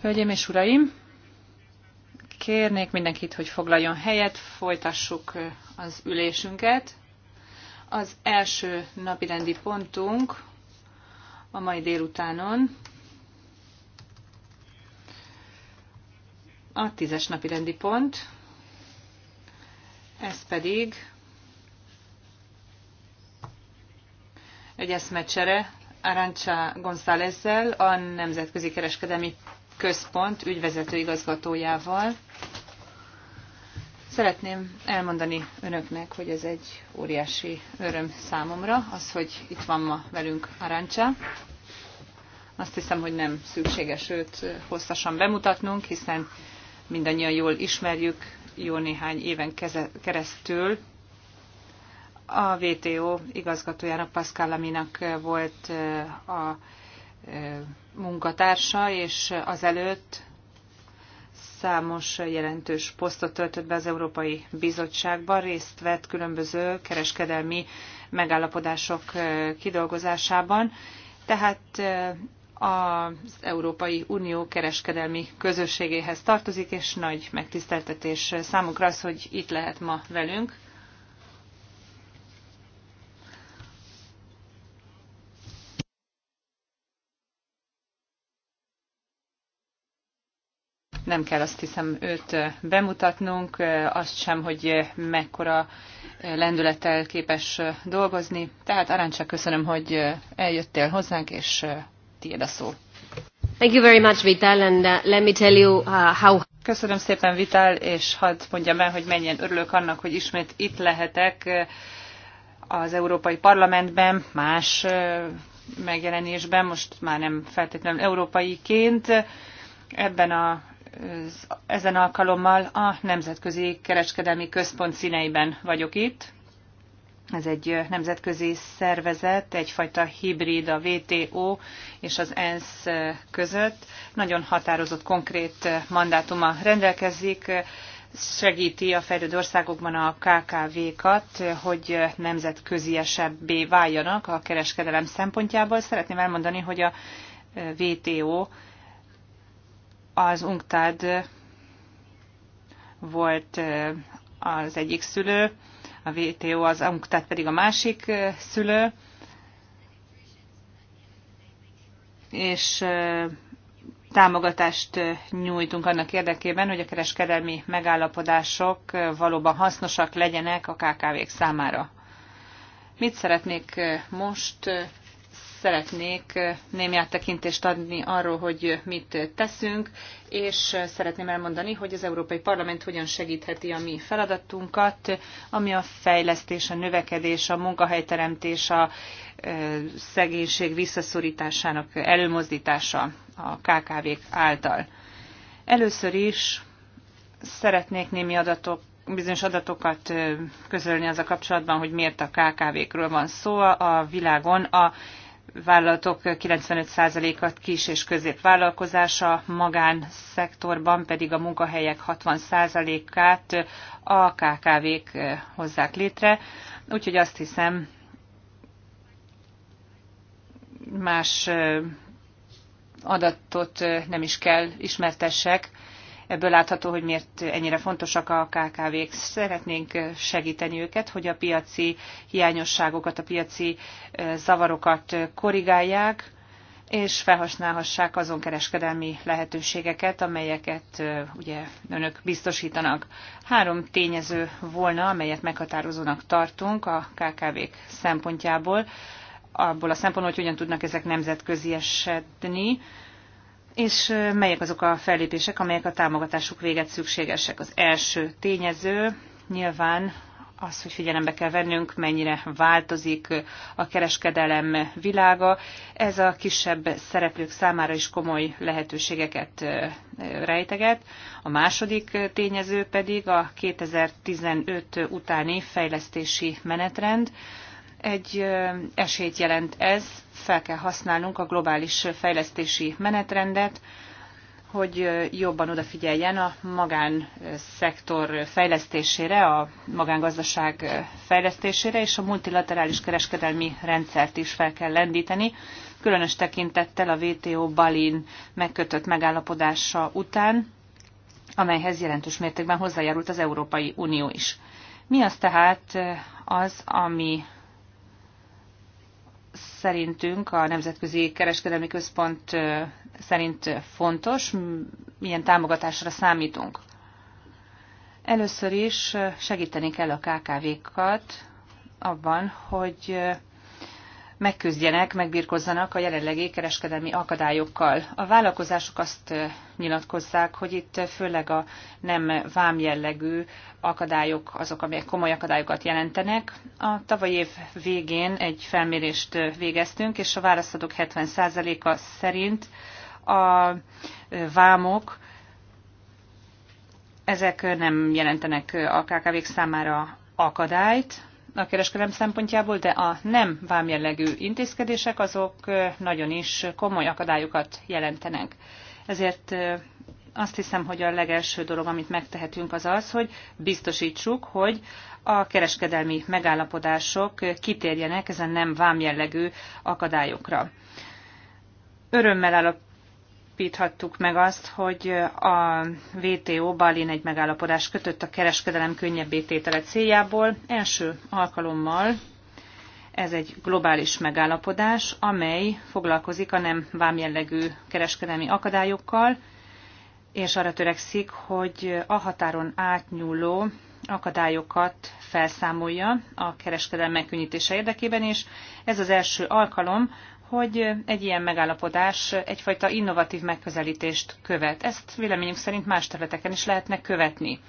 Hölgyeim és uraim, kérnék mindenkit, hogy foglaljon helyet, folytassuk az ülésünket. Az első napirendi pontunk a mai délutánon a tízes napirendi pont, ez pedig egy eszmecsere Arancsa gonzález a Nemzetközi Kereskedelmi Központ ügyvezető igazgatójával. Szeretném elmondani önöknek, hogy ez egy óriási öröm számomra, az, hogy itt van ma velünk Arancsa. Azt hiszem, hogy nem szükséges őt hosszasan bemutatnunk, hiszen mindannyian jól ismerjük, jó néhány éven keresztül a WTO igazgatójának, Pascal Laminak eh, volt eh, a eh, munkatársa, és azelőtt számos jelentős posztot töltött be az Európai Bizottságban, részt vett különböző kereskedelmi megállapodások kidolgozásában. Tehát az Európai Unió kereskedelmi közösségéhez tartozik, és nagy megtiszteltetés számunkra az, hogy itt lehet ma velünk. nem kell azt hiszem őt bemutatnunk, azt sem, hogy mekkora lendülettel képes dolgozni. Tehát Aráncsa köszönöm, hogy eljöttél hozzánk, és tiéd a szó. Thank you very much, Vital, and uh, let me tell you uh, how... Köszönöm szépen, Vital, és hadd mondjam el, hogy mennyien örülök annak, hogy ismét itt lehetek az Európai Parlamentben, más megjelenésben, most már nem feltétlenül európaiként, ebben a ezen alkalommal a Nemzetközi Kereskedelmi Központ színeiben vagyok itt. Ez egy nemzetközi szervezet, egyfajta hibrid a WTO és az ENSZ között. Nagyon határozott, konkrét mandátuma rendelkezik, segíti a fejlődő országokban a KKV-kat, hogy nemzetköziesebbé váljanak a kereskedelem szempontjából. Szeretném elmondani, hogy a WTO az Unktád volt az egyik szülő, a VTO az Unktád pedig a másik szülő, és támogatást nyújtunk annak érdekében, hogy a kereskedelmi megállapodások valóban hasznosak legyenek a KKV-k számára. Mit szeretnék most szeretnék némi áttekintést adni arról, hogy mit teszünk, és szeretném elmondani, hogy az Európai Parlament hogyan segítheti a mi feladatunkat, ami a fejlesztés, a növekedés, a munkahelyteremtés, a e, szegénység visszaszorításának előmozdítása a KKV-k által. Először is szeretnék némi adatok bizonyos adatokat e, közölni az a kapcsolatban, hogy miért a KKV-kről van szó. A világon a vállalatok 95%-a kis és középvállalkozása, magánszektorban pedig a munkahelyek 60%-át a KKV-k eh, hozzák létre. Úgyhogy azt hiszem, más eh, adatot eh, nem is kell ismertessek Ebből látható, hogy miért ennyire fontosak a KKV-k. Szeretnénk segíteni őket, hogy a piaci hiányosságokat, a piaci zavarokat korrigálják, és felhasználhassák azon kereskedelmi lehetőségeket, amelyeket ugye önök biztosítanak. Három tényező volna, amelyet meghatározónak tartunk a KKV-k szempontjából, abból a szempontból, hogy hogyan tudnak ezek nemzetközi esetni, és melyek azok a fellépések, amelyek a támogatásuk véget szükségesek. Az első tényező nyilván az, hogy figyelembe kell vennünk, mennyire változik a kereskedelem világa. Ez a kisebb szereplők számára is komoly lehetőségeket rejteget. A második tényező pedig a 2015 utáni fejlesztési menetrend, egy esélyt jelent ez, fel kell használnunk a globális fejlesztési menetrendet, hogy jobban odafigyeljen a magánszektor fejlesztésére, a magángazdaság fejlesztésére, és a multilaterális kereskedelmi rendszert is fel kell lendíteni, különös tekintettel a WTO Balin megkötött megállapodása után, amelyhez jelentős mértékben hozzájárult az Európai Unió is. Mi az tehát az, ami szerintünk a Nemzetközi Kereskedelmi Központ szerint fontos, milyen támogatásra számítunk. Először is segíteni kell a KKV-kat abban, hogy megküzdjenek, megbirkozzanak a jelenlegi kereskedelmi akadályokkal. A vállalkozások azt nyilatkozzák, hogy itt főleg a nem vámjellegű akadályok azok, amelyek komoly akadályokat jelentenek. A tavaly év végén egy felmérést végeztünk, és a válaszadók 70%-a szerint a vámok ezek nem jelentenek a KKV-k számára akadályt, a kereskedelem szempontjából, de a nem vámjellegű intézkedések azok nagyon is komoly akadályokat jelentenek. Ezért azt hiszem, hogy a legelső dolog, amit megtehetünk, az az, hogy biztosítsuk, hogy a kereskedelmi megállapodások kitérjenek ezen nem vámjellegű akadályokra. Örömmel állok állapíthattuk meg azt, hogy a WTO Balin egy megállapodás kötött a kereskedelem könnyebbé tétele céljából. Első alkalommal ez egy globális megállapodás, amely foglalkozik a nem vámjellegű kereskedelmi akadályokkal, és arra törekszik, hogy a határon átnyúló akadályokat felszámolja a kereskedelem megkönnyítése érdekében, és ez az első alkalom, hogy egy ilyen megállapodás egyfajta innovatív megközelítést követ. Ezt véleményünk szerint más területeken is lehetne követni.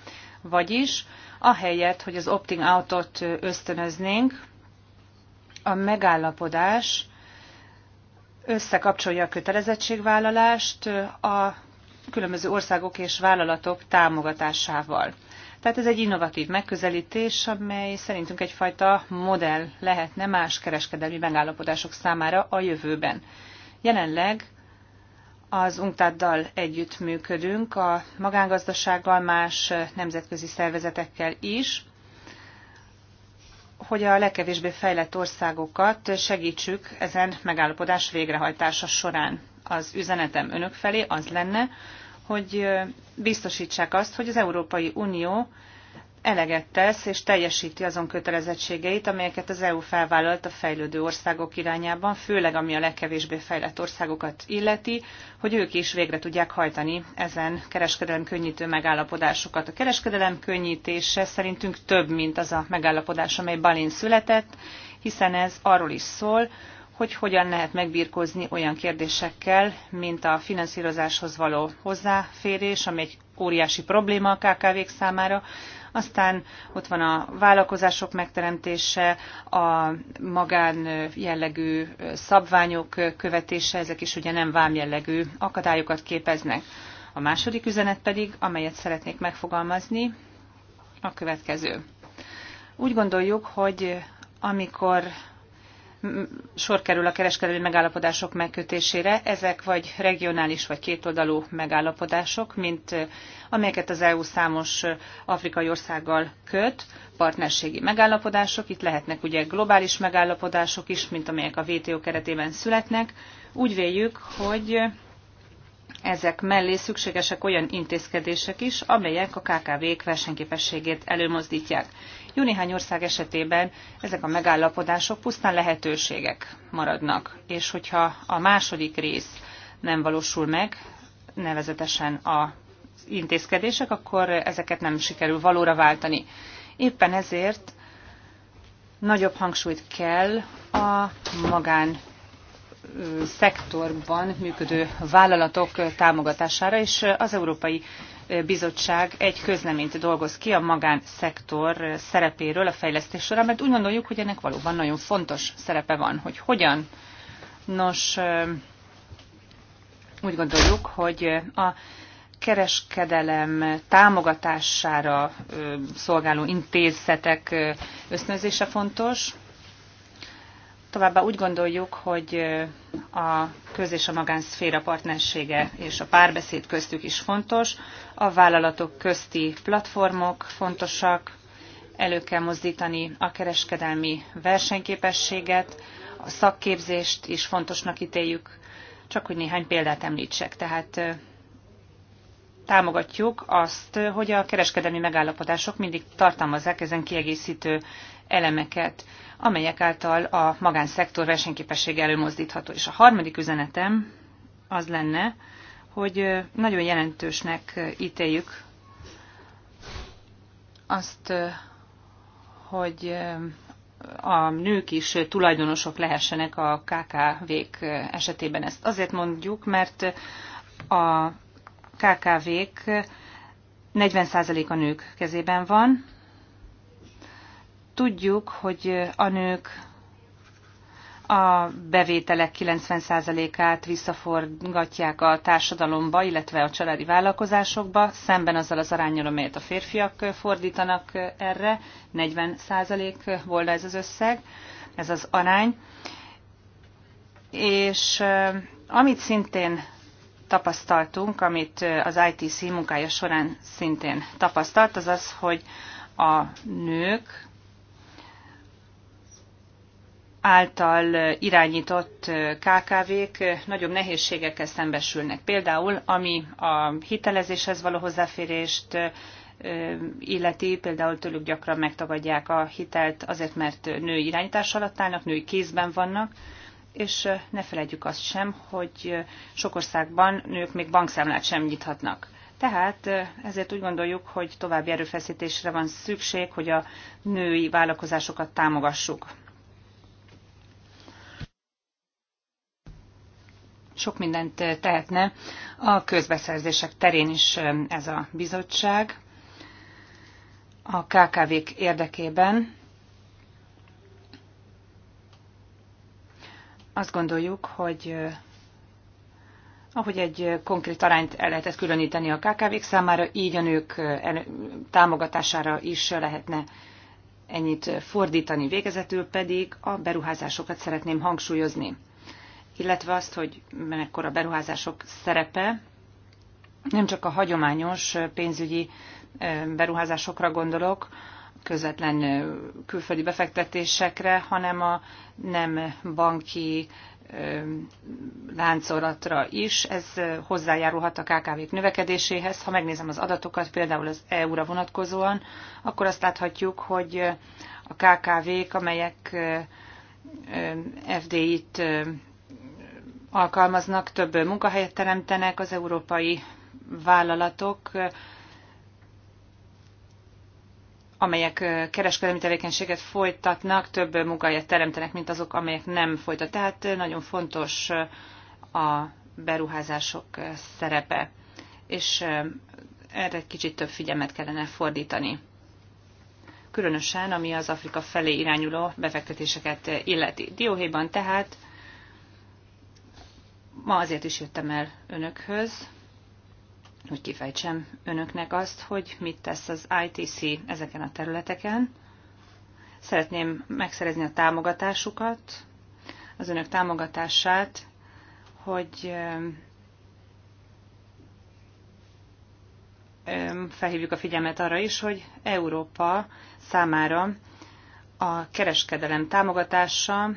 Vagyis ahelyett, hogy az opting out-ot ösztönöznénk, a megállapodás összekapcsolja a kötelezettségvállalást a különböző országok és vállalatok támogatásával. Tehát ez egy innovatív megközelítés, amely szerintünk egyfajta modell lehetne más kereskedelmi megállapodások számára a jövőben. Jelenleg az UNCTAD-dal együttműködünk, a magángazdasággal, más nemzetközi szervezetekkel is, hogy a legkevésbé fejlett országokat segítsük ezen megállapodás végrehajtása során. Az üzenetem önök felé az lenne, hogy biztosítsák azt, hogy az Európai Unió eleget tesz és teljesíti azon kötelezettségeit, amelyeket az EU felvállalt a fejlődő országok irányában, főleg ami a legkevésbé fejlett országokat illeti, hogy ők is végre tudják hajtani ezen kereskedelem könnyítő megállapodásokat. A kereskedelem könnyítése szerintünk több, mint az a megállapodás, amely Balin született, hiszen ez arról is szól, hogy hogyan lehet megbírkozni olyan kérdésekkel, mint a finanszírozáshoz való hozzáférés, ami egy óriási probléma a KKV-k számára, aztán ott van a vállalkozások megteremtése, a magán jellegű szabványok követése, ezek is ugye nem vámjellegű akadályokat képeznek. A második üzenet pedig, amelyet szeretnék megfogalmazni, a következő. Úgy gondoljuk, hogy amikor sor kerül a kereskedelmi megállapodások megkötésére. Ezek vagy regionális, vagy kétoldalú megállapodások, mint amelyeket az EU számos afrikai országgal köt, partnerségi megállapodások. Itt lehetnek ugye globális megállapodások is, mint amelyek a WTO keretében születnek. Úgy véljük, hogy ezek mellé szükségesek olyan intézkedések is, amelyek a KKV-k versenyképességét előmozdítják. Jó néhány ország esetében ezek a megállapodások pusztán lehetőségek maradnak, és hogyha a második rész nem valósul meg, nevezetesen a intézkedések, akkor ezeket nem sikerül valóra váltani. Éppen ezért nagyobb hangsúlyt kell a magán szektorban működő vállalatok támogatására, és az Európai Bizottság egy közleményt dolgoz ki a magánszektor szerepéről a fejlesztés során, mert úgy gondoljuk, hogy ennek valóban nagyon fontos szerepe van, hogy hogyan. Nos, úgy gondoljuk, hogy a kereskedelem támogatására szolgáló intézetek ösztönzése fontos, Továbbá úgy gondoljuk, hogy a köz- és a magánszféra partnersége és a párbeszéd köztük is fontos, a vállalatok közti platformok fontosak, elő kell mozdítani a kereskedelmi versenyképességet, a szakképzést is fontosnak ítéljük, csak hogy néhány példát említsek. Tehát támogatjuk azt, hogy a kereskedelmi megállapodások mindig tartalmazzák ezen kiegészítő elemeket, amelyek által a magánszektor versenyképesség előmozdítható. És a harmadik üzenetem az lenne, hogy nagyon jelentősnek ítéljük azt, hogy a nők is tulajdonosok lehessenek a KKV-k esetében. Ezt azért mondjuk, mert a KKV-k 40% a nők kezében van, Tudjuk, hogy a nők a bevételek 90%-át visszaforgatják a társadalomba, illetve a családi vállalkozásokba, szemben azzal az arányal, amelyet a férfiak fordítanak erre, 40% volna ez az összeg, ez az arány. És eh, amit szintén tapasztaltunk, amit eh, az ITC munkája során szintén tapasztalt, az az, hogy a nők által irányított KKV-k nagyobb nehézségekkel szembesülnek. Például, ami a hitelezéshez való hozzáférést illeti, például tőlük gyakran megtagadják a hitelt azért, mert női irányítás alatt állnak, női kézben vannak, és ne felejtjük azt sem, hogy sok országban nők még bankszámlát sem nyithatnak. Tehát ezért úgy gondoljuk, hogy további erőfeszítésre van szükség, hogy a női vállalkozásokat támogassuk. sok mindent eh, tehetne. A közbeszerzések terén is eh, ez a bizottság a KKV-k érdekében. Azt gondoljuk, hogy eh, ahogy egy konkrét arányt el lehetett különíteni a KKV-k számára, így a nők támogatására is lehetne ennyit fordítani. Végezetül pedig a beruházásokat szeretném hangsúlyozni illetve azt, hogy mekkora beruházások szerepe, nem csak a hagyományos pénzügyi beruházásokra gondolok, közvetlen külföldi befektetésekre, hanem a nem banki láncolatra is. Ez hozzájárulhat a KKV-k növekedéséhez. Ha megnézem az adatokat, például az EU-ra vonatkozóan, akkor azt láthatjuk, hogy a KKV-k, amelyek FDI-t alkalmaznak, több munkahelyet teremtenek az európai vállalatok, amelyek kereskedelmi tevékenységet folytatnak, több munkahelyet teremtenek, mint azok, amelyek nem folytat. Tehát nagyon fontos a beruházások szerepe, és erre egy kicsit több figyelmet kellene fordítani. Különösen, ami az Afrika felé irányuló befektetéseket illeti. Dióhéjban tehát Ma azért is jöttem el önökhöz, hogy kifejtsem önöknek azt, hogy mit tesz az ITC ezeken a területeken. Szeretném megszerezni a támogatásukat, az önök támogatását, hogy felhívjuk a figyelmet arra is, hogy Európa számára a kereskedelem támogatása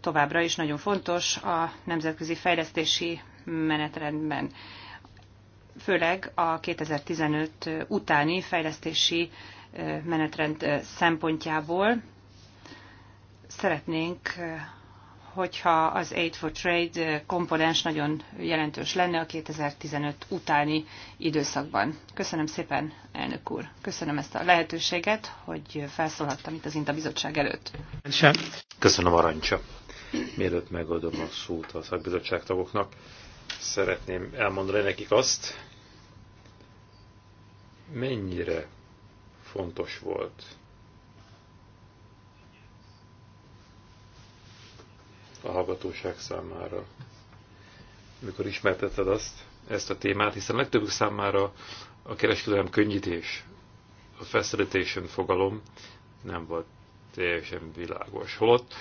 továbbra is nagyon fontos a nemzetközi fejlesztési menetrendben, főleg a 2015 utáni fejlesztési menetrend szempontjából szeretnénk hogyha az Aid for Trade komponens nagyon jelentős lenne a 2015 utáni időszakban. Köszönöm szépen, elnök úr. Köszönöm ezt a lehetőséget, hogy felszólhattam itt az INTA bizottság előtt. Köszönöm, Arancsa. Mielőtt megadom a szót a szakbizottság tagoknak, szeretném elmondani nekik azt, mennyire fontos volt a hallgatóság számára, mikor ismerteted azt, ezt a témát, hiszen legtöbb számára a kereskedelem könnyítés, a facilitation fogalom nem volt teljesen világos. Holott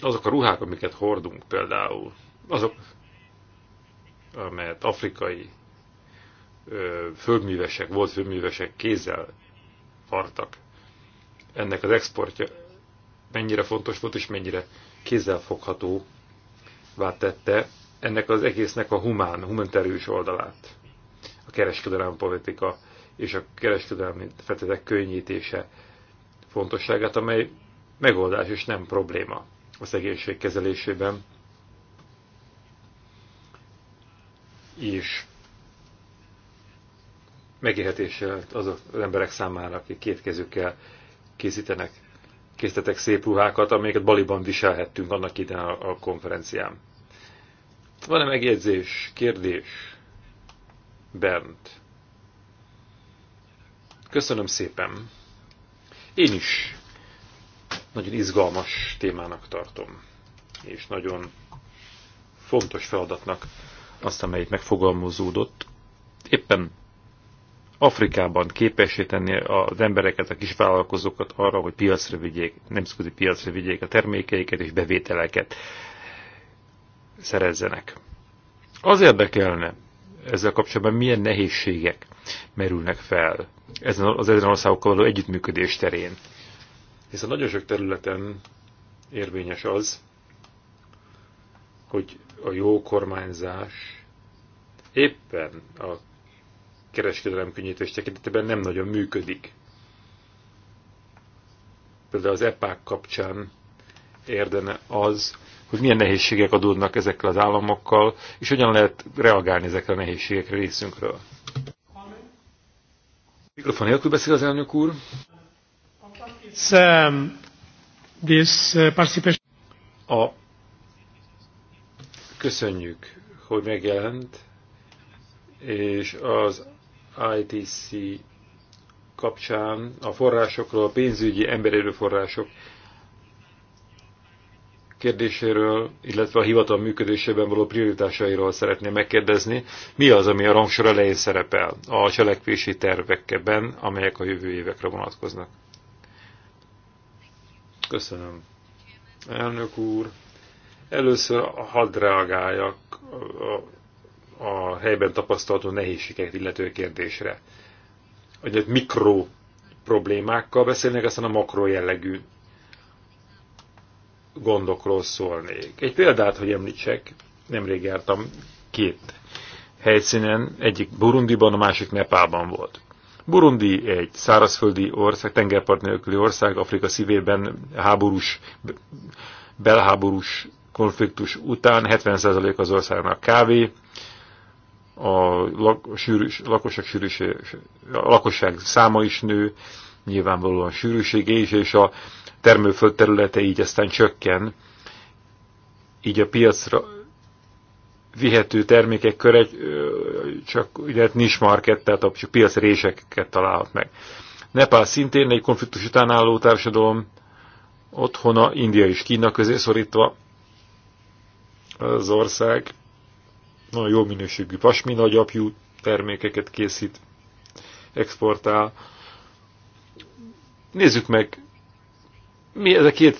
azok a ruhák, amiket hordunk például, azok, amelyet afrikai ö, földművesek, volt földművesek kézzel vartak, ennek az exportja mennyire fontos volt, és mennyire kézzelfogható tette ennek az egésznek a humán, humanterős oldalát. A kereskedelmi politika és a kereskedelmi fetetek könnyítése fontosságát, amely megoldás és nem probléma a szegénység kezelésében. És megélhetéssel azok az emberek számára, akik kezükkel készítenek készítettek szép ruhákat, amelyeket Baliban viselhettünk annak idején a konferencián. Van-e megjegyzés, kérdés? Bernd. Köszönöm szépen. Én is nagyon izgalmas témának tartom, és nagyon fontos feladatnak azt, amelyik megfogalmazódott. Éppen Afrikában képessé tenni az embereket, a kisvállalkozókat arra, hogy piacra vigyék, nemzetközi piacra vigyék a termékeiket és bevételeket szerezzenek. Az érdekelne ezzel kapcsolatban milyen nehézségek merülnek fel ezen az ezen országokkal való együttműködés terén. Hiszen nagyon sok területen érvényes az, hogy a jó kormányzás éppen a kereskedelem könnyítés tekintetében nem nagyon működik. Például az EPÁK kapcsán érdene az, hogy milyen nehézségek adódnak ezekkel az államokkal, és hogyan lehet reagálni ezekre a nehézségekre részünkről. Mikrofon nélkül beszél az elnök úr. Um, uh, a... Köszönjük, hogy megjelent, és az ITC kapcsán a forrásokról, a pénzügyi emberérőforrások kérdéséről, illetve a hivatal működésében való prioritásairól szeretném megkérdezni. Mi az, ami a rangsor elején szerepel a cselekvési tervekben, amelyek a jövő évekre vonatkoznak? Köszönöm. Elnök úr, először hadd reagáljak a helyben tapasztalható nehézségeket illető kérdésre. Hogy mikro problémákkal beszélnék, aztán a makro jellegű gondokról szólnék. Egy példát, hogy említsek, nemrég jártam két helyszínen, egyik Burundiban, a másik Nepában volt. Burundi egy szárazföldi ország, tengerpart nélküli ország, Afrika szívében háborús, belháborús konfliktus után 70% az országnak kávé, a, sűrűs, lakosság, sűrűs, a lakosság száma is nő, nyilvánvalóan sűrűsége is, és a termőföld területe így aztán csökken, így a piacra vihető termékek köre csak ugye, hát niche market, tehát a piac réseket találhat meg. Nepál szintén egy konfliktus után álló társadalom, otthona India és Kína közé szorítva az ország, nagyon jó minőségű pasmina gyapjú termékeket készít, exportál. Nézzük meg, mi ez a két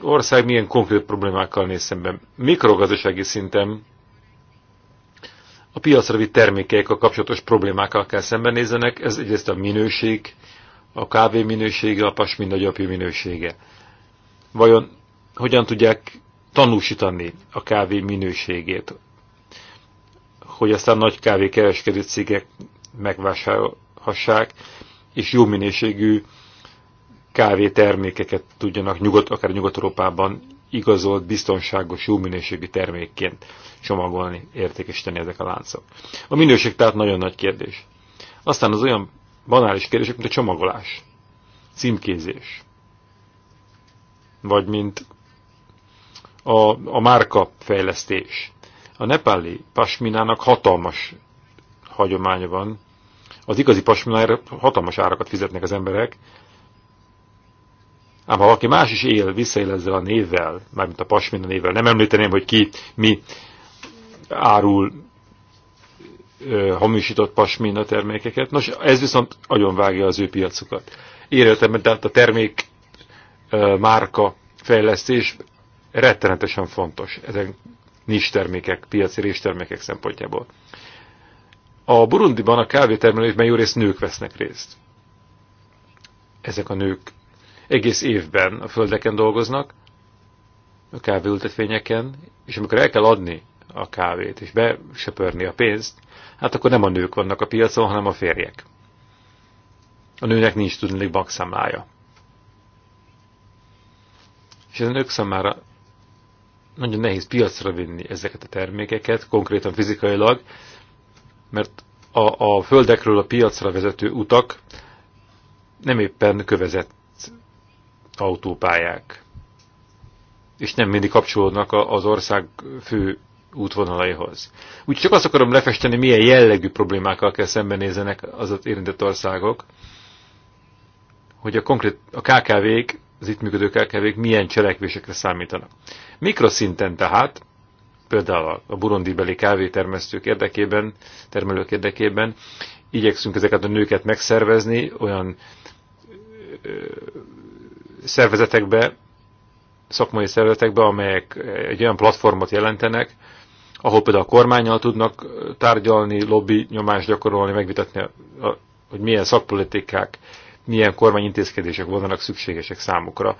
ország milyen konkrét problémákkal néz szemben. Mikrogazdasági szinten a piacra vitt a kapcsolatos problémákkal kell szembenézzenek. Ez egyrészt a minőség, a kávé minősége, a pasmin nagyapja minősége. Vajon hogyan tudják tanúsítani a kávé minőségét hogy aztán nagy kávékereskedő cégek megvásárolhassák, és jó minőségű kávétermékeket tudjanak nyugat, akár Nyugat-Európában igazolt, biztonságos, jó minőségű termékként csomagolni, értékesíteni ezek a láncok. A minőség tehát nagyon nagy kérdés. Aztán az olyan banális kérdések, mint a csomagolás, címkézés, vagy mint a, a márka fejlesztés. A nepáli pasminának hatalmas hagyománya van. Az igazi pasminára hatalmas árakat fizetnek az emberek, Ám ha valaki más is él, visszaél ezzel a névvel, mármint a pasmina névvel, nem említeném, hogy ki, mi árul ö, hamisított pasmina termékeket. Nos, ez viszont nagyon vágja az ő piacukat. Éreltem, tehát a termék ö, márka fejlesztés rettenetesen fontos ezen nincs termékek, piaci termékek szempontjából. A Burundiban a kávétermelésben jó részt nők vesznek részt. Ezek a nők egész évben a földeken dolgoznak, a kávéültetvényeken, és amikor el kell adni a kávét, és besöpörni a pénzt, hát akkor nem a nők vannak a piacon, hanem a férjek. A nőnek nincs tudnék bankszámlája. És ez a nők számára nagyon nehéz piacra vinni ezeket a termékeket, konkrétan fizikailag, mert a, a földekről a piacra vezető utak nem éppen kövezett autópályák, és nem mindig kapcsolódnak az ország fő útvonalaihoz. Úgyhogy csak azt akarom lefesteni, milyen jellegű problémákkal kell szembenézenek az érintett országok, hogy a konkrét a KKV-k az itt működő KKV-k milyen cselekvésekre számítanak. Mikroszinten tehát, például a burundi beli kávétermesztők érdekében, termelők érdekében, igyekszünk ezeket a nőket megszervezni olyan ö, szervezetekbe, szakmai szervezetekbe, amelyek egy olyan platformot jelentenek, ahol például a kormányjal tudnak tárgyalni, lobby nyomást gyakorolni, megvitatni, hogy milyen szakpolitikák milyen kormányintézkedések vannak szükségesek számukra.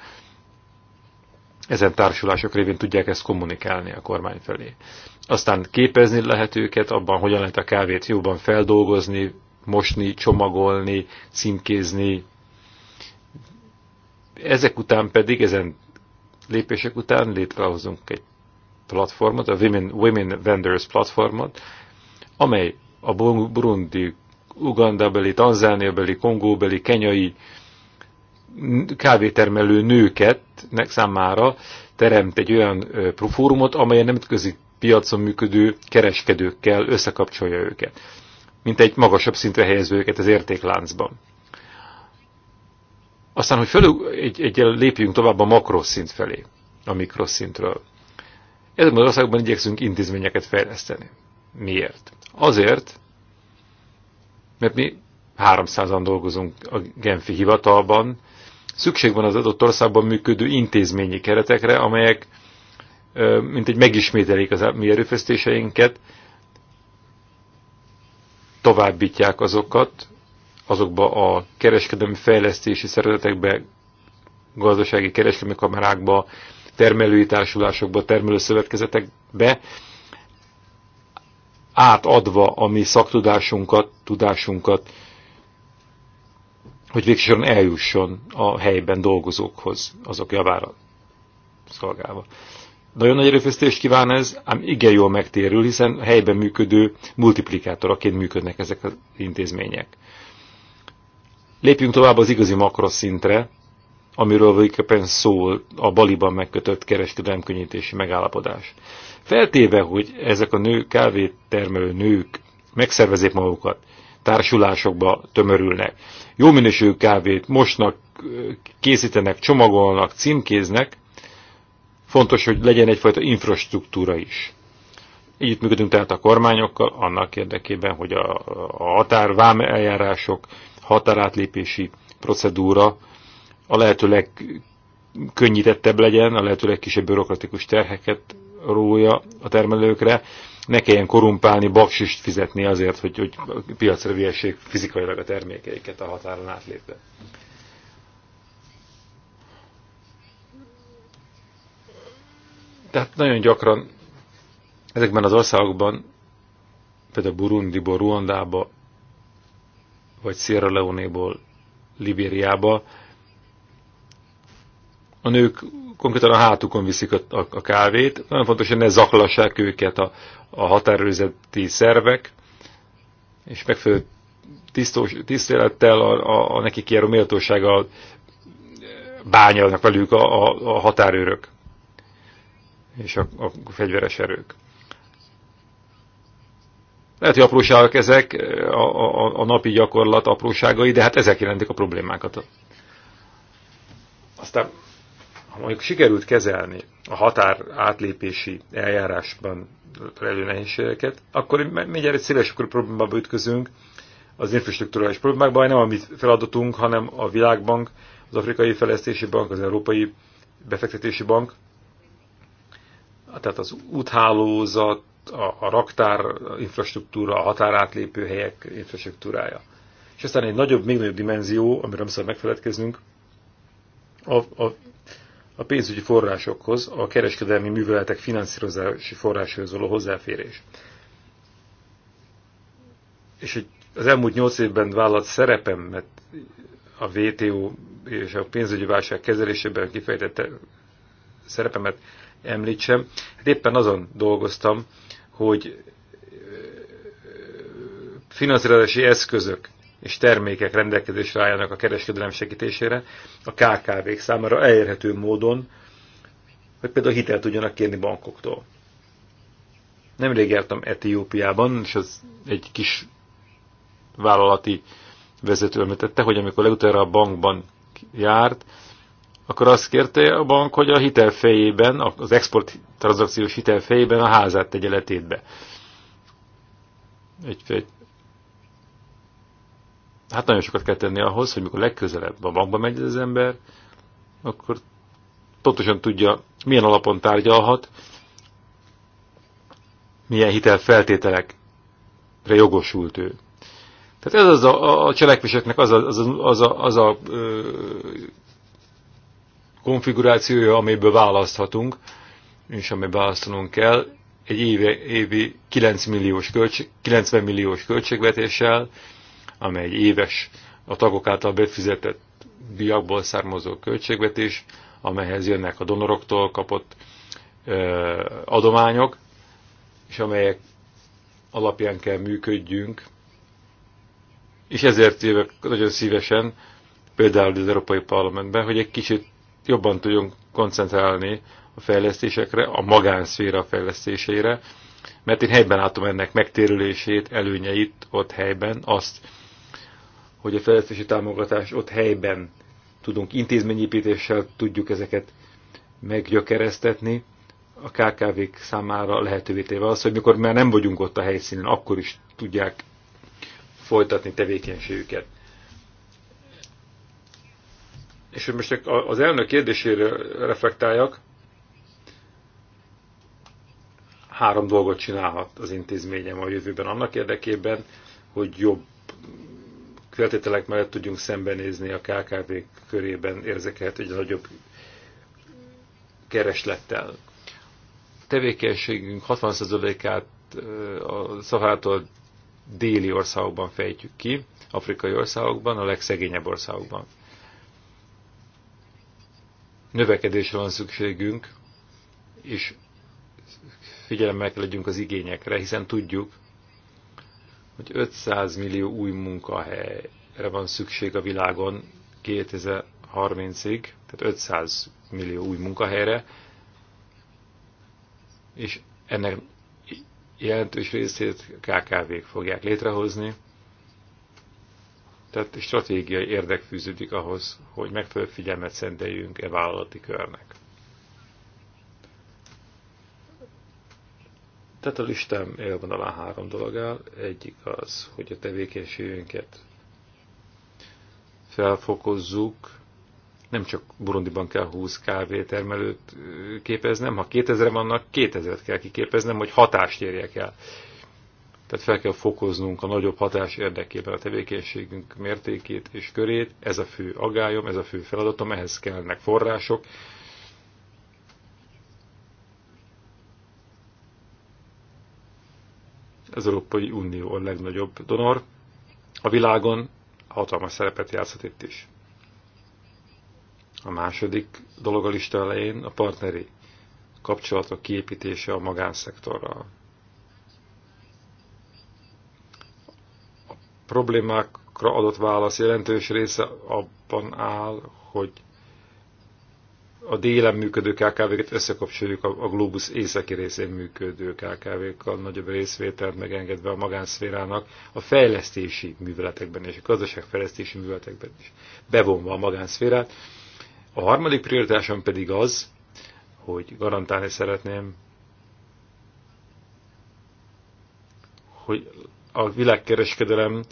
Ezen társulások révén tudják ezt kommunikálni a kormány felé. Aztán képezni lehet őket abban, hogyan lehet a kávét jobban feldolgozni, mosni, csomagolni, címkézni. Ezek után pedig, ezen lépések után létrehozunk egy platformot, a Women, Women Vendors platformot, amely a burundi Ugandabeli, Tanzániabeli, Kongóbeli, Kenyai kávétermelő nőket számára teremt egy olyan profórumot, amely a nemzetközi piacon működő kereskedőkkel összekapcsolja őket, mint egy magasabb szintre helyező őket az értékláncban. Aztán, hogy fölül, egy, egy lépjünk tovább a makroszint felé, a mikroszintről. Ezekben az országokban igyekszünk intézményeket fejleszteni. Miért? Azért, mert mi 300-an dolgozunk a Genfi hivatalban, szükség van az adott országban működő intézményi keretekre, amelyek mint egy megismételik az mi erőfesztéseinket, továbbítják azokat, azokba a kereskedelmi fejlesztési szervezetekbe, gazdasági kereskedelmi kamerákba, termelői társulásokba, termelőszövetkezetekbe, átadva a mi szaktudásunkat, tudásunkat, hogy végsősorban eljusson a helyben dolgozókhoz azok javára szolgálva. Nagyon nagy erőfeszítést kíván ez, ám igen jól megtérül, hiszen helyben működő multiplikátoraként működnek ezek az intézmények. Lépjünk tovább az igazi makroszintre, amiről végképpen szól a Baliban megkötött kereskedelemkönnyítési megállapodás. Feltéve, hogy ezek a nő, kávétermelő nők megszervezik magukat, társulásokba tömörülnek, jó minőségű kávét mosnak, készítenek, csomagolnak, címkéznek, fontos, hogy legyen egyfajta infrastruktúra is. Így működünk tehát a kormányokkal annak érdekében, hogy a, a határvám eljárások, határátlépési procedúra a lehető legkönnyítettebb legyen, a lehető legkisebb bürokratikus terheket rója a termelőkre, ne kelljen korumpálni, baksist fizetni azért, hogy, hogy piacra viessék fizikailag a termékeiket a határon átlépve. Tehát nagyon gyakran ezekben az országokban, például Burundiból, Ruandába, vagy Sierra Leone-ból, Libériába, a nők konkrétan a hátukon viszik a, a, a kávét. Nagyon fontos, hogy ne zaklassák őket a, a határőrzeti szervek, és megfelelő tisztos, tisztelettel a, a, a nekik járó méltósággal bányalnak velük a, a, a határőrök és a, a fegyveres erők. Lehet, hogy apróságok ezek, a, a, a napi gyakorlat apróságai, de hát ezek jelentik a problémákat. Aztán mondjuk sikerült kezelni a határ átlépési eljárásban levő nehézségeket, akkor mindjárt egy széleskörű problémába ütközünk, az infrastruktúrális problémákban, nem a mi feladatunk, hanem a Világbank, az Afrikai Fejlesztési Bank, az Európai Befektetési Bank, tehát az úthálózat, a, a raktár infrastruktúra, a határátlépő helyek infrastruktúrája. És aztán egy nagyobb, még nagyobb dimenzió, amiről nem szabad megfeledkeznünk, a, a a pénzügyi forrásokhoz, a kereskedelmi műveletek finanszírozási forráshoz való hozzáférés. És hogy az elmúlt nyolc évben vállalt szerepemet a WTO és a pénzügyi válság kezelésében kifejtette szerepemet említsem. Hát éppen azon dolgoztam, hogy finanszírozási eszközök és termékek rendelkezésre álljanak a kereskedelem segítésére a KKV-k számára elérhető módon, hogy például hitelt tudjanak kérni bankoktól. Nemrég jártam Etiópiában, és az egy kis vállalati vezető említette, hogy amikor legutoljára a bankban járt, akkor azt kérte a bank, hogy a hitel fejében, az export tranzakciós hitel fejében a házát tegye letétbe. Egy, egy hát nagyon sokat kell tenni ahhoz, hogy mikor legközelebb a bankba megy az ember, akkor pontosan tudja, milyen alapon tárgyalhat, milyen hitel feltételekre jogosult ő. Tehát ez az a, a cselekvéseknek az a, az a, az a, az a ö, konfigurációja, amiből választhatunk, és amiből választanunk kell, egy évi, évi 9 milliós költség, 90 milliós költségvetéssel, amely éves, a tagok által befizetett diakból származó költségvetés, amelyhez jönnek a donoroktól kapott ö, adományok, és amelyek alapján kell működjünk, és ezért jövök nagyon szívesen, például az Európai Parlamentben, hogy egy kicsit jobban tudjunk koncentrálni a fejlesztésekre, a magánszféra fejlesztésére, mert én helyben látom ennek megtérülését, előnyeit ott helyben, azt, hogy a fejlesztési támogatás ott helyben tudunk intézményépítéssel tudjuk ezeket meggyökeresztetni, a KKV-k számára lehetővé téve az, hogy mikor már nem vagyunk ott a helyszínen, akkor is tudják folytatni tevékenységüket. És hogy most az elnök kérdésére reflektáljak, három dolgot csinálhat az intézményem a jövőben annak érdekében, hogy jobb feltételek mellett tudjunk szembenézni a KKV körében érzekelt egy nagyobb kereslettel. Tevékenységünk 60%-át a Szahától déli országokban fejtjük ki, afrikai országokban, a legszegényebb országokban. Növekedésre van szükségünk, és figyelemmel kell legyünk az igényekre, hiszen tudjuk, hogy 500 millió új munkahelyre van szükség a világon 2030-ig, tehát 500 millió új munkahelyre, és ennek jelentős részét KKV-k fogják létrehozni, tehát stratégiai érdek fűződik ahhoz, hogy megfelelő figyelmet szenteljünk e vállalati körnek. Tehát a listám elvonalán három dolog áll. Egyik az, hogy a tevékenységünket felfokozzuk, nem csak Burundiban kell 20 kávétermelőt képeznem, ha 2000 vannak, 2000-et kell kiképeznem, hogy hatást érjek el. Tehát fel kell fokoznunk a nagyobb hatás érdekében a tevékenységünk mértékét és körét, ez a fő agályom, ez a fő feladatom, ehhez kellnek források, az Európai Unió a legnagyobb donor, a világon hatalmas szerepet játszhat itt is. A második dolog a lista elején a partneri kapcsolatok kiépítése a magánszektorral. A problémákra adott válasz jelentős része abban áll, hogy a délen működő KKV-ket összekapcsoljuk a, a Globus északi részén működő KKV-kkal, nagyobb részvételt megengedve a magánszférának a fejlesztési műveletekben és a gazdaságfejlesztési műveletekben is, bevonva a magánszférát. A harmadik prioritásom pedig az, hogy garantálni szeretném, hogy a világkereskedelem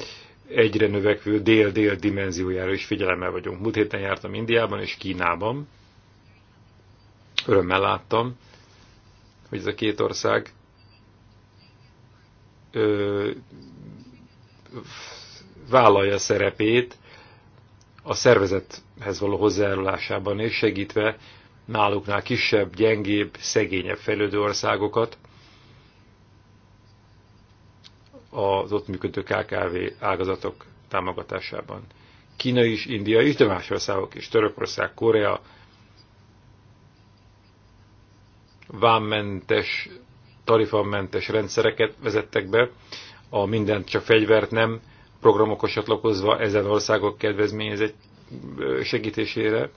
egyre növekvő dél-dél dimenziójára is figyelemmel vagyunk. Múlt héten jártam Indiában és Kínában, Örömmel láttam, hogy ez a két ország ö, vállalja szerepét a szervezethez való hozzájárulásában, és segítve náluknál kisebb, gyengébb, szegényebb fejlődő országokat az ott működő KKV ágazatok támogatásában. Kína is, India is, de más országok is, Törökország, Korea, vámmentes, tarifamentes rendszereket vezettek be, a mindent csak fegyvert nem programokhoz csatlakozva ezen országok kedvezményezett segítésére.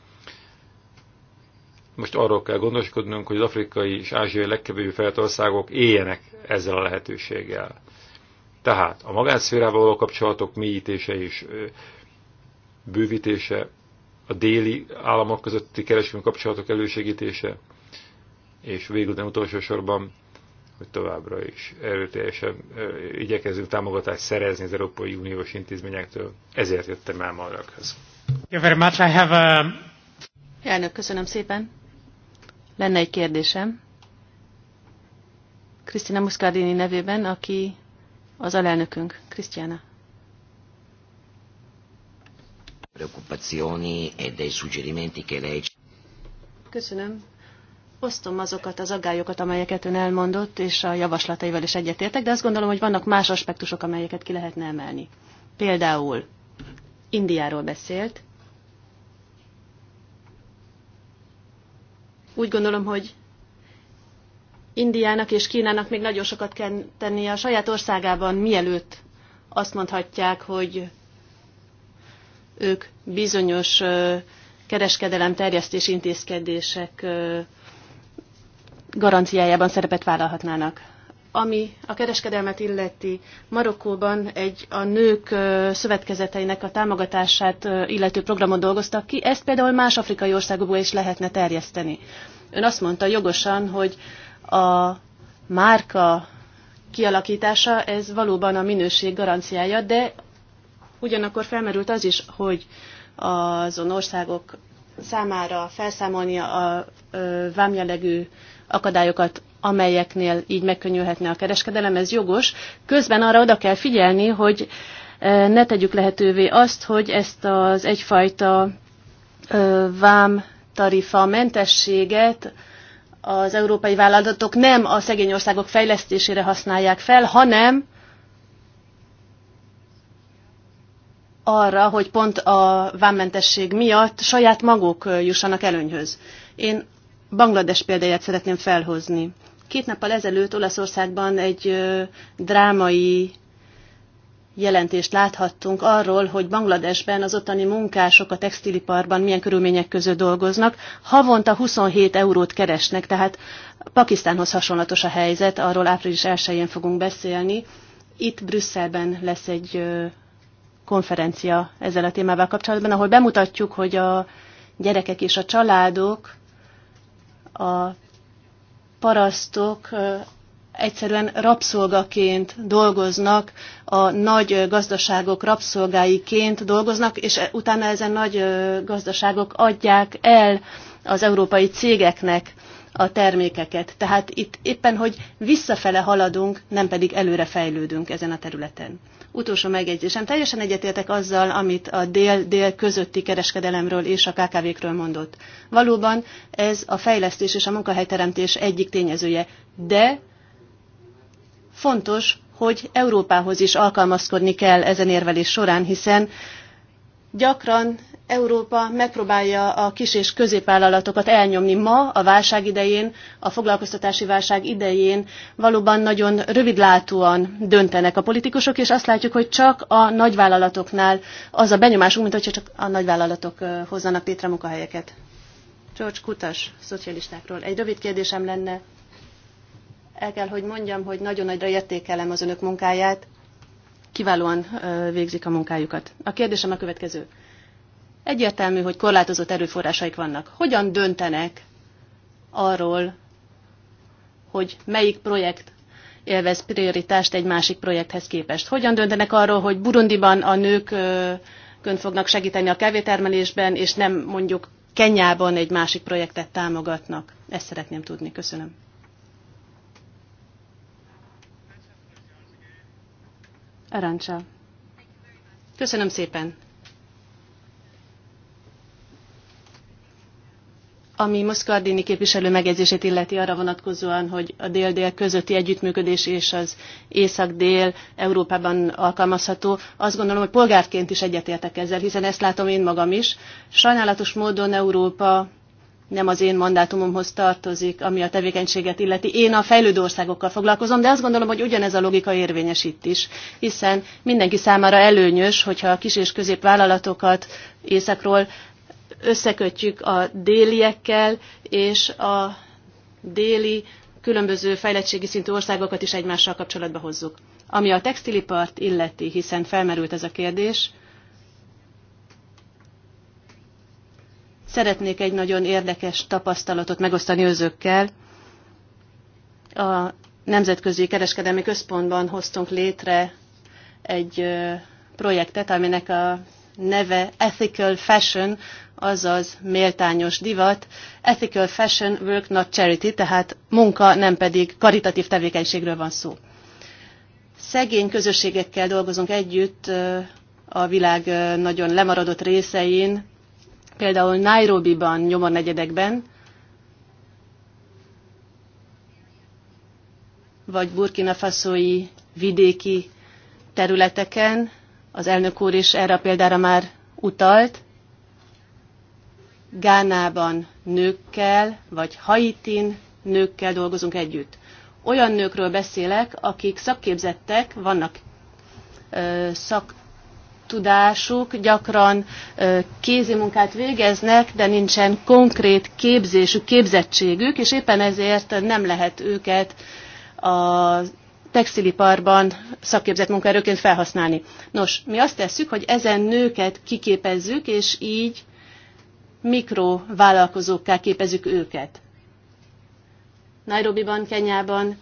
Most arról kell gondoskodnunk, hogy az afrikai és ázsiai legkevésbé fejlett országok éljenek ezzel a lehetőséggel. Tehát a magánszférával való kapcsolatok mélyítése és bővítése, a déli államok közötti kereskedelmi kapcsolatok elősegítése, és végül nem utolsó sorban, hogy továbbra is erőteljesen igyekezünk támogatást szerezni az Európai Uniós intézményektől. Ezért jöttem el Marrakhoz. Elnök, köszönöm szépen. Lenne egy kérdésem. Krisztina Muscardini nevében, aki az alelnökünk. Krisztiana. Preoccupazioni e dei suggerimenti che lei... Köszönöm Osztom azokat az aggályokat, amelyeket ön elmondott, és a javaslataival is egyetértek, de azt gondolom, hogy vannak más aspektusok, amelyeket ki lehetne emelni. Például Indiáról beszélt. Úgy gondolom, hogy Indiának és Kínának még nagyon sokat kell tennie a saját országában, mielőtt azt mondhatják, hogy ők bizonyos kereskedelem terjesztés intézkedések garanciájában szerepet vállalhatnának. Ami a kereskedelmet illeti, Marokkóban egy a nők szövetkezeteinek a támogatását illető programot dolgoztak ki, ezt például más afrikai országokból is lehetne terjeszteni. Ön azt mondta jogosan, hogy a márka kialakítása, ez valóban a minőség garanciája, de ugyanakkor felmerült az is, hogy azon országok számára felszámolni a vámjellegű akadályokat, amelyeknél így megkönnyülhetne a kereskedelem, ez jogos. Közben arra oda kell figyelni, hogy e, ne tegyük lehetővé azt, hogy ezt az egyfajta e, vám tarifa mentességet az európai vállalatok nem a szegény országok fejlesztésére használják fel, hanem arra, hogy pont a vámmentesség miatt saját maguk e, jussanak előnyhöz. Én Banglades példáját szeretném felhozni. Két nappal ezelőtt Olaszországban egy drámai jelentést láthattunk arról, hogy Bangladesben az ottani munkások a textiliparban milyen körülmények között dolgoznak. Havonta 27 eurót keresnek, tehát Pakisztánhoz hasonlatos a helyzet, arról április 1-én fogunk beszélni. Itt Brüsszelben lesz egy konferencia ezzel a témával kapcsolatban, ahol bemutatjuk, hogy a gyerekek és a családok a parasztok egyszerűen rabszolgaként dolgoznak, a nagy gazdaságok rabszolgáiként dolgoznak, és e, utána ezen nagy gazdaságok adják el az európai cégeknek a termékeket. Tehát itt éppen, hogy visszafele haladunk, nem pedig előre fejlődünk ezen a területen. Utolsó megjegyzésem. Teljesen egyetértek azzal, amit a dél-dél közötti kereskedelemről és a KKV-kről mondott. Valóban ez a fejlesztés és a munkahelyteremtés egyik tényezője, de fontos, hogy Európához is alkalmazkodni kell ezen érvelés során, hiszen gyakran Európa megpróbálja a kis és középvállalatokat elnyomni ma, a válság idején, a foglalkoztatási válság idején valóban nagyon rövidlátóan döntenek a politikusok, és azt látjuk, hogy csak a nagyvállalatoknál az a benyomásunk, mint hogyha csak a nagyvállalatok hozzanak létre munkahelyeket. George Kutas, szocialistákról. Egy rövid kérdésem lenne. El kell, hogy mondjam, hogy nagyon nagyra értékelem az önök munkáját. Kiválóan végzik a munkájukat. A kérdésem a következő Egyértelmű, hogy korlátozott erőforrásaik vannak. Hogyan döntenek arról, hogy melyik projekt élvez prioritást egy másik projekthez képest? Hogyan döntenek arról, hogy Burundiban a nők könt fognak segíteni a kávétermelésben, és nem mondjuk Kenyában egy másik projektet támogatnak? Ezt szeretném tudni. Köszönöm. Arancsa. Köszönöm szépen. Ami Moszkardini képviselő megjegyzését illeti arra vonatkozóan, hogy a dél-dél közötti együttműködés és az észak-dél Európában alkalmazható, azt gondolom, hogy polgárként is egyetértek ezzel, hiszen ezt látom én magam is. Sajnálatos módon Európa nem az én mandátumomhoz tartozik, ami a tevékenységet illeti. Én a fejlődő országokkal foglalkozom, de azt gondolom, hogy ugyanez a logika érvényes itt is, hiszen mindenki számára előnyös, hogyha a kis és középvállalatokat északról összekötjük a déliekkel, és a déli különböző fejlettségi szintű országokat is egymással kapcsolatba hozzuk. Ami a textilipart illeti, hiszen felmerült ez a kérdés, szeretnék egy nagyon érdekes tapasztalatot megosztani özökkel. A Nemzetközi Kereskedelmi Központban hoztunk létre egy projektet, aminek a neve Ethical Fashion, azaz méltányos divat, ethical fashion work not charity, tehát munka, nem pedig karitatív tevékenységről van szó. Szegény közösségekkel dolgozunk együtt a világ nagyon lemaradott részein, például Nairobi-ban, nyomornegyedekben, vagy Burkina Faszói vidéki területeken, az elnök úr is erre a példára már utalt, Gánában nőkkel, vagy Haitin nőkkel dolgozunk együtt. Olyan nőkről beszélek, akik szakképzettek, vannak ö, szaktudásuk, gyakran ö, kézimunkát végeznek, de nincsen konkrét képzésük, képzettségük, és éppen ezért nem lehet őket a textiliparban szakképzett munkaerőként felhasználni. Nos, mi azt tesszük, hogy ezen nőket kiképezzük, és így mikrovállalkozókká képezzük őket. Nairobiban, Kenyában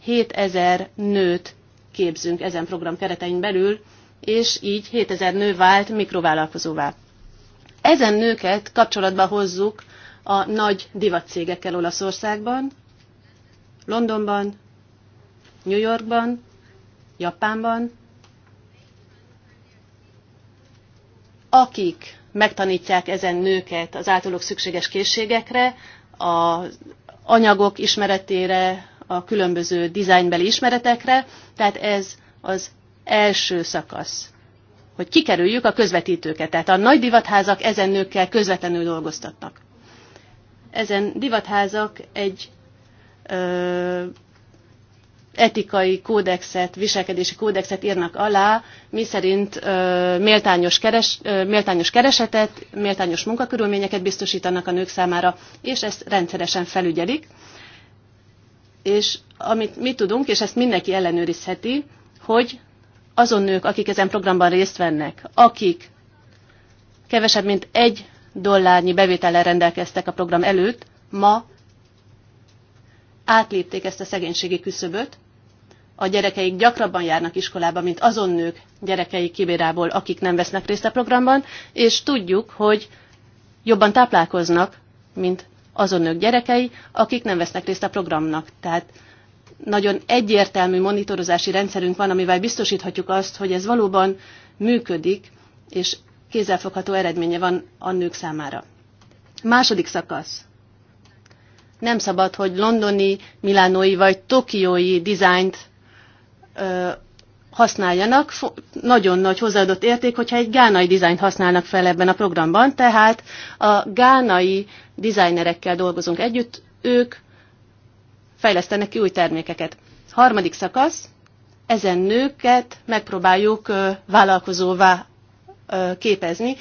7000 nőt képzünk ezen program keretein belül, és így 7000 nő vált mikrovállalkozóvá. Ezen nőket kapcsolatba hozzuk a nagy divatcégekkel Olaszországban, Londonban, New Yorkban, Japánban, akik megtanítják ezen nőket az általuk szükséges készségekre, az anyagok ismeretére, a különböző dizájnbeli ismeretekre, tehát ez az első szakasz, hogy kikerüljük a közvetítőket. Tehát a nagy divatházak ezen nőkkel közvetlenül dolgoztatnak. Ezen divatházak egy ö, etikai kódexet, viselkedési kódexet írnak alá, miszerint méltányos, keres, méltányos keresetet, méltányos munkakörülményeket biztosítanak a nők számára, és ezt rendszeresen felügyelik. És amit mi tudunk, és ezt mindenki ellenőrizheti, hogy azon nők, akik ezen programban részt vennek, akik kevesebb mint egy dollárnyi bevétellel rendelkeztek a program előtt, ma átlépték ezt a szegénységi küszöböt, a gyerekeik gyakrabban járnak iskolába, mint azon nők gyerekei kibérából, akik nem vesznek részt a programban, és tudjuk, hogy jobban táplálkoznak, mint azon nők gyerekei, akik nem vesznek részt a programnak. Tehát nagyon egyértelmű monitorozási rendszerünk van, amivel biztosíthatjuk azt, hogy ez valóban működik, és kézzelfogható eredménye van a nők számára. Második szakasz. Nem szabad, hogy londoni, milánói vagy tokiói dizájnt ö, használjanak. Nagyon nagy hozzáadott érték, hogyha egy gánai dizájnt használnak fel ebben a programban, tehát a gánai dizájnerekkel dolgozunk együtt, ők fejlesztenek ki új termékeket. Harmadik szakasz, ezen nőket megpróbáljuk vállalkozóvá képezni.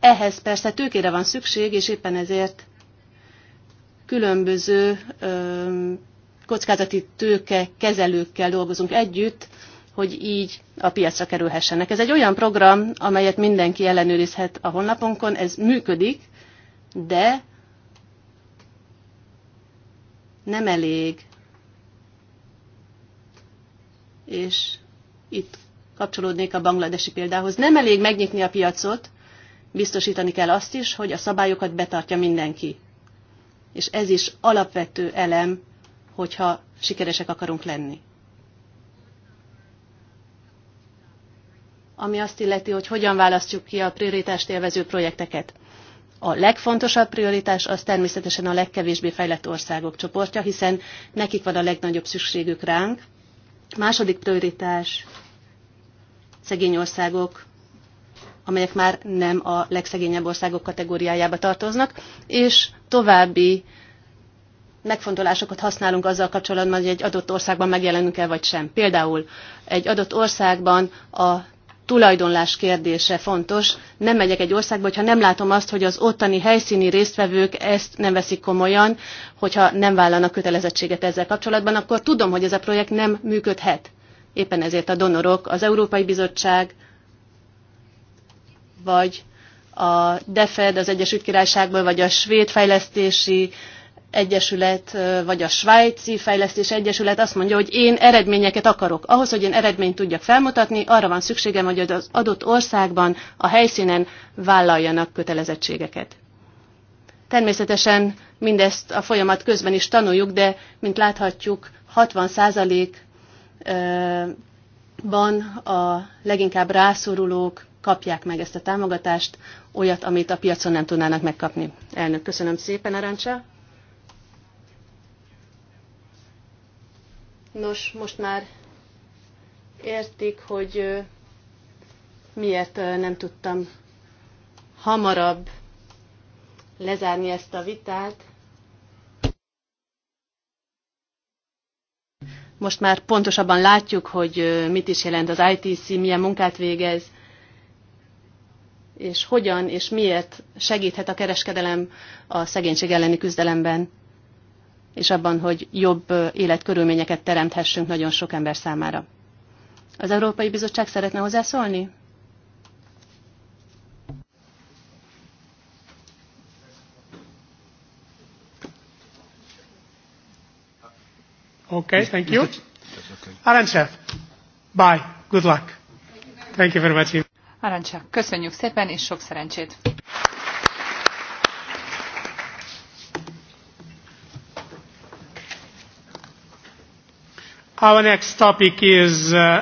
Ehhez persze tőkére van szükség, és éppen ezért különböző kockázati tőke kezelőkkel dolgozunk együtt, hogy így a piacra kerülhessenek. Ez egy olyan program, amelyet mindenki ellenőrizhet a honlapunkon, ez működik, de nem elég. És itt kapcsolódnék a bangladesi példához. Nem elég megnyitni a piacot, biztosítani kell azt is, hogy a szabályokat betartja mindenki és ez is alapvető elem, hogyha sikeresek akarunk lenni. Ami azt illeti, hogy hogyan választjuk ki a prioritást élvező projekteket. A legfontosabb prioritás az természetesen a legkevésbé fejlett országok csoportja, hiszen nekik van a legnagyobb szükségük ránk. Második prioritás szegény országok, amelyek már nem a legszegényebb országok kategóriájába tartoznak, és további megfontolásokat használunk azzal kapcsolatban, hogy egy adott országban megjelenünk-e vagy sem. Például egy adott országban a tulajdonlás kérdése fontos. Nem megyek egy országba, hogyha nem látom azt, hogy az ottani helyszíni résztvevők ezt nem veszik komolyan, hogyha nem vállalnak kötelezettséget ezzel kapcsolatban, akkor tudom, hogy ez a projekt nem működhet. Éppen ezért a donorok, az Európai Bizottság, vagy a DEFED az Egyesült Királyságból, vagy a Svéd Fejlesztési Egyesület, vagy a Svájci Fejlesztési Egyesület azt mondja, hogy én eredményeket akarok. Ahhoz, hogy én eredményt tudjak felmutatni, arra van szükségem, hogy az adott országban, a helyszínen vállaljanak kötelezettségeket. Természetesen mindezt a folyamat közben is tanuljuk, de mint láthatjuk, 60%-ban a leginkább rászorulók kapják meg ezt a támogatást, olyat, amit a piacon nem tudnának megkapni. Elnök, köszönöm szépen, Arancsa. Nos, most már értik, hogy miért nem tudtam hamarabb lezárni ezt a vitát. Most már pontosabban látjuk, hogy mit is jelent az ITC, milyen munkát végez, és hogyan és miért segíthet a kereskedelem a szegénység elleni küzdelemben, és abban, hogy jobb életkörülményeket teremthessünk nagyon sok ember számára. Az Európai Bizottság szeretne hozzászólni? Okay, thank you. Alan Chef, bye. Good luck. Thank you very much. Arancsa, köszönjük szépen, és sok szerencsét! Our next topic is, uh...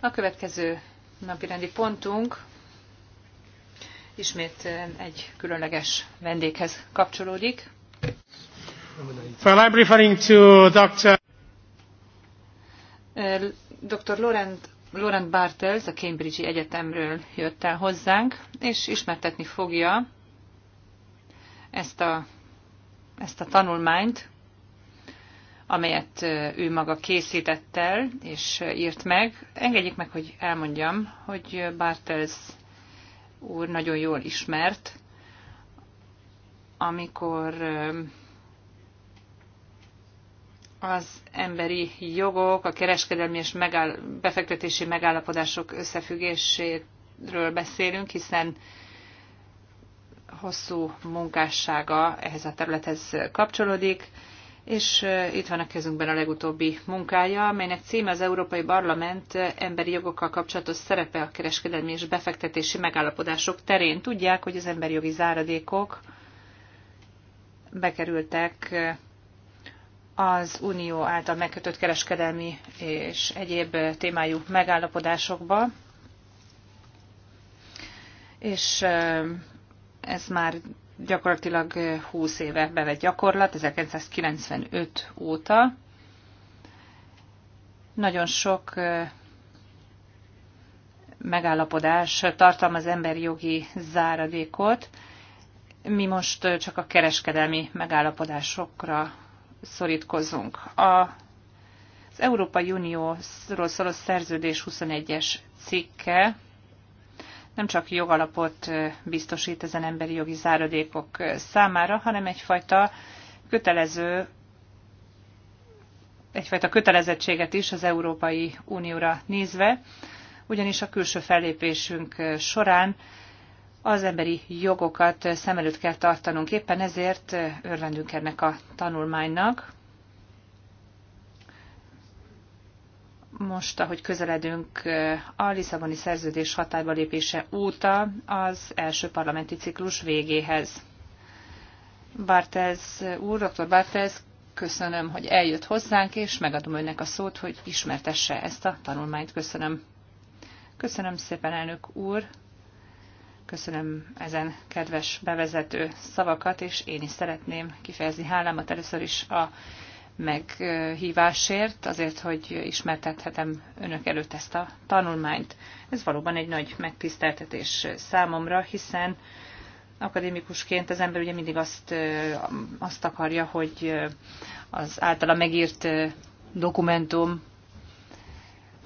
A következő napirendi pontunk ismét uh, egy különleges vendéghez kapcsolódik. Well, I'm referring to Dr. Uh, Dr. Laurent Laurent Bartels a Cambridge-i Egyetemről jött el hozzánk, és ismertetni fogja ezt a, ezt a tanulmányt, amelyet ő maga készített el és írt meg. Engedjék meg, hogy elmondjam, hogy Bartels úr nagyon jól ismert, amikor az emberi jogok, a kereskedelmi és megáll, befektetési megállapodások összefüggéséről beszélünk, hiszen hosszú munkássága ehhez a területhez kapcsolódik, és itt van a kezünkben a legutóbbi munkája, amelynek címe az Európai Parlament emberi jogokkal kapcsolatos szerepe a kereskedelmi és befektetési megállapodások terén. Tudják, hogy az emberi jogi záradékok bekerültek az Unió által megkötött kereskedelmi és egyéb témájú megállapodásokba, és ez már gyakorlatilag 20 éve bevett gyakorlat, 1995 óta. Nagyon sok megállapodás tartalmaz emberi jogi záradékot. Mi most csak a kereskedelmi megállapodásokra szorítkozunk. A az Európai Unióról szóló szerződés 21-es cikke nem csak jogalapot biztosít ezen emberi jogi záradékok számára, hanem egyfajta kötelező egyfajta kötelezettséget is az Európai Unióra nézve, ugyanis a külső fellépésünk során az emberi jogokat szem előtt kell tartanunk. Éppen ezért örvendünk ennek a tanulmánynak. Most, ahogy közeledünk a Lisszaboni szerződés hatályba lépése óta az első parlamenti ciklus végéhez. Bartels úr, dr. Bartels, köszönöm, hogy eljött hozzánk, és megadom önnek a szót, hogy ismertesse ezt a tanulmányt. Köszönöm. Köszönöm szépen, elnök úr. Köszönöm ezen kedves bevezető szavakat, és én is szeretném kifejezni hálámat először is a meghívásért, azért, hogy ismertethetem önök előtt ezt a tanulmányt. Ez valóban egy nagy megtiszteltetés számomra, hiszen akadémikusként az ember ugye mindig azt, azt akarja, hogy az általa megírt dokumentum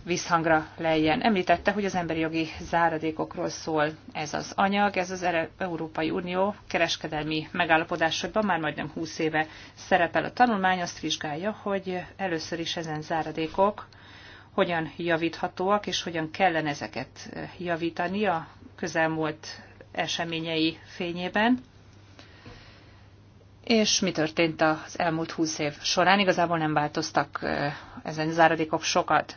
visszhangra lejjen. Említette, hogy az emberi jogi záradékokról szól ez az anyag, ez az Európai Unió kereskedelmi megállapodásokban már majdnem 20 éve szerepel a tanulmány, azt vizsgálja, hogy először is ezen záradékok hogyan javíthatóak, és hogyan kellene ezeket javítani a közelmúlt eseményei fényében. És mi történt az elmúlt húsz év során? Igazából nem változtak eh, ezen záradékok sokat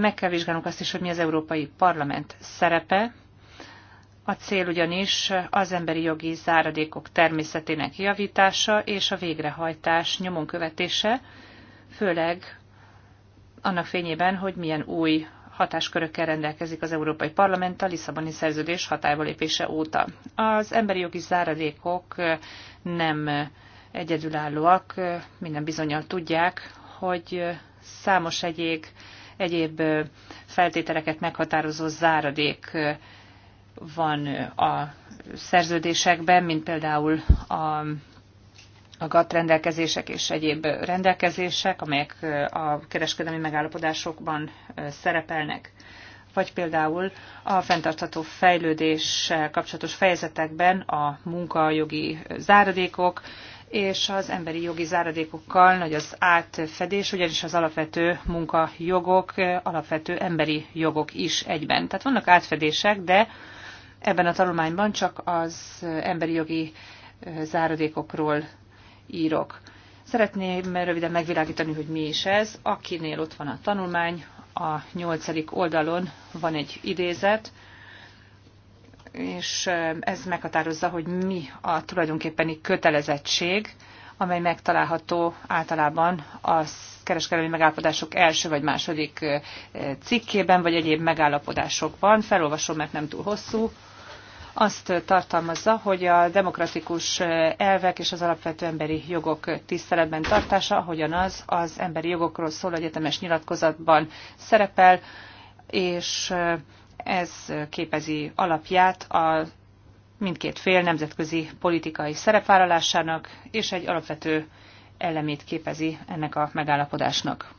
meg kell vizsgálnunk azt is, hogy mi az Európai Parlament szerepe. A cél ugyanis az emberi jogi záradékok természetének javítása és a végrehajtás nyomon követése, főleg annak fényében, hogy milyen új hatáskörökkel rendelkezik az Európai Parlament a Lisszaboni szerződés hatályba lépése óta. Az emberi jogi záradékok nem egyedülállóak, minden bizonyal tudják, hogy számos egyéb egyéb feltételeket meghatározó záradék van a szerződésekben, mint például a a GATT rendelkezések és egyéb rendelkezések, amelyek a kereskedelmi megállapodásokban szerepelnek, vagy például a fenntartható fejlődés kapcsolatos fejezetekben a munkajogi záradékok, és az emberi jogi záradékokkal nagy az átfedés, ugyanis az alapvető munkajogok, alapvető emberi jogok is egyben. Tehát vannak átfedések, de ebben a tanulmányban csak az emberi jogi záradékokról írok. Szeretném röviden megvilágítani, hogy mi is ez. Akinél ott van a tanulmány, a nyolcadik oldalon van egy idézet, és ez meghatározza, hogy mi a tulajdonképpeni kötelezettség, amely megtalálható általában a kereskedelmi megállapodások első vagy második cikkében, vagy egyéb megállapodásokban. Felolvasom, mert nem túl hosszú. Azt tartalmazza, hogy a demokratikus elvek és az alapvető emberi jogok tiszteletben tartása, ahogyan az az emberi jogokról szóló egyetemes nyilatkozatban szerepel, és ez képezi alapját a mindkét fél nemzetközi politikai szerepvállalásának, és egy alapvető elemét képezi ennek a megállapodásnak.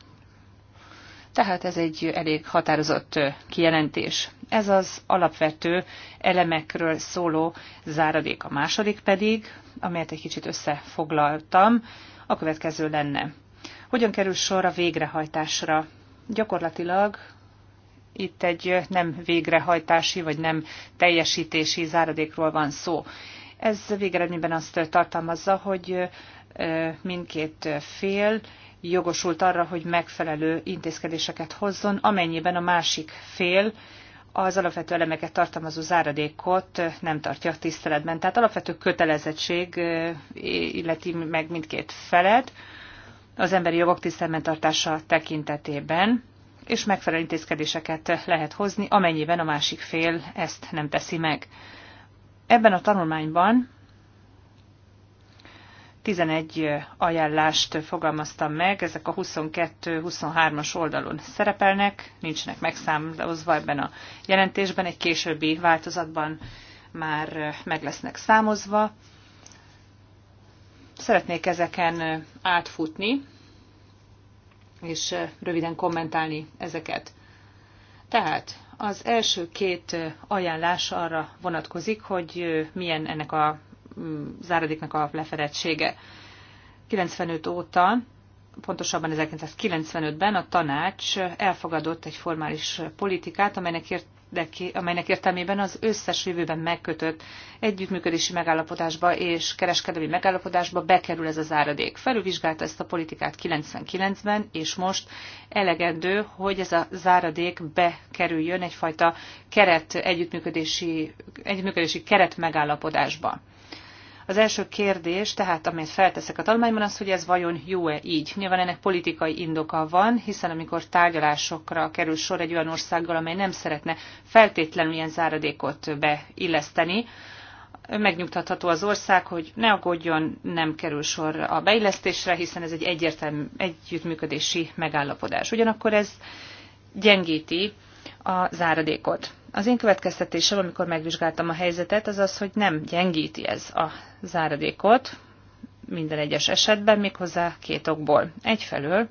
Tehát ez egy elég határozott kijelentés. Ez az alapvető elemekről szóló záradék. A második pedig, amelyet egy kicsit összefoglaltam, a következő lenne. Hogyan kerül sor a végrehajtásra? Gyakorlatilag itt egy nem végrehajtási vagy nem teljesítési záradékról van szó. Ez végeredményben azt tartalmazza, hogy mindkét fél jogosult arra, hogy megfelelő intézkedéseket hozzon, amennyiben a másik fél az alapvető elemeket tartalmazó záradékot nem tartja a tiszteletben. Tehát alapvető kötelezettség illeti meg mindkét felet az emberi jogok tiszteletben tartása tekintetében, és megfelelő intézkedéseket lehet hozni, amennyiben a másik fél ezt nem teszi meg. Ebben a tanulmányban 11 ajánlást fogalmaztam meg, ezek a 22-23-as oldalon szerepelnek, nincsenek megszámozva ebben a jelentésben, egy későbbi változatban már meg lesznek számozva. Szeretnék ezeken átfutni, és eh, röviden kommentálni ezeket. Tehát az első két eh, ajánlás arra vonatkozik, hogy eh, milyen ennek a mm, záradéknak a lefedettsége. 95 óta, pontosabban 1995-ben a tanács elfogadott egy formális politikát, amelynek ért érdeki, amelynek értelmében az összes jövőben megkötött együttműködési megállapodásba és kereskedelmi megállapodásba bekerül ez az áradék. Felülvizsgálta ezt a politikát 99-ben, és most elegendő, hogy ez a záradék bekerüljön egyfajta keret együttműködési, együttműködési keret megállapodásba. Az első kérdés, tehát amelyet felteszek a tanulmányban, az, hogy ez vajon jó-e így. Nyilván ennek politikai indoka van, hiszen amikor tárgyalásokra kerül sor egy olyan országgal, amely nem szeretne feltétlenül ilyen záradékot beilleszteni, megnyugtatható az ország, hogy ne aggódjon, nem kerül sor a beillesztésre, hiszen ez egy egyértelmű együttműködési megállapodás. Ugyanakkor ez gyengíti a záradékot. Az én következtetésem, amikor megvizsgáltam a helyzetet, az az, hogy nem gyengíti ez a záradékot minden egyes esetben, méghozzá két okból. Egyfelől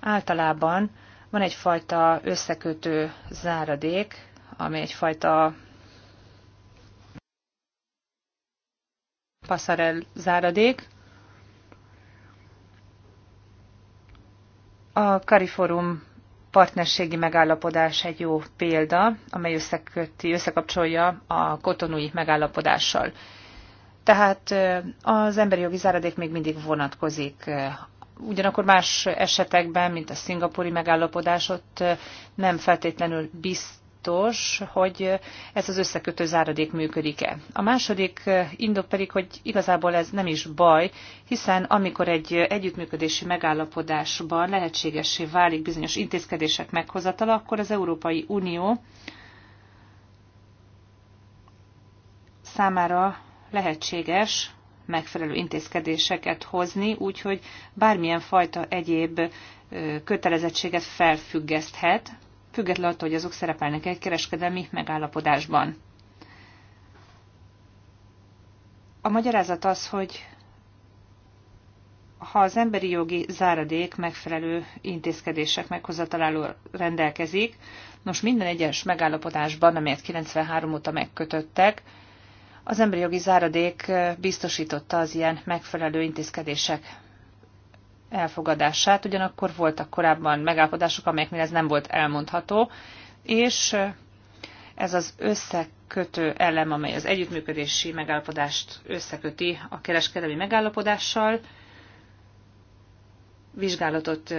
általában van egyfajta összekötő záradék, ami egyfajta passarel záradék. A Kariforum partnerségi megállapodás egy jó példa, amely összeköti, összekapcsolja a kotonúi megállapodással. Tehát az emberi jogi záradék még mindig vonatkozik. Ugyanakkor más esetekben, mint a szingapúri megállapodás, ott nem feltétlenül biztos, fontos, hogy ez az összekötő záradék működik-e. A második indok pedig, hogy igazából ez nem is baj, hiszen amikor egy együttműködési megállapodásban lehetségessé válik bizonyos intézkedések meghozatala, akkor az Európai Unió számára lehetséges megfelelő intézkedéseket hozni, úgyhogy bármilyen fajta egyéb kötelezettséget felfüggeszthet, függetlenül attól, hogy azok szerepelnek egy kereskedelmi megállapodásban. A magyarázat az, hogy ha az emberi jogi záradék megfelelő intézkedések meghozataláról rendelkezik, nos minden egyes megállapodásban, amelyet 93 óta megkötöttek, az emberi jogi záradék biztosította az ilyen megfelelő intézkedések elfogadását, ugyanakkor voltak korábban megállapodások, amelyeknél ez nem volt elmondható, és ez az összekötő elem, amely az együttműködési megállapodást összeköti a kereskedelmi megállapodással, vizsgálatot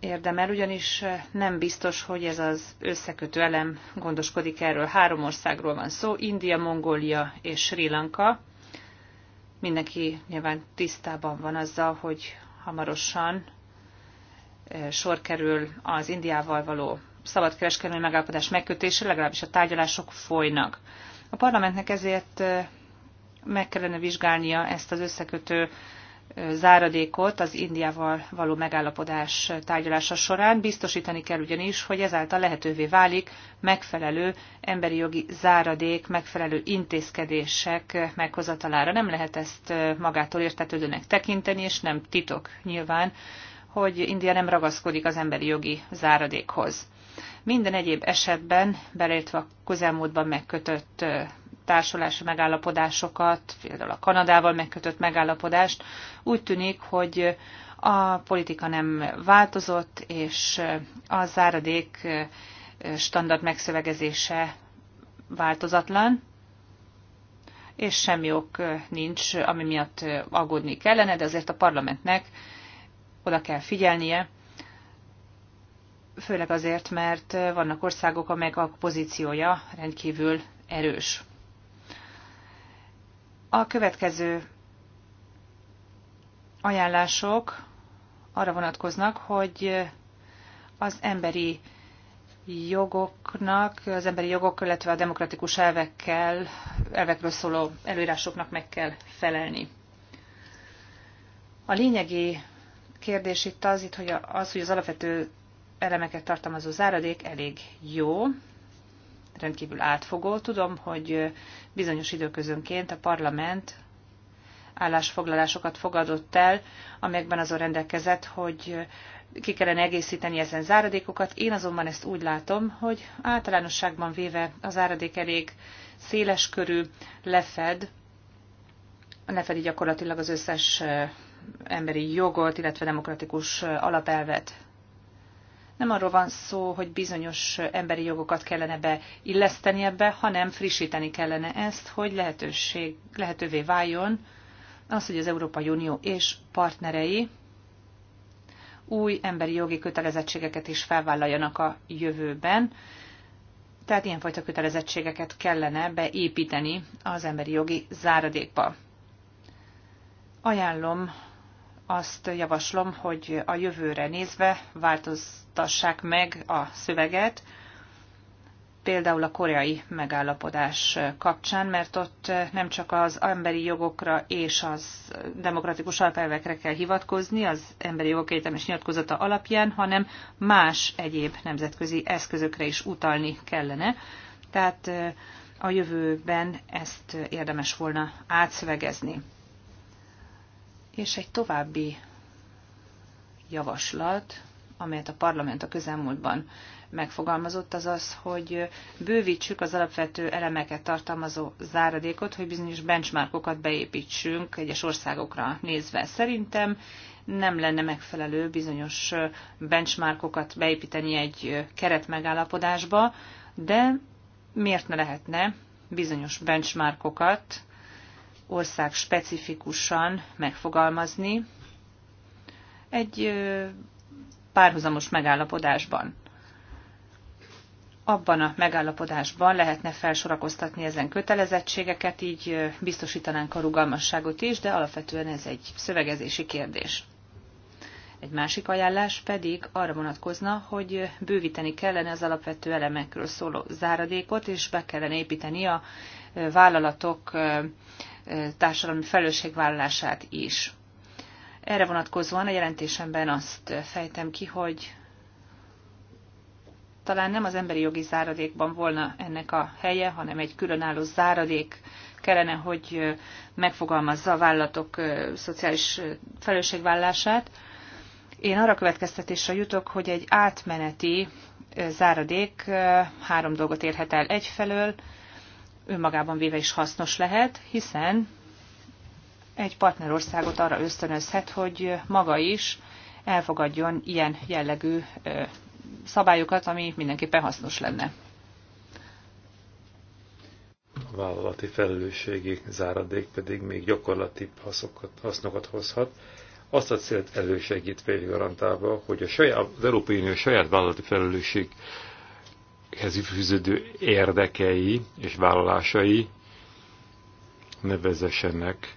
érdemel, ugyanis nem biztos, hogy ez az összekötő elem gondoskodik erről. Három országról van szó, India, Mongólia és Sri Lanka. Mindenki nyilván tisztában van azzal, hogy hamarosan sor kerül az Indiával való szabadkereskedelmi megállapodás megkötése, legalábbis a tárgyalások folynak. A parlamentnek ezért meg kellene vizsgálnia ezt az összekötő záradékot az Indiával való megállapodás tárgyalása során. Biztosítani kell ugyanis, hogy ezáltal lehetővé válik megfelelő emberi jogi záradék, megfelelő intézkedések meghozatalára. Nem lehet ezt magától értetődőnek tekinteni, és nem titok nyilván, hogy India nem ragaszkodik az emberi jogi záradékhoz. Minden egyéb esetben, beleértve a közelmúltban megkötött társulási megállapodásokat, például a Kanadával megkötött megállapodást, úgy tűnik, hogy a politika nem változott, és a záradék standard megszövegezése változatlan, és semmi ok nincs, ami miatt aggódni kellene, de azért a parlamentnek oda kell figyelnie, főleg azért, mert vannak országok, amelyek a pozíciója rendkívül erős. A következő ajánlások arra vonatkoznak, hogy az emberi jogoknak, az emberi jogok, illetve a demokratikus elvekkel, elvekről szóló előírásoknak meg kell felelni. A lényegi kérdés itt az, itt, hogy az, hogy az alapvető elemeket tartalmazó záradék elég jó, rendkívül átfogó. Tudom, hogy bizonyos időközönként a parlament állásfoglalásokat fogadott el, amelyekben azon rendelkezett, hogy ki kellene egészíteni ezen záradékokat. Én azonban ezt úgy látom, hogy általánosságban véve a záradék elég széles körű, lefed, lefedi gyakorlatilag az összes emberi jogot, illetve demokratikus alapelvet nem arról van szó, hogy bizonyos emberi jogokat kellene beilleszteni ebbe, hanem frissíteni kellene ezt, hogy lehetőség, lehetővé váljon az, hogy az Európai Unió és partnerei új emberi jogi kötelezettségeket is felvállaljanak a jövőben. Tehát ilyenfajta kötelezettségeket kellene beépíteni az emberi jogi záradékba. Ajánlom azt javaslom, hogy a jövőre nézve változtassák meg a szöveget, például a koreai megállapodás kapcsán, mert ott nem csak az emberi jogokra és az demokratikus alapelvekre kell hivatkozni az emberi jogok egyetemes nyilatkozata alapján, hanem más egyéb nemzetközi eszközökre is utalni kellene. Tehát a jövőben ezt érdemes volna átszövegezni. És egy további javaslat, amelyet a parlament a közelmúltban megfogalmazott, az az, hogy bővítsük az alapvető elemeket tartalmazó záradékot, hogy bizonyos benchmarkokat beépítsünk egyes országokra nézve. Szerintem nem lenne megfelelő bizonyos benchmarkokat beépíteni egy keretmegállapodásba, de miért ne lehetne bizonyos benchmarkokat ország specifikusan megfogalmazni egy párhuzamos megállapodásban. Abban a megállapodásban lehetne felsorakoztatni ezen kötelezettségeket, így biztosítanánk a rugalmasságot is, de alapvetően ez egy szövegezési kérdés. Egy másik ajánlás pedig arra vonatkozna, hogy bővíteni kellene az alapvető elemekről szóló záradékot, és be kellene építeni a vállalatok társadalmi felelősségvállalását is. Erre vonatkozóan a jelentésemben azt fejtem ki, hogy talán nem az emberi jogi záradékban volna ennek a helye, hanem egy különálló záradék kellene, hogy megfogalmazza a vállalatok szociális felelősségvállását. Én arra következtetésre jutok, hogy egy átmeneti záradék három dolgot érhet el egyfelől, önmagában véve is hasznos lehet, hiszen egy partnerországot arra ösztönözhet, hogy maga is elfogadjon ilyen jellegű szabályokat, ami mindenképpen hasznos lenne. A vállalati felelősségi záradék pedig még gyakorlati haszokat, hasznokat hozhat, azt a célt elősegítve garantálva, hogy a saját, az Európai Unió saját vállalati felelősség ezekhez fűződő érdekei és vállalásai nevezesenek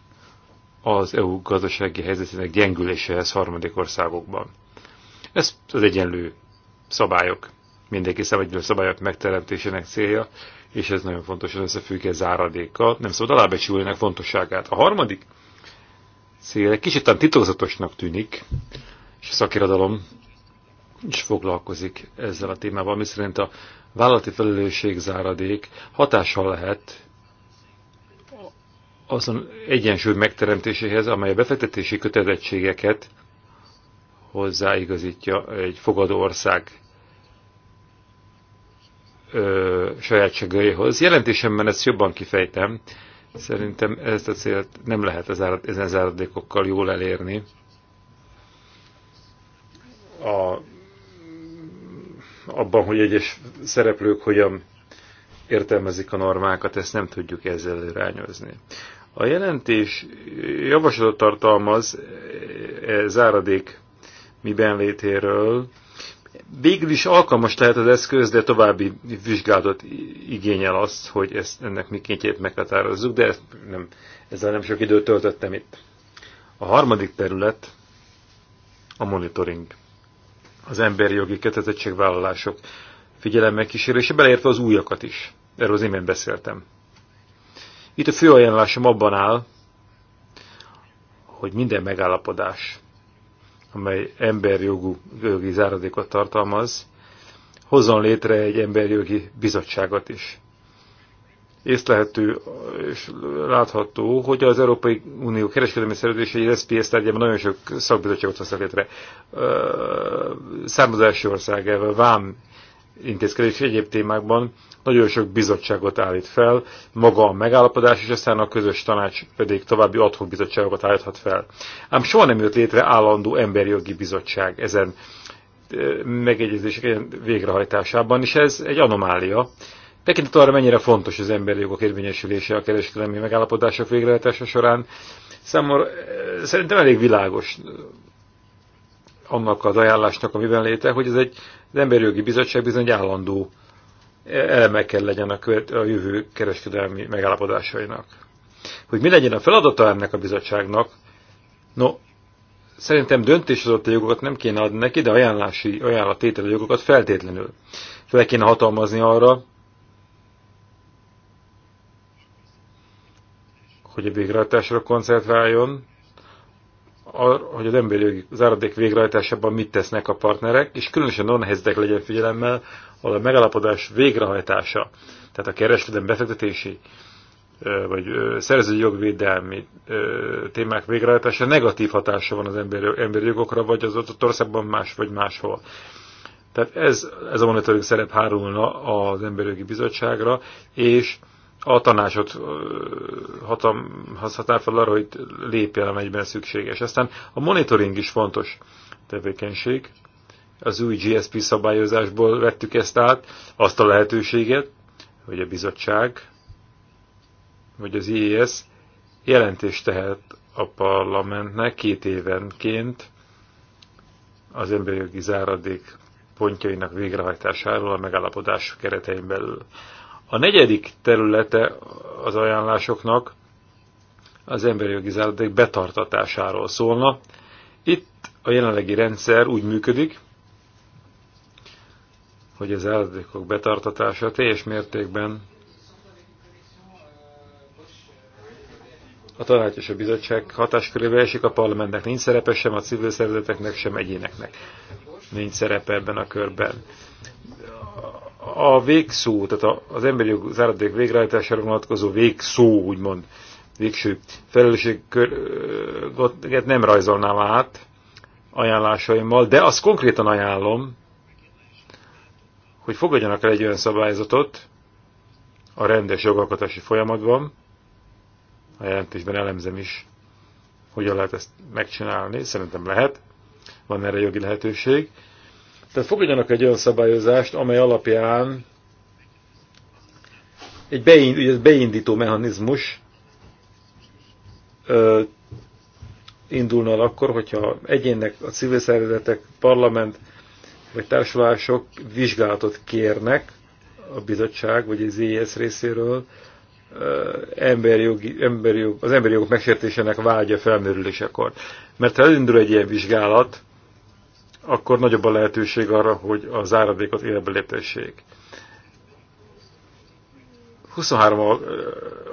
az EU gazdasági helyzetének gyengüléséhez harmadik országokban. Ez az egyenlő szabályok, mindenki egyenlő szabályok megteremtésének célja, és ez nagyon fontos, hogy összefügg ez záradékkal, nem szabad alábecsülnek fontosságát. A harmadik cél egy kicsit titokzatosnak tűnik, és a szakiradalom is foglalkozik ezzel a témával, miszerint a vállalati felelősségzáradék hatással lehet azon egyensúly megteremtéséhez, amely a befektetési kötelezettségeket hozzáigazítja egy fogadó ország ö, sajátságaihoz. Jelentésemben ezt jobban kifejtem. Szerintem ezt a célt nem lehet az árad, ezen záradékokkal jól elérni. A abban, hogy egyes szereplők hogyan értelmezik a normákat, ezt nem tudjuk ezzel irányozni. A jelentés javaslatot tartalmaz e, e záradék miben létéről. Végül is alkalmas lehet az eszköz, de további vizsgálatot igényel azt, hogy ezt, ennek mikéntjét meghatározzuk, de ezt nem, ezzel nem sok időt töltöttem itt. A harmadik terület a monitoring az emberi jogi kötelezettségvállalások figyelemmel kísérése, beleértve az újakat is. Erről az imént beszéltem. Itt a fő ajánlásom abban áll, hogy minden megállapodás, amely emberjogú jogi záradékot tartalmaz, hozzon létre egy emberjogi bizottságot is észlehető és látható, hogy az Európai Unió kereskedelmi szerződése egy SPS tárgyában nagyon sok szakbizottságot hoztak létre. Származási ország, vám intézkedés egyéb témákban nagyon sok bizottságot állít fel, maga a megállapodás, és aztán a közös tanács pedig további adhok bizottságokat állíthat fel. Ám soha nem jött létre állandó emberjogi bizottság ezen megegyezések végrehajtásában, és ez egy anomália, Tekintet arra, mennyire fontos az emberi jogok érvényesülése a kereskedelmi megállapodások végrehajtása során, számomra eh, szerintem elég világos eh, annak az ajánlásnak, amiben léte, hogy ez egy, az Emberi Jogi Bizottság bizony állandó eh, eleme kell legyen a, követ, a jövő kereskedelmi megállapodásainak. Hogy mi legyen a feladata ennek a bizottságnak, no, szerintem döntéshozott a jogokat nem kéne adni neki, de ajánlási, ajánlatételi jogokat feltétlenül. Fel kéne hatalmazni arra, hogy a végrehajtásra koncentráljon, arra, hogy az emberi záradék végrehajtásában mit tesznek a partnerek, és különösen non helyzetek legyen figyelemmel, ahol a megállapodás végrehajtása, tehát a kereskedelem befektetési vagy szerzői jogvédelmi témák végrehajtása negatív hatása van az emberi, emberi jogokra, vagy az ott országban más, vagy máshol. Tehát ez, ez a monitoring szerep hárulna az Emberi Jogi Bizottságra, és a tanácsot hatam, fel arra, hogy lépjen, amelyben szükséges. Aztán a monitoring is fontos tevékenység. Az új GSP szabályozásból vettük ezt át, azt a lehetőséget, hogy a bizottság, vagy az IES jelentést tehet a parlamentnek két évenként az emberi jogi záradék pontjainak végrehajtásáról a megállapodás keretein belül. A negyedik területe az ajánlásoknak az emberi jogi záradék betartatásáról szólna. Itt a jelenlegi rendszer úgy működik, hogy az áldékok betartatása teljes mértékben a tanács és a bizottság hatáskörébe esik, a parlamentnek nincs szerepe, sem a civil szervezeteknek, sem egyéneknek nincs szerepe ebben a körben a végszó, tehát az emberi jog záradék végrehajtására vonatkozó végszó, úgymond, végső felelősséget nem rajzolnám át ajánlásaimmal, de azt konkrétan ajánlom, hogy fogadjanak el egy olyan szabályzatot a rendes jogalkotási folyamatban, a jelentésben elemzem is, hogyan lehet ezt megcsinálni, szerintem lehet, van erre jogi lehetőség, tehát fogadjanak egy olyan szabályozást, amely alapján egy beindító mechanizmus ö, indulna el akkor, hogyha egyének, a civil szervezetek, parlament vagy társulások vizsgálatot kérnek a bizottság vagy az EES részéről, emberjogi, emberjog, az emberi jogok megsértésének vágya felmerülésekor. Mert ha elindul egy ilyen vizsgálat, akkor nagyobb a lehetőség arra, hogy a záradékot életbe léptessék. 23,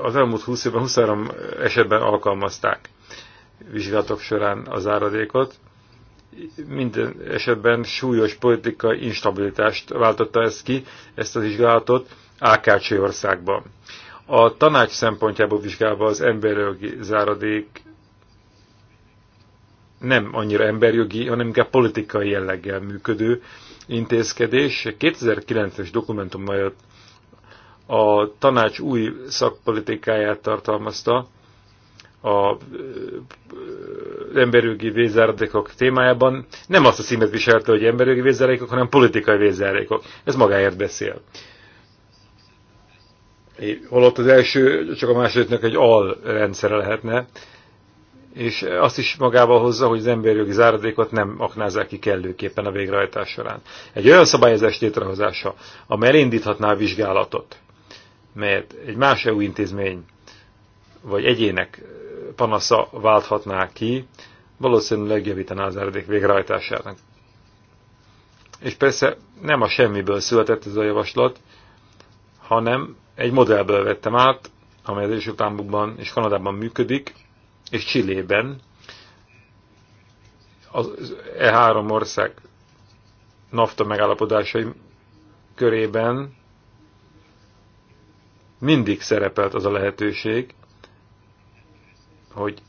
az elmúlt 20 évben 23 esetben alkalmazták vizsgálatok során a záradékot. Minden esetben súlyos politikai instabilitást váltotta ez ki, ezt a vizsgálatot Ákácsi országban. A tanács szempontjából vizsgálva az emberi záradék nem annyira emberjogi, hanem inkább politikai jelleggel működő intézkedés. 2009-es dokumentum majd a tanács új szakpolitikáját tartalmazta a emberjogi vészáradékok témájában. Nem azt a címet viselte, hogy emberjogi vészáradékok, hanem politikai vészáradékok. Ez magáért beszél. Holott az első, csak a másodiknak egy alrendszere lehetne és azt is magával hozza, hogy az emberjogi záradékot nem aknázzák ki kellőképpen a végrehajtás során. Egy olyan szabályozás létrehozása, amely elindíthatná a vizsgálatot, melyet egy más EU intézmény vagy egyének panasza válthatná ki, valószínűleg javítaná az áradék végrehajtásának. És persze nem a semmiből született ez a javaslat, hanem egy modellből vettem át, amely az Egyesült Államokban és Kanadában működik, és Csillében az E3 ország NAFTA megállapodásai körében mindig szerepelt az a lehetőség, hogy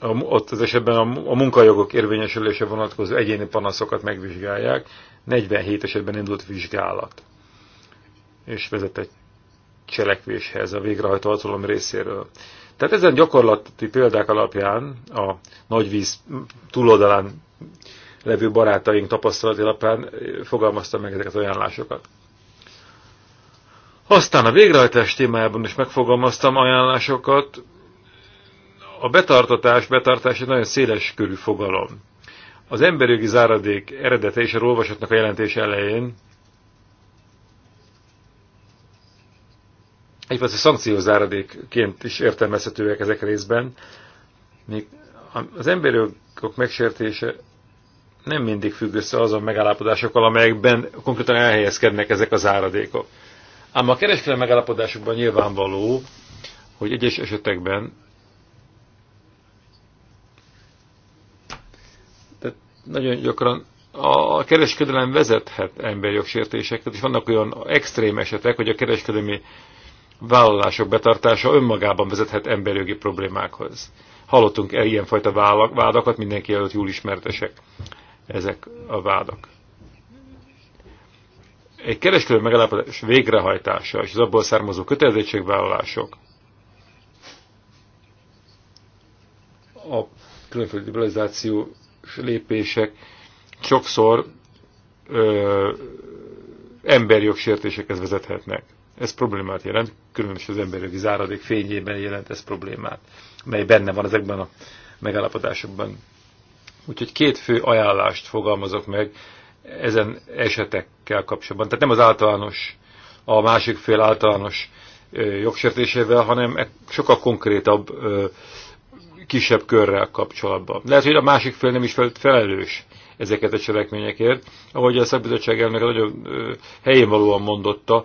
a, ott az esetben a, a munkajogok érvényesülése vonatkozó egyéni panaszokat megvizsgálják. 47 esetben indult vizsgálat, és vezetett cselekvéshez a végrehajtó hatalom részéről. Tehát ezen gyakorlati példák alapján, a nagyvíz túloldalán levő barátaink tapasztalati alapján eh, fogalmazta meg ezeket az ajánlásokat. Aztán a végrehajtás témájában is megfogalmaztam ajánlásokat. A betartatás, betartás egy nagyon széles körű fogalom. Az emberjogi záradék eredete és a olvasatnak a jelentés elején egyfajta szankciózáradékként is értelmezhetőek ezek részben. Még az emberi jogok megsértése nem mindig függ össze azon megállapodásokkal, amelyekben konkrétan elhelyezkednek ezek az áradékok. Ám a kereskedelmi megállapodásokban nyilvánvaló, hogy egyes esetekben tehát nagyon gyakran a kereskedelem vezethet jogsértéseket, és vannak olyan extrém esetek, hogy a kereskedelmi vállalások betartása önmagában vezethet emberjogi problémákhoz. Hallottunk el ilyenfajta vádakat, mindenki előtt jól ismertesek ezek a vádak. Egy kereskedő megállapodás végrehajtása és az abból származó kötelezettségvállalások a különféle liberalizációs lépések sokszor emberjogsértésekhez vezethetnek. Ez problémát jelent, különösen az emberi záradék fényében jelent ez problémát, mely benne van ezekben a megállapodásokban. Úgyhogy két fő ajánlást fogalmazok meg ezen esetekkel kapcsolatban. Tehát nem az általános, a másik fél általános jogsértésével, hanem e- sokkal konkrétabb, kisebb körrel kapcsolatban. Lehet, hogy a másik fél nem is felelős ezeket a cselekményekért. Ahogy a szakbizottság elnök nagyon helyén valóan mondotta,